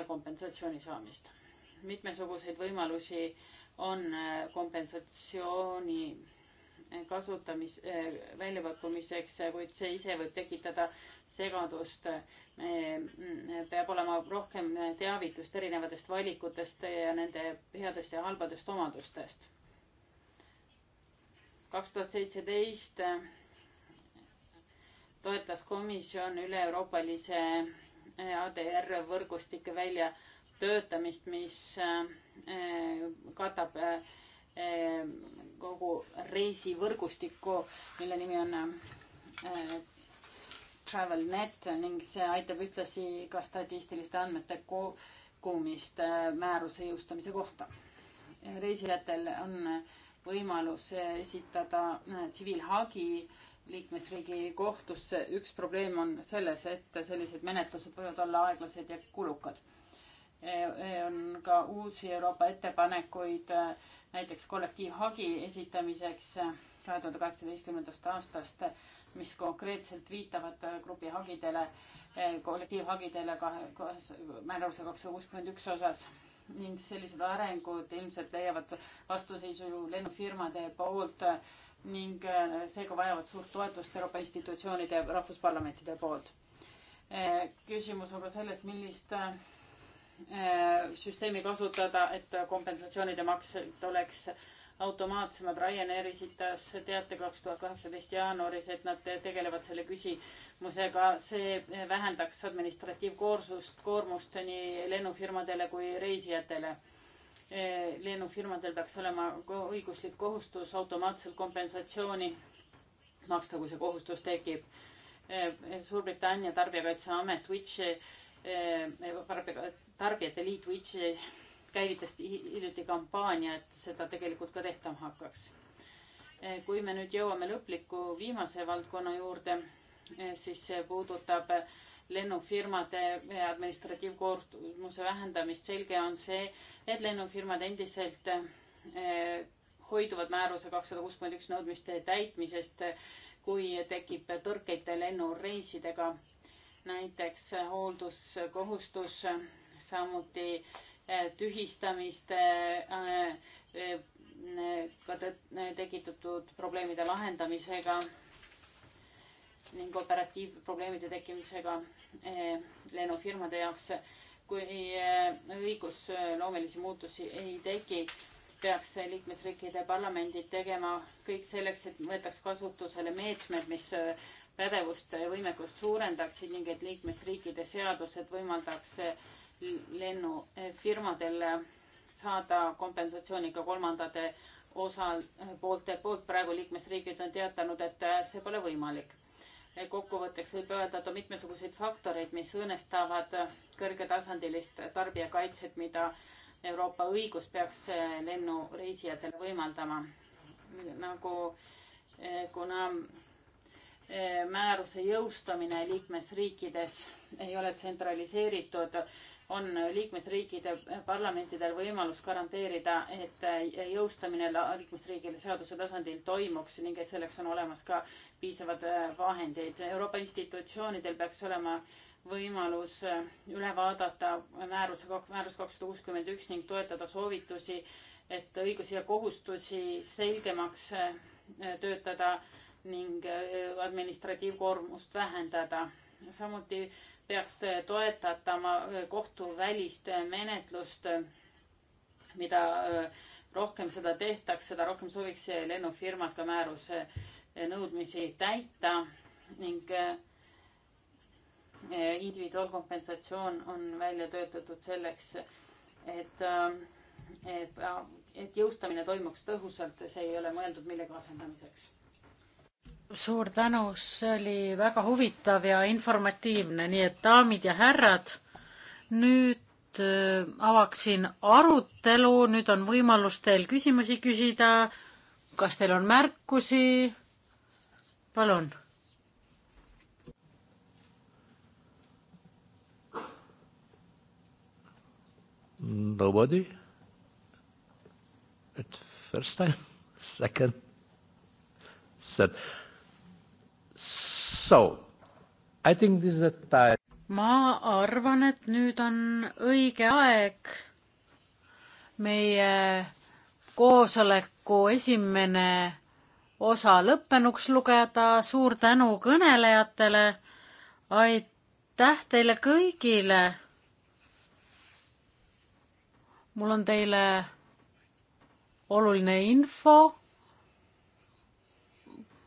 kompensatsiooni saamist. mitmesuguseid võimalusi on kompensatsiooni Eh, kasutamis, eh, väljapakkumiseks, eh, kuid see ise võib tekitada segadust. Mm, peab olema rohkem teavitust erinevatest valikutest ja nende headest ja halbadest omadustest. kaks tuhat seitseteist toetas komisjon üle-euroopalise ADR võrgustike väljatöötamist, mis katab Ehm, kogu reisivõrgustikku, mille nimi on eh, TravelNet ning see aitab ühtlasi ka statistiliste andmete kogumist eh, määruse jõustamise kohta. reisijatel on võimalus esitada eh, tsiviilhagi liikmesriigi kohtusse. üks probleem on selles, et sellised menetlused võivad olla aeglased ja kulukad E, e, on ka uusi Euroopa ettepanekuid e, näiteks kollektiivhagi esitamiseks kahe tuhande kaheksateistkümnendast aastast, mis konkreetselt viitavad grupihagidele, kollektiivhagidele kahe, määruse kakssada kuuskümmend üks osas ning sellised arengud ilmselt leiavad vastuseisu lennufirmade poolt ning seega vajavad suurt toetust Euroopa institutsioonide ja rahvusparlamentide poolt. küsimus on ka selles, millist Äh, süsteemi kasutada, et kompensatsioonide maksed oleks automaatsemad. Ryanair esitas teate kaks tuhat kaheksateist jaanuaris, et nad tegelevad selle küsimusega. see vähendaks administratiivkoorsust, koormust nii lennufirmadele kui reisijatele äh, lennufirmadel peaks olema õiguslik kohustus automaatselt kompensatsiooni maksta, kui see kohustus tekib. Äh, Suurbritannia tarbijakaitseamet, which tarbijakaitse tarbijate liit Witchi käivitas hiljuti kampaania, et seda tegelikult ka tehtama hakkaks. Eh, kui me nüüd jõuame lõpliku viimase valdkonna juurde, eh, siis see puudutab eh, lennufirmade administratiivkoormuse vähendamist. selge on see, et lennufirmad endiselt hoiduvad määruse kakssada kuuskümmend üks nõudmiste täitmisest, kui tekib tõrkeid lennureisidega. näiteks hoolduskohustus samuti eh, tühistamiste eh, eh, ka tekitatud probleemide lahendamisega ning operatiivprobleemide tekkimisega lennufirmade jaoks. kui õigusloomelisi muutusi ei teki, peaks liikmesriikide parlamendid tegema kõik selleks, et võetaks kasutusele meetmed, mis pädevust ja võimekust suurendaksid ning et liikmesriikide seadused võimaldaks lennufirmadel eh, eh, saada kompensatsiooni ka kolmandate osapoolte eh, poolt. praegu liikmesriigid on teatanud, et see pole võimalik. kokkuvõtteks võib öelda, et on mitmesuguseid faktoreid, mis õõnestavad kõrgetasandilist tarbijakaitset, mida Euroopa õigus peaks lennureisijatele võimaldama. nagu kuna määruse jõustamine liikmesriikides ei ole tsentraliseeritud on liikmesriikide parlamentidel võimalus garanteerida, et jõustamine liikmesriigil seaduse tasandil toimuks ning et selleks on olemas ka piisavad äh, vahendid. Euroopa institutsioonidel peaks olema võimalus äh, üle vaadata määruse, määrus kakssada kuuskümmend üks ning toetada soovitusi, et õigusi ja kohustusi selgemaks äh, töötada ning administratiivkoormust vähendada. samuti peaks äh, toetatama äh, kohtuvälist äh, menetlust, mida rohkem seda tehtaks, seda rohkem sooviks lennufirmad ka määruse nõudmisi täita ning individuaalkompensatsioon on välja töötatud selleks, et, et, et jõustamine toimuks tõhusalt, see ei ole mõeldud millegi asendamiseks suur tänu, see oli väga huvitav ja informatiivne, nii et daamid ja härrad, nüüd äh, avaksin arutelu, nüüd on võimalus teil küsimusi küsida. kas teil on märkusi? palun. Nobody? At first time? Second? Third? So, I think this is the time. ma arvan, et nüüd on õige aeg meie koosoleku esimene osa lõppenuks lugeda. suur tänu kõnelejatele. aitäh teile kõigile. mul on teile oluline info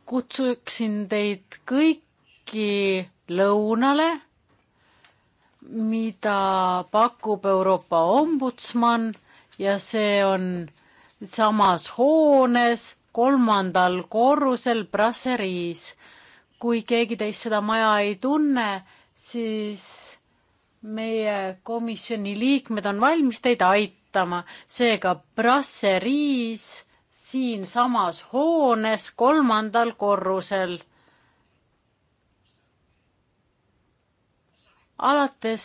kutsuksin teid kõiki lõunale, mida pakub Euroopa ombudsman ja see on samas hoones kolmandal korrusel Brasseriis. kui keegi teist seda maja ei tunne, siis meie komisjoni liikmed on valmis teid aitama, seega Brasseriis siinsamas hoones kolmandal korrusel. alates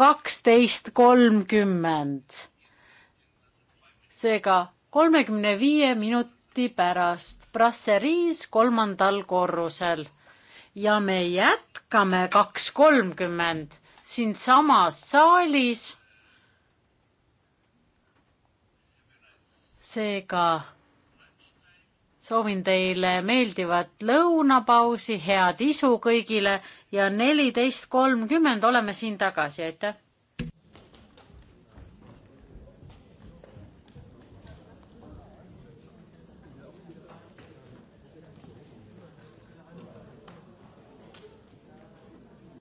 kaksteist kolmkümmend. seega kolmekümne viie minuti pärast Brasseriis kolmandal korrusel ja me jätkame kaks kolmkümmend siinsamas saalis. seega soovin teile meeldivat lõunapausi, head isu kõigile ja neliteist kolmkümmend oleme siin tagasi, aitäh!